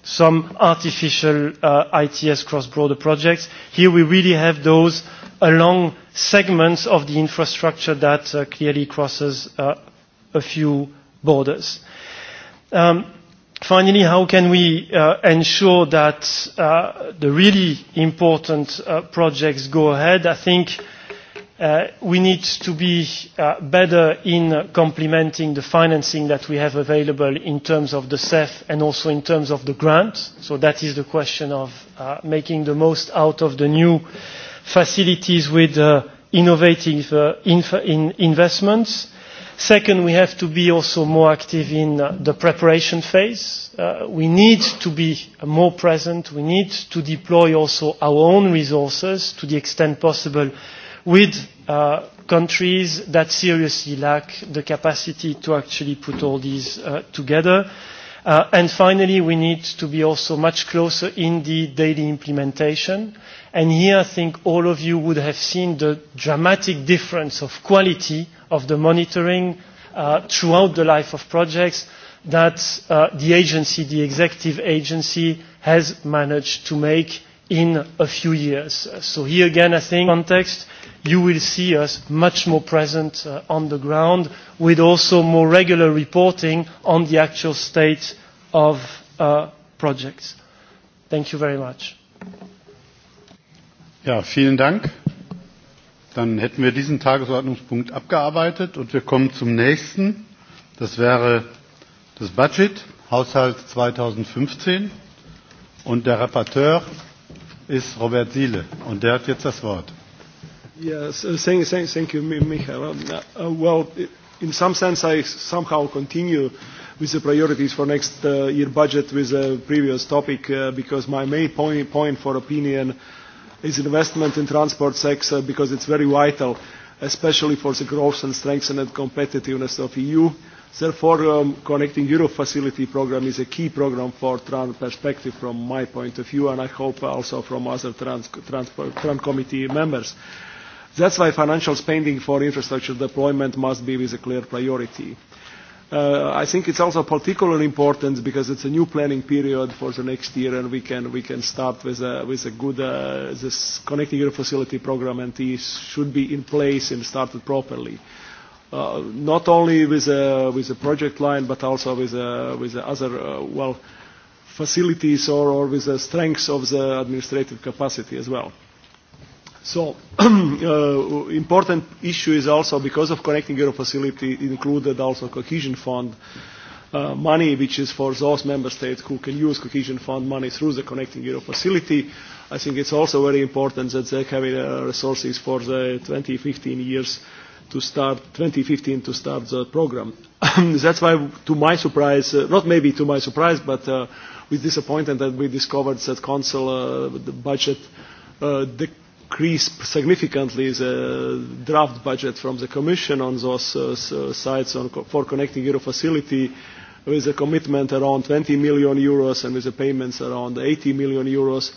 some artificial uh, ITS cross-border projects. Here we really have those along segments of the infrastructure that uh, clearly crosses uh, a few borders. Um, finally, how can we uh, ensure that uh, the really important uh, projects go ahead? I think Uh, we need to be uh, better in complementing the financing that we have available in terms of the CEF and also in terms of the grant. So that is the question of uh, making the most out of the new facilities with innovative investments. Second, we have to be also more active in the preparation phase. We need to be more present. We need to deploy also our own resources to the extent possible with uh, countries that seriously lack the capacity to actually put all these uh, together. Uh, and finally, we need to be also much closer in the daily implementation. And here I think all of you would have seen the dramatic difference of quality of the monitoring uh, throughout the life of projects that uh, the agency, the executive agency, has managed to make in a few years. So here again, I think, context, you will see us much more present uh, on the ground with also more regular reporting on the actual state of uh, projects. Thank you very much. Ja, vielen Dank. Dann hätten wir diesen Tagesordnungspunkt abgearbeitet und wir kommen zum nächsten. Das wäre das Budget, Haushalt 2015. Und der Rapporteur ist Robert Siele und der hat jetzt das Wort. Yes, uh, thank, thank, thank you, Michael. Um, uh, uh, well, in some sense, I somehow continue with the priorities for next uh, year budget with the previous topic uh, because my main point, point for opinion is investment in transport sector because it's very vital, especially for the growth and strengthened competitiveness of EU Therefore, um, Connecting Europe Facility program is a key program for Trans perspective from my point of view, and I hope also from other trans, trans, committee members. That's why financial spending for infrastructure deployment must be with a clear priority. Uh, I think it's also particularly important because it's a new planning period for the next year and we can, we can start with a, with a good uh, this Connecting Europe Facility program and these should be in place and started properly. Uh, not only with a, with a project line, but also with a, with the other uh, well facilities or, or with the strengths of the administrative capacity as well. So, uh, important issue is also because of Connecting Europe facility included also cohesion fund money, which is for those member states who can use cohesion fund money through the Connecting Europe facility. I think it's also very important that they have resources for the 2015 years to start 2015 to start the program. That's why, to my surprise, uh, not maybe to my surprise, but uh, with disappointment that we discovered that council uh, the budget uh, decreased significantly the draft budget from the Commission on those uh, uh sites on co for connecting Euro facility with a commitment around 20 million euros and with the payments around 80 million euros.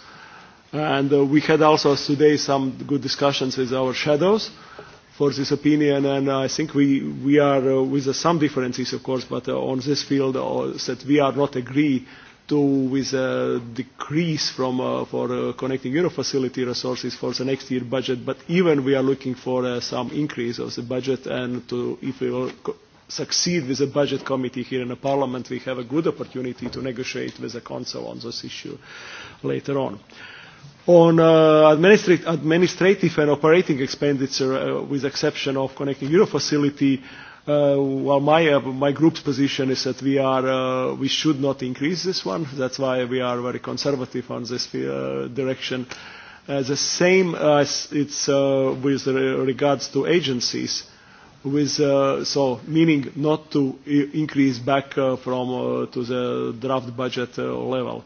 And uh, we had also today some good discussions with our shadows for this opinion and I think we, we are uh, with uh, some differences of course but uh, on this field uh, that we are not agree to with a uh, decrease from uh, for uh, connecting euro facility resources for the next year budget but even we are looking for uh, some increase of the budget and to if we will succeed with the budget committee here in the parliament we have a good opportunity to negotiate with the council on this issue later on. On uh, administrative and operating expenditure, uh, with exception of Connecting Euro facility, uh, well, my, uh, my group's position is that we, are, uh, we should not increase this one. That's why we are very conservative on this uh, direction. Uh, the same as it's uh, with regards to agencies with uh, so meaning not to increase back uh, from uh, to the draft budget uh, level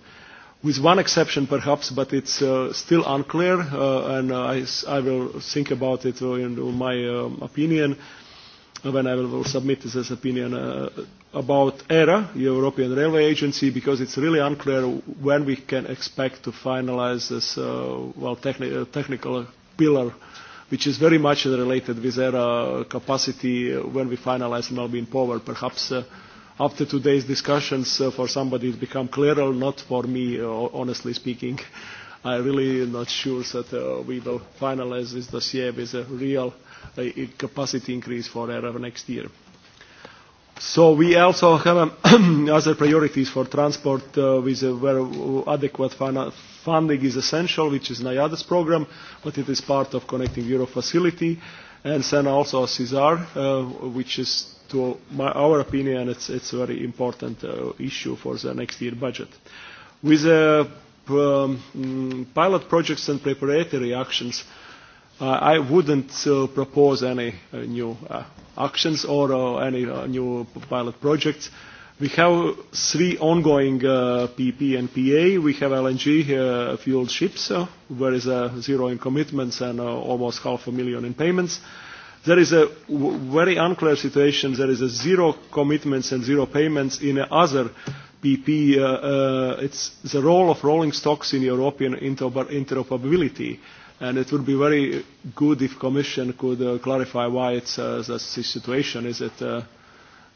with one exception perhaps, but it's uh, still unclear, uh, and uh, I, I will think about it uh, in my um, opinion uh, when I will submit this opinion uh, about ERA, European Railway Agency, because it's really unclear when we can expect to finalize this uh, well, techni uh, technical pillar, which is very much related with ERA capacity when we finalize Malbin Power, perhaps uh, after today's discussions, uh, for somebody it become clearer, not for me, uh, honestly speaking. I really not sure that uh, we will finalize this dossier with a real capacity increase for error next year. So we also have um, other priorities for transport with where adequate funding is essential, which is NIADA's program, but it is part of Connecting Europe facility. And then also CESAR, which is to my, our opinion, it's, it's a very important uh, issue for the next year budget. With the uh, um, mm, pilot projects and preparatory actions, uh, I wouldn't uh, propose any new uh, actions or any new pilot projects. We have three ongoing uh, PP and PA. We have LNG-fueled ships, where is uh, zero in commitments and uh, almost half a million in payments. There is a very unclear situation. There is a zero commitments and zero payments in other PP. Uh, uh, it's the role of rolling stocks in European interoperability. And it would be very good if Commission could uh, clarify why it's uh, the situation. Is it uh,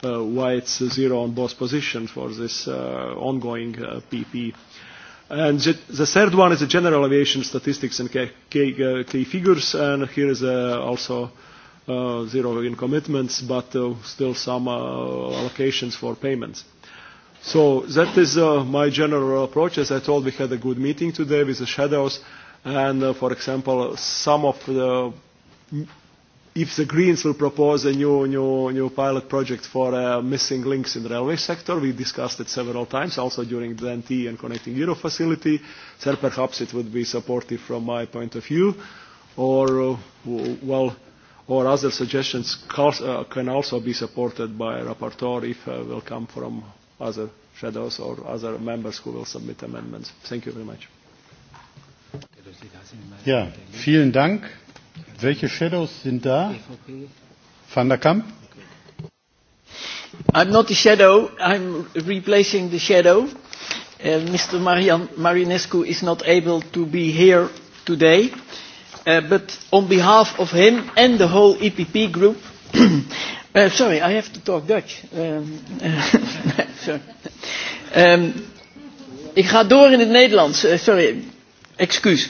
uh, why it's zero on both positions for this uh, ongoing uh, PP? And the third one is the general aviation statistics and key, uh, figures. And here is uh, also Uh, zero in commitments, but uh, still some uh, allocations for payments. So that is my general approach. As I told, we had a good meeting today with the shadows, and for example, some of the if the Greens will propose a new, new, pilot project for missing links in the railway sector, we discussed it several times, also during the NT and Connecting Europe facility, so perhaps it would be supportive from my point of view, or, well, or other suggestions uh, can also be supported by a rapporteur if uh, will come from other shadows or other members who will submit amendments. Thank you very much. Ja, vielen Dank. Welche Shadows sind da? Van der Kamp? I'm not a shadow. I'm replacing the shadow. Uh, Mr. Marian Marinescu is not able to be here today. Eh, but on behalf of him and the whole EPP group, eh, sorry, I have to talk Dutch. Um, eh, um, ik ga door in het Nederlands. sorry, excuus.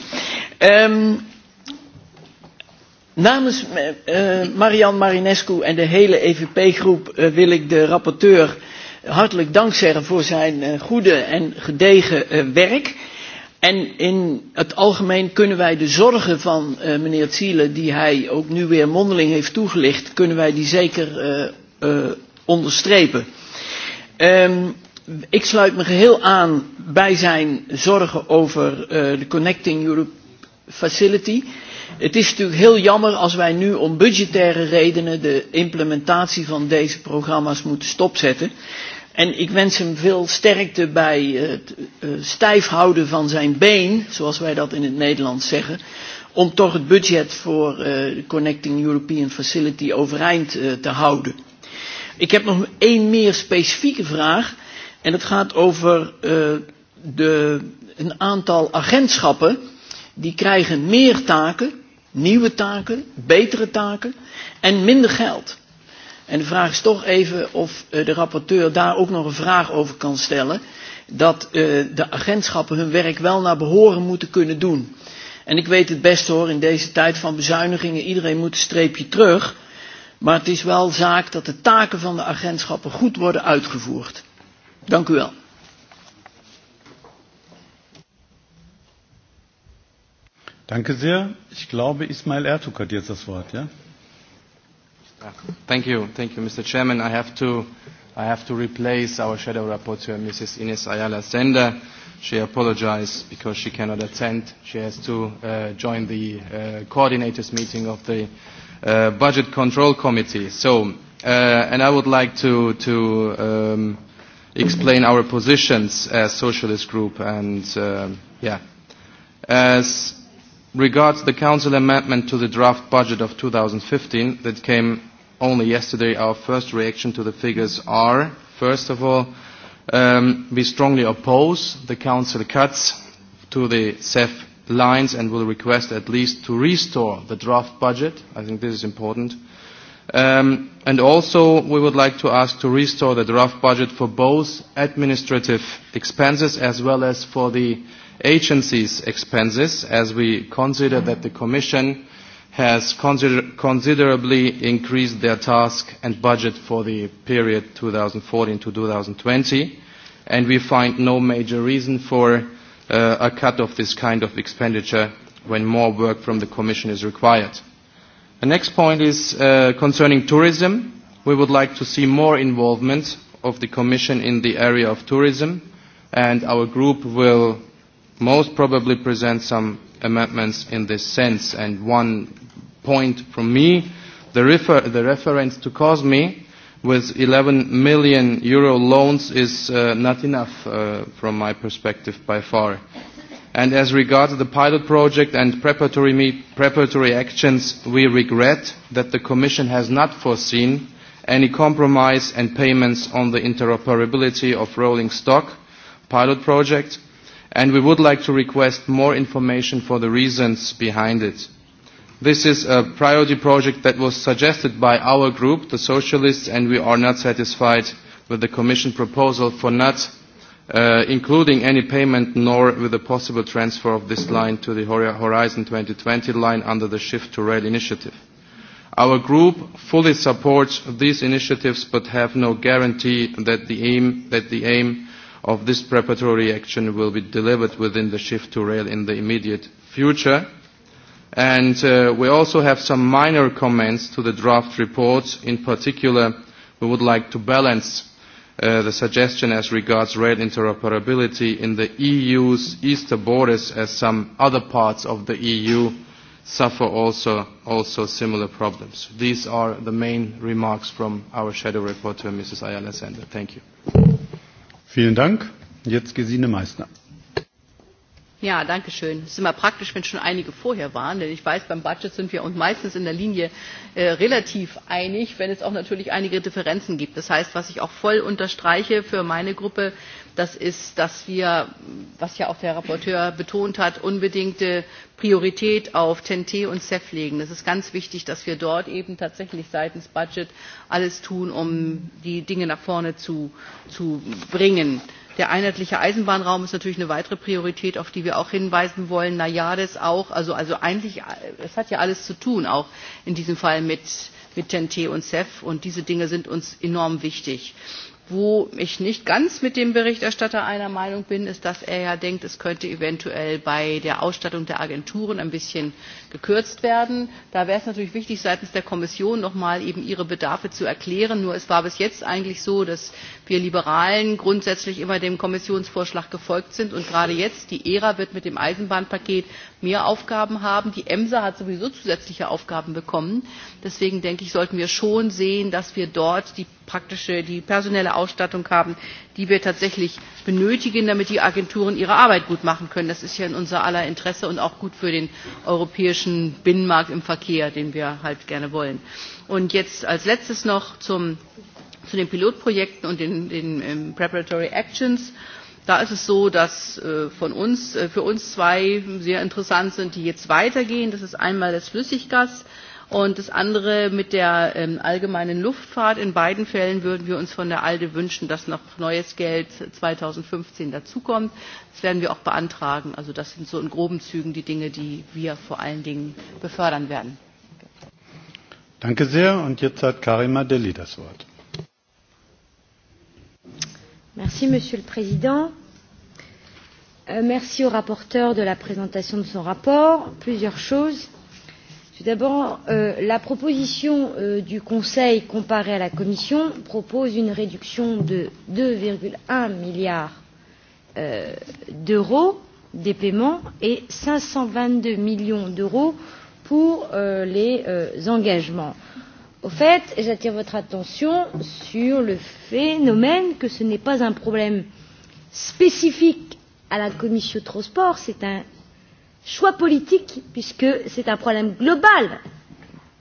Um, namens Marian Marinescu en de hele EVP-groep wil ik de rapporteur hartelijk dank zeggen voor zijn goede en gedegen werk en in het algemeen kunnen wij de zorgen van uh, meneer Thiele, die hij ook nu weer mondeling heeft toegelicht, kunnen wij die zeker uh, uh, onderstrepen. Um, ik sluit me geheel aan bij zijn zorgen over de Connecting Europe Facility. Het is natuurlijk heel jammer als wij nu om budgettaire redenen de implementatie van deze programma's moeten stopzetten. En ik wens hem veel sterkte bij het eh, stijf houden van zijn been, zoals wij dat in het Nederlands zeggen, om toch het budget voor eh, de Connecting European Facility overeind eh, te houden. Ik heb nog één meer specifieke vraag en dat gaat over de, een aantal agentschappen die krijgen meer taken, nieuwe taken, betere taken en minder geld. En de vraag is toch even of eh, de rapporteur daar ook nog een vraag over kan stellen. Dat eh, de agentschappen hun werk wel naar behoren moeten kunnen doen. En ik weet het best hoor, in deze tijd van bezuinigingen, iedereen moet een streepje terug. Maar het is wel zaak dat de taken van de agentschappen goed worden uitgevoerd. Dank u wel. u zeer. Ik glaube, Ismail Ertug had jetzt woord. ja? Thank you, thank you, Mr. Chairman. I have to, I have to replace our shadow rapporteur, Mrs. Ines Ayala Sender. She apologized because she cannot attend. She has to uh, join the uh, coordinators meeting of the uh, Budget Control Committee. So, uh, and I would like to, to um, explain our positions as Socialist Group and, uh, yeah. As regards the Council amendment to the draft budget of 2015 that came only yesterday our first reaction to the figures are, first of all, um, we strongly oppose the Council cuts to the CEF lines and will request at least to restore the draft budget. I think this is important. Um, and also we would like to ask to restore the draft budget for both administrative expenses as well as for the agency's expenses as we consider that the Commission has consider considerably increased their task and budget for the period 2014 to 2020 and we find no major reason for uh, a cut of this kind of expenditure when more work from the Commission is required. The next point is uh, concerning tourism. We would like to see more involvement of the Commission in the area of tourism and our group will most probably present some amendments in this sense and one point from me. The, refer the reference to COSME with 11 million euro loans is uh, not enough uh, from my perspective by far. And as regards the pilot project and preparatory, meet, preparatory actions, we regret that the Commission has not foreseen any compromise and payments on the interoperability of rolling stock pilot project, and we would like to request more information for the reasons behind it. This is a priority project that was suggested by our group, the Socialists, and we are not satisfied with the Commission proposal for not uh, including any payment nor with the possible transfer of this line to the Horizon 2020 line under the Shift to Rail initiative. Our group fully supports these initiatives but have no guarantee that the aim, that the aim of this preparatory action will be delivered within the Shift to Rail in the immediate future And uh, we also have some minor comments to the draft report. In particular, we would like to balance uh, the suggestion as regards rail interoperability in the EU's eastern borders as some other parts of the EU suffer also, also similar problems. These are the main remarks from our shadow reporter, Mrs. Ayala Sander. Thank you. Vielen Dank. Jetzt Gesine Meissner. Ja, danke schön. Es ist immer praktisch, wenn schon einige vorher waren, denn ich weiß, beim Budget sind wir uns meistens in der Linie äh, relativ einig, wenn es auch natürlich einige Differenzen gibt. Das heißt, was ich auch voll unterstreiche für meine Gruppe, das ist, dass wir, was ja auch der Rapporteur betont hat, unbedingte Priorität auf TNT und CEF legen. Es ist ganz wichtig, dass wir dort eben tatsächlich seitens Budget alles tun, um die Dinge nach vorne zu bringen der einheitliche eisenbahnraum ist natürlich eine weitere priorität auf die wir auch hinweisen wollen naiades auch also, eigentlich es hat ja alles zu tun auch in diesem fall mit mit ten t und cef und diese dinge sind uns enorm wichtig. wo ich nicht ganz mit dem berichterstatter einer meinung bin ist dass er ja denkt es könnte eventuell bei der ausstattung der agenturen ein bisschen gekürzt werden. da wäre es natürlich wichtig seitens der kommission noch einmal ihre bedarfe zu erklären. nur es war bis jetzt eigentlich so dass wir liberalen grundsätzlich immer dem kommissionsvorschlag gefolgt sind und gerade jetzt die era wird mit dem eisenbahnpaket mehr aufgaben haben die emsa hat sowieso zusätzliche aufgaben bekommen. deswegen denke ich sollten wir schon sehen dass wir dort die praktische die personelle ausstattung haben die wir tatsächlich benötigen damit die agenturen ihre arbeit gut machen können. das ist ja in unser aller interesse und auch gut für den europäischen binnenmarkt im verkehr den wir halt gerne wollen. und jetzt als letztes noch zu den pilotprojekten und den, den ähm, preparatory actions da ist es so dass äh, von uns, äh, für uns zwei sehr interessant sind die jetzt weitergehen das ist einmal das flüssiggas und das andere mit der ähm, allgemeinen Luftfahrt. In beiden Fällen würden wir uns von der ALDE wünschen, dass noch neues Geld 2015 dazukommt. Das werden wir auch beantragen. Also das sind so in groben Zügen die Dinge, die wir vor allen Dingen befördern werden. Danke sehr. Und jetzt hat Karima Deli das Wort. Merci, Monsieur le Président. Euh, merci au rapporteur de la présentation de son rapport. Plusieurs choses Tout d'abord, euh, la proposition euh, du Conseil comparée à la Commission propose une réduction de 2,1 milliards euh, d'euros des paiements et 522 millions d'euros pour euh, les engagements. Au fait, j'attire votre attention sur le phénomène que ce n'est pas un problème spécifique à la Commission de transport, c'est un choix politique, puisque c'est un problème global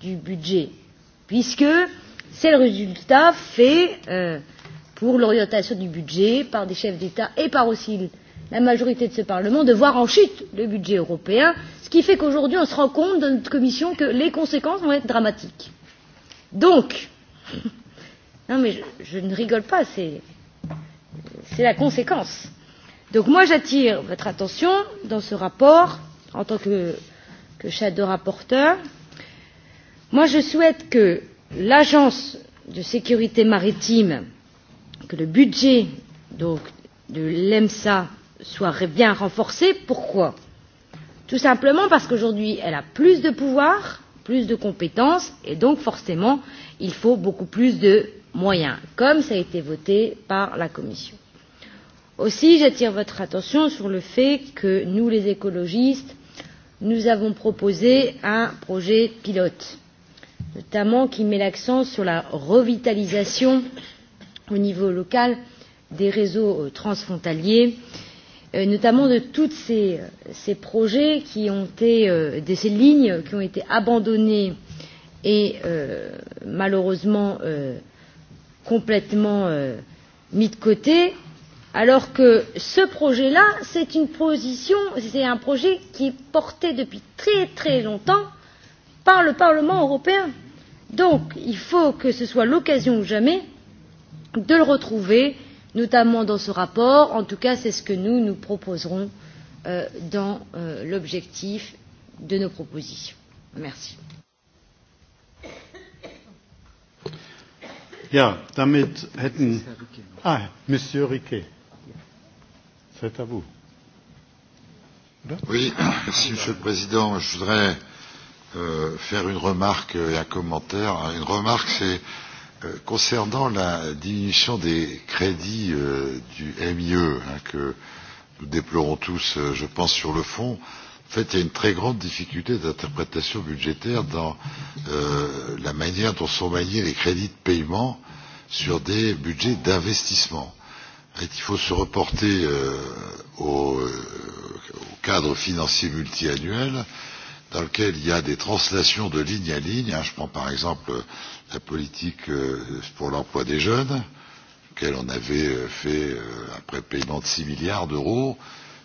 du budget, puisque c'est le résultat fait euh, pour l'orientation du budget par des chefs d'État et par aussi la majorité de ce Parlement de voir en chute le budget européen, ce qui fait qu'aujourd'hui on se rend compte dans notre commission que les conséquences vont être dramatiques. Donc, non mais je, je ne rigole pas, c'est la conséquence. Donc moi j'attire votre attention dans ce rapport en tant que, que de rapporteur. Moi, je souhaite que l'agence de sécurité maritime, que le budget donc, de l'EMSA soit bien renforcé. Pourquoi Tout simplement parce qu'aujourd'hui, elle a plus de pouvoir, plus de compétences, et donc forcément, il faut beaucoup plus de moyens, comme ça a été voté par la Commission. Aussi, j'attire votre attention sur le fait que nous, les écologistes, nous avons proposé un projet pilote notamment qui met l'accent sur la revitalisation au niveau local des réseaux euh, transfrontaliers euh, notamment de tous ces, euh, ces projets qui ont été de ces lignes qui ont été abandonnées et euh, malheureusement euh, complètement euh, mis de côté alors que ce projet là c'est une position c'est un projet qui est porté depuis très très longtemps par le parlement européen. donc il faut que ce soit l'occasion ou jamais de le retrouver notamment dans ce rapport en tout cas c'est ce que nous nous proposerons euh, dans euh, l'objectif de nos propositions. merci. Ja, damit hätten ah, Monsieur Riquet. C'est à vous. Oui, merci Monsieur le Président. Je voudrais euh, faire une remarque et un commentaire. Ah, une remarque, c'est euh, concernant la diminution des crédits euh, du MIE, hein, que nous déplorons tous, euh, je pense, sur le fond. En fait, il y a une très grande difficulté d'interprétation budgétaire dans euh, la manière dont sont maniés les crédits de paiement sur des budgets d'investissement il faut se reporter euh, au, euh, au cadre financier multiannuel dans lequel il y a des translations de ligne à ligne. Hein. Je prends par exemple euh, la politique euh, pour l'emploi des jeunes, auquel on avait fait un prépaiement de 6 milliards d'euros,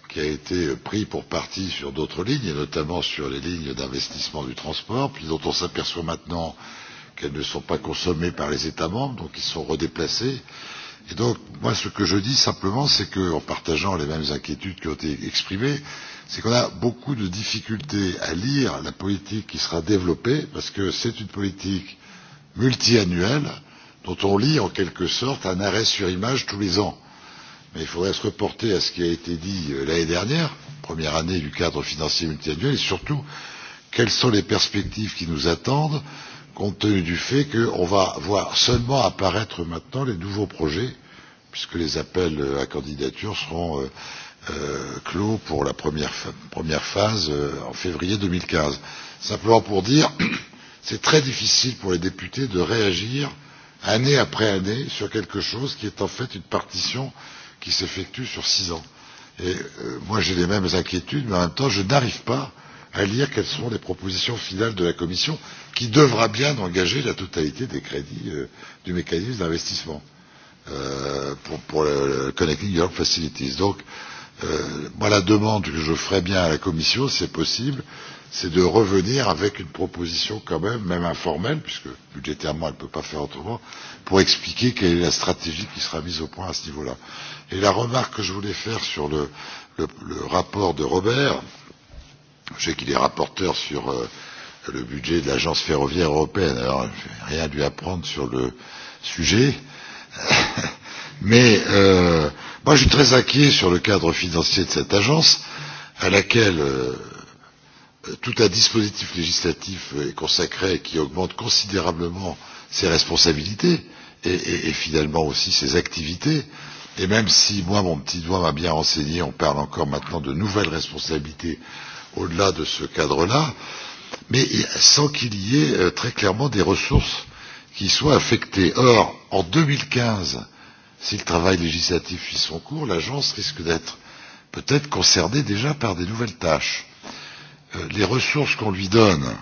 qui a été pris pour partie sur d'autres lignes, et notamment sur les lignes d'investissement du transport, puis dont on s'aperçoit maintenant qu'elles ne sont pas consommées par les États membres, donc ils sont redéplacés. Et donc, moi, ce que je dis simplement, c'est qu'en partageant les mêmes inquiétudes qui ont été exprimées, c'est qu'on a beaucoup de difficultés à lire la politique qui sera développée, parce que c'est une politique multiannuelle dont on lit en quelque sorte un arrêt sur image tous les ans. Mais il faudrait se reporter à ce qui a été dit euh, l'année dernière, première année du cadre financier multiannuel, et surtout, quelles sont les perspectives qui nous attendent compte tenu du fait qu'on va voir seulement apparaître maintenant les nouveaux projets, puisque les appels à candidature seront euh, euh, clos pour la première, première phase euh, en février 2015. Simplement pour dire, c'est très difficile pour les députés de réagir année après année sur quelque chose qui est en fait une partition qui s'effectue sur six ans. Et euh, moi j'ai les mêmes inquiétudes, mais en même temps je n'arrive pas à lire quelles seront les propositions finales de la Commission qui devra bien engager la totalité des crédits euh, du mécanisme d'investissement euh, pour, pour le, le Connecting Europe Facilities. Donc, euh, moi, la demande que je ferai bien à la Commission, c'est possible, c'est de revenir avec une proposition quand même, même informelle, puisque budgétairement elle ne peut pas faire autrement, pour expliquer quelle est la stratégie qui sera mise au point à ce niveau-là. Et la remarque que je voulais faire sur le, le, le rapport de Robert, je sais qu'il est rapporteur sur euh, le budget de l'Agence ferroviaire européenne, alors je n'ai rien dû apprendre sur le sujet. Mais euh, moi je suis très inquiet sur le cadre financier de cette agence, à laquelle euh, tout un dispositif législatif euh, est consacré qui augmente considérablement ses responsabilités et, et, et finalement aussi ses activités. Et même si moi, mon petit doigt m'a bien renseigné, on parle encore maintenant de nouvelles responsabilités au-delà de ce cadre-là, mais sans qu'il y ait euh, très clairement des ressources qui soient affectées. Or, en 2015, si le travail législatif fit son cours, l'agence risque d'être peut-être concernée déjà par des nouvelles tâches. Euh, les ressources qu'on lui donne,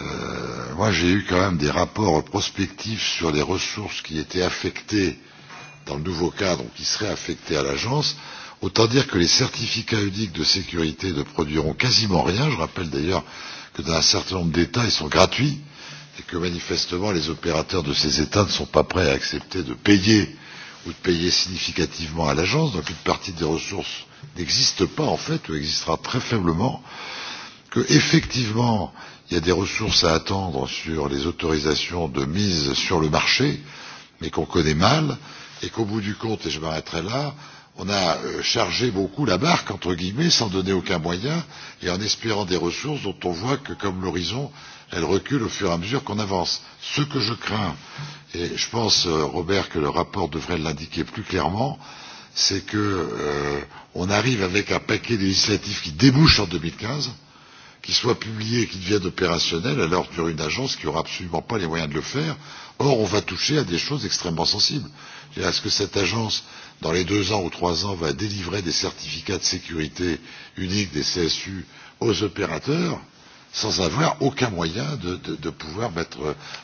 euh, moi j'ai eu quand même des rapports prospectifs sur les ressources qui étaient affectées dans le nouveau cadre ou qui seraient affectées à l'agence, Autant dire que les certificats uniques de sécurité ne produiront quasiment rien. Je rappelle d'ailleurs que dans un certain nombre d'États, ils sont gratuits et que manifestement les opérateurs de ces États ne sont pas prêts à accepter de payer ou de payer significativement à l'agence. Donc une partie des ressources n'existe pas en fait ou existera très faiblement. Que effectivement, il y a des ressources à attendre sur les autorisations de mise sur le marché, mais qu'on connaît mal et qu'au bout du compte, et je m'arrêterai là, on a euh, chargé beaucoup la barque entre guillemets sans donner aucun moyen et en espérant des ressources dont on voit que comme l'horizon elle recule au fur et à mesure qu'on avance. Ce que je crains, et je pense, euh, Robert, que le rapport devrait l'indiquer plus clairement, c'est que euh, on arrive avec un paquet législatif qui débouche en 2015, qui soit publié et qui devienne opérationnel, alors qu'il y aura une agence qui n'aura absolument pas les moyens de le faire. Or, on va toucher à des choses extrêmement sensibles. Est-ce que cette agence dans les deux ans ou trois ans, va délivrer des certificats de sécurité uniques des CSU aux opérateurs sans avoir aucun moyen de, de, de pouvoir mettre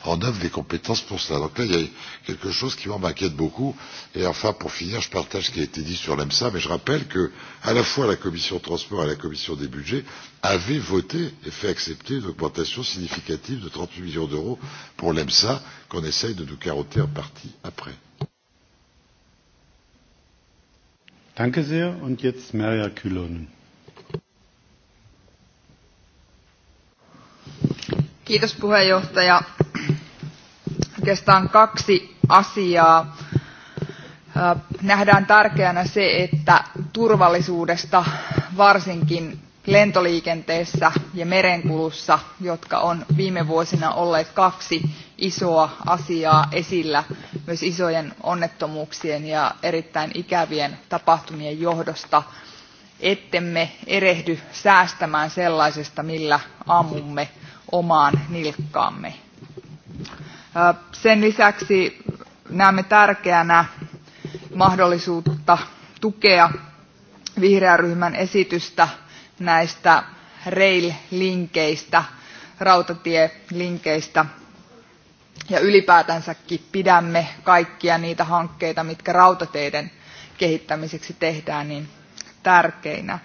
en œuvre les compétences pour cela. Donc là, il y a quelque chose qui m'inquiète beaucoup. Et enfin, pour finir, je partage ce qui a été dit sur l'EMSA, mais je rappelle que à la fois la commission transport et la commission des budgets avaient voté et fait accepter une augmentation significative de 38 millions d'euros pour l'EMSA, qu'on essaye de nous carotter en partie après. Danke sehr und jetzt Kiitos puheenjohtaja. Oikeastaan kaksi asiaa. Nähdään tärkeänä se, että turvallisuudesta varsinkin lentoliikenteessä ja merenkulussa, jotka on viime vuosina olleet kaksi isoa asiaa esillä myös isojen onnettomuuksien ja erittäin ikävien tapahtumien johdosta ettemme erehdy säästämään sellaisesta millä ammumme omaan nilkkaamme. Sen lisäksi näemme tärkeänä mahdollisuutta tukea vihreän ryhmän esitystä näistä rail linkeistä rautatielinkeistä ja ylipäätänsäkin pidämme kaikkia niitä hankkeita, mitkä rautateiden kehittämiseksi tehdään, niin tärkeinä.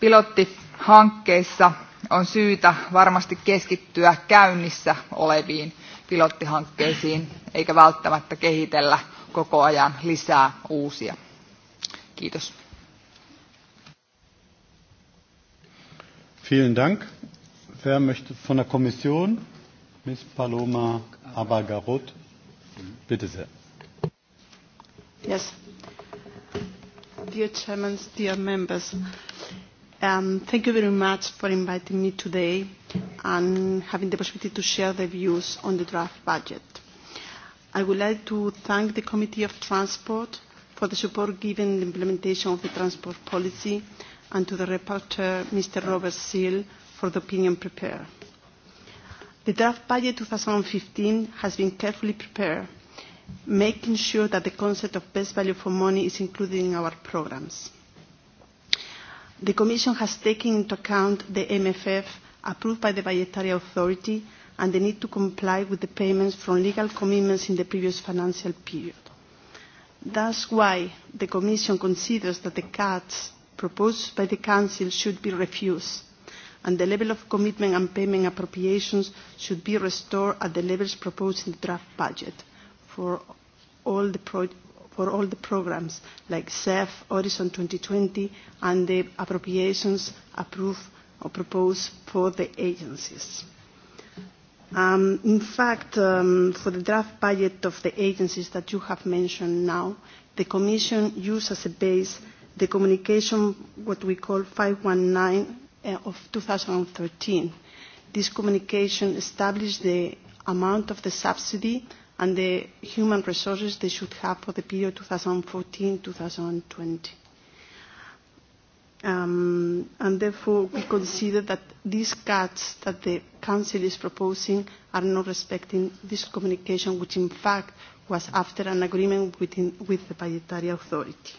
Pilottihankkeissa on syytä varmasti keskittyä käynnissä oleviin pilottihankkeisiin, eikä välttämättä kehitellä koko ajan lisää uusia. Kiitos. Vielen Dank. möchte von der Kommission? Ms. Paloma Abagarot, bitte sehr. Yes. Dear Chairman, dear members, um, thank you very much for inviting me today and having the possibility to share the views on the draft budget. I would like to thank the Committee of Transport for the support given in the implementation of the transport policy and to the rapporteur, Mr. Robert Seal, for the opinion prepared. The draft budget 2015 has been carefully prepared, making sure that the concept of best value for money is included in our programs. The Commission has taken into account the MFF approved by the Budgetary Authority and the need to comply with the payments from legal commitments in the previous financial period. That's why the Commission considers that the cuts proposed by the Council should be refused and the level of commitment and payment appropriations should be restored at the levels proposed in the draft budget for all the pro for all the programs like CEF, Horizon 2020 and the appropriations approved or proposed for the agencies. Um, in fact, um, for the draft budget of the agencies that you have mentioned now, the Commission used as a base the communication, what we call 519 Eh, of 2013. This communication established the amount of the subsidy and the human resources they should have for the period 2014-2020. Um, and therefore we consider that these cuts that the Council is proposing are not respecting this communication, which in fact was after an agreement within, with the budgetary authority.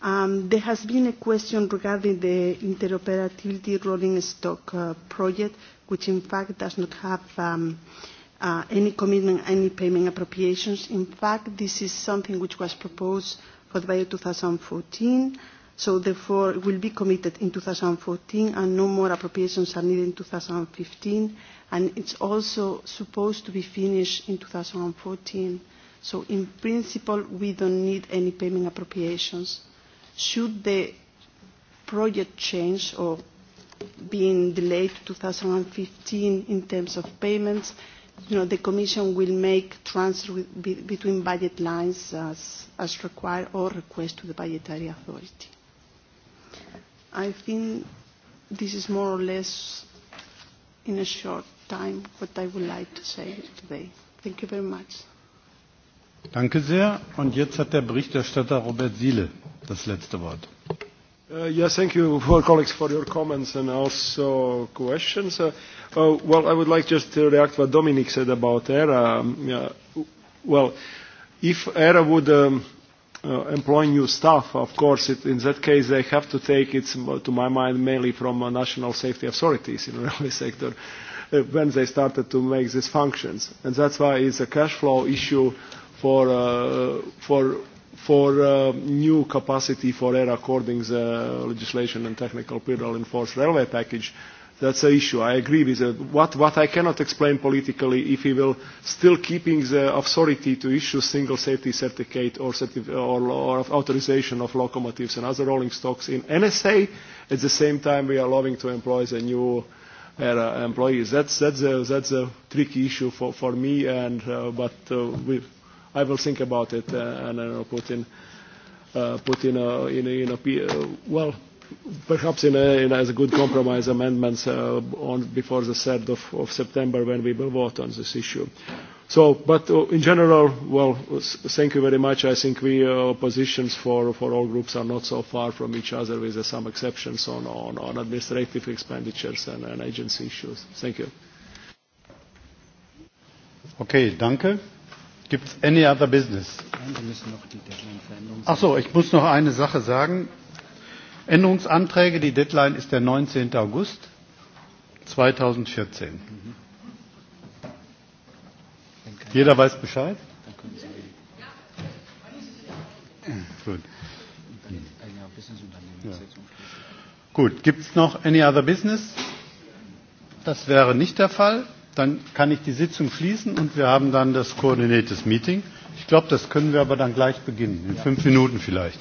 Um, there has been a question regarding the interoperability rolling stock uh, project, which in fact does not have um, uh, any commitment, any payment appropriations. In fact, this is something which was proposed for the year 2014, so therefore it will be committed in 2014 and no more appropriations are needed in 2015, and it's also supposed to be finished in 2014. So in principle, we don't need any payment appropriations should the project change or being delayed to 2015 in terms of payments, you know, the Commission will make transfer between budget lines as, as required or request to the budgetary authority. I think this is more or less in a short time what I would like to say today. Thank you very much. Danke sehr. Und jetzt hat der Berichterstatter Robert Siele das letzte Wort. Uh, yes, thank you for colleagues for your comments and also questions. Uh, uh, well, I would like just to react to what Dominic said about ERA. Um, well, if ERA would um, uh, employ new staff, of course, it, in that case they have to take it, to my mind, mainly from uh, national safety authorities in the railway sector uh, when they started to make these functions. And that's why it's a cash flow issue for uh, uh, new capacity for air according uh, legislation and technical pedal enforced railway package that's the issue i agree with that. Uh, what what i cannot explain politically if he will still keeping the authority to issue single safety certificate or or, or authorization of locomotives and other rolling stocks in nsa at the same time we are allowing to employ the new era employees that's that's a, tricky issue for me and uh, but we i will think about it uh, and put in uh, put in a, in a, in a uh, well, perhaps in, a, in as a good compromise amendments uh, on before the 3 of, September when we will vote on this issue. So, but uh, in general, well, thank you very much. I think we uh, positions for, for all groups are not so far from each other with uh, some exceptions on, on, on administrative expenditures and, and agency issues. Thank you. Okay, danke. Gibt es any other business? Achso, ich muss noch eine Sache sagen. Änderungsanträge, die Deadline ist der 19. August 2014. Jeder weiß Bescheid? Gut. Gut, gibt es noch any other business? Das wäre nicht der Fall dann kann ich die Sitzung schließen und wir haben dann das koordiniertes Meeting. Ich glaube, das können wir aber dann gleich beginnen, in fünf Minuten vielleicht.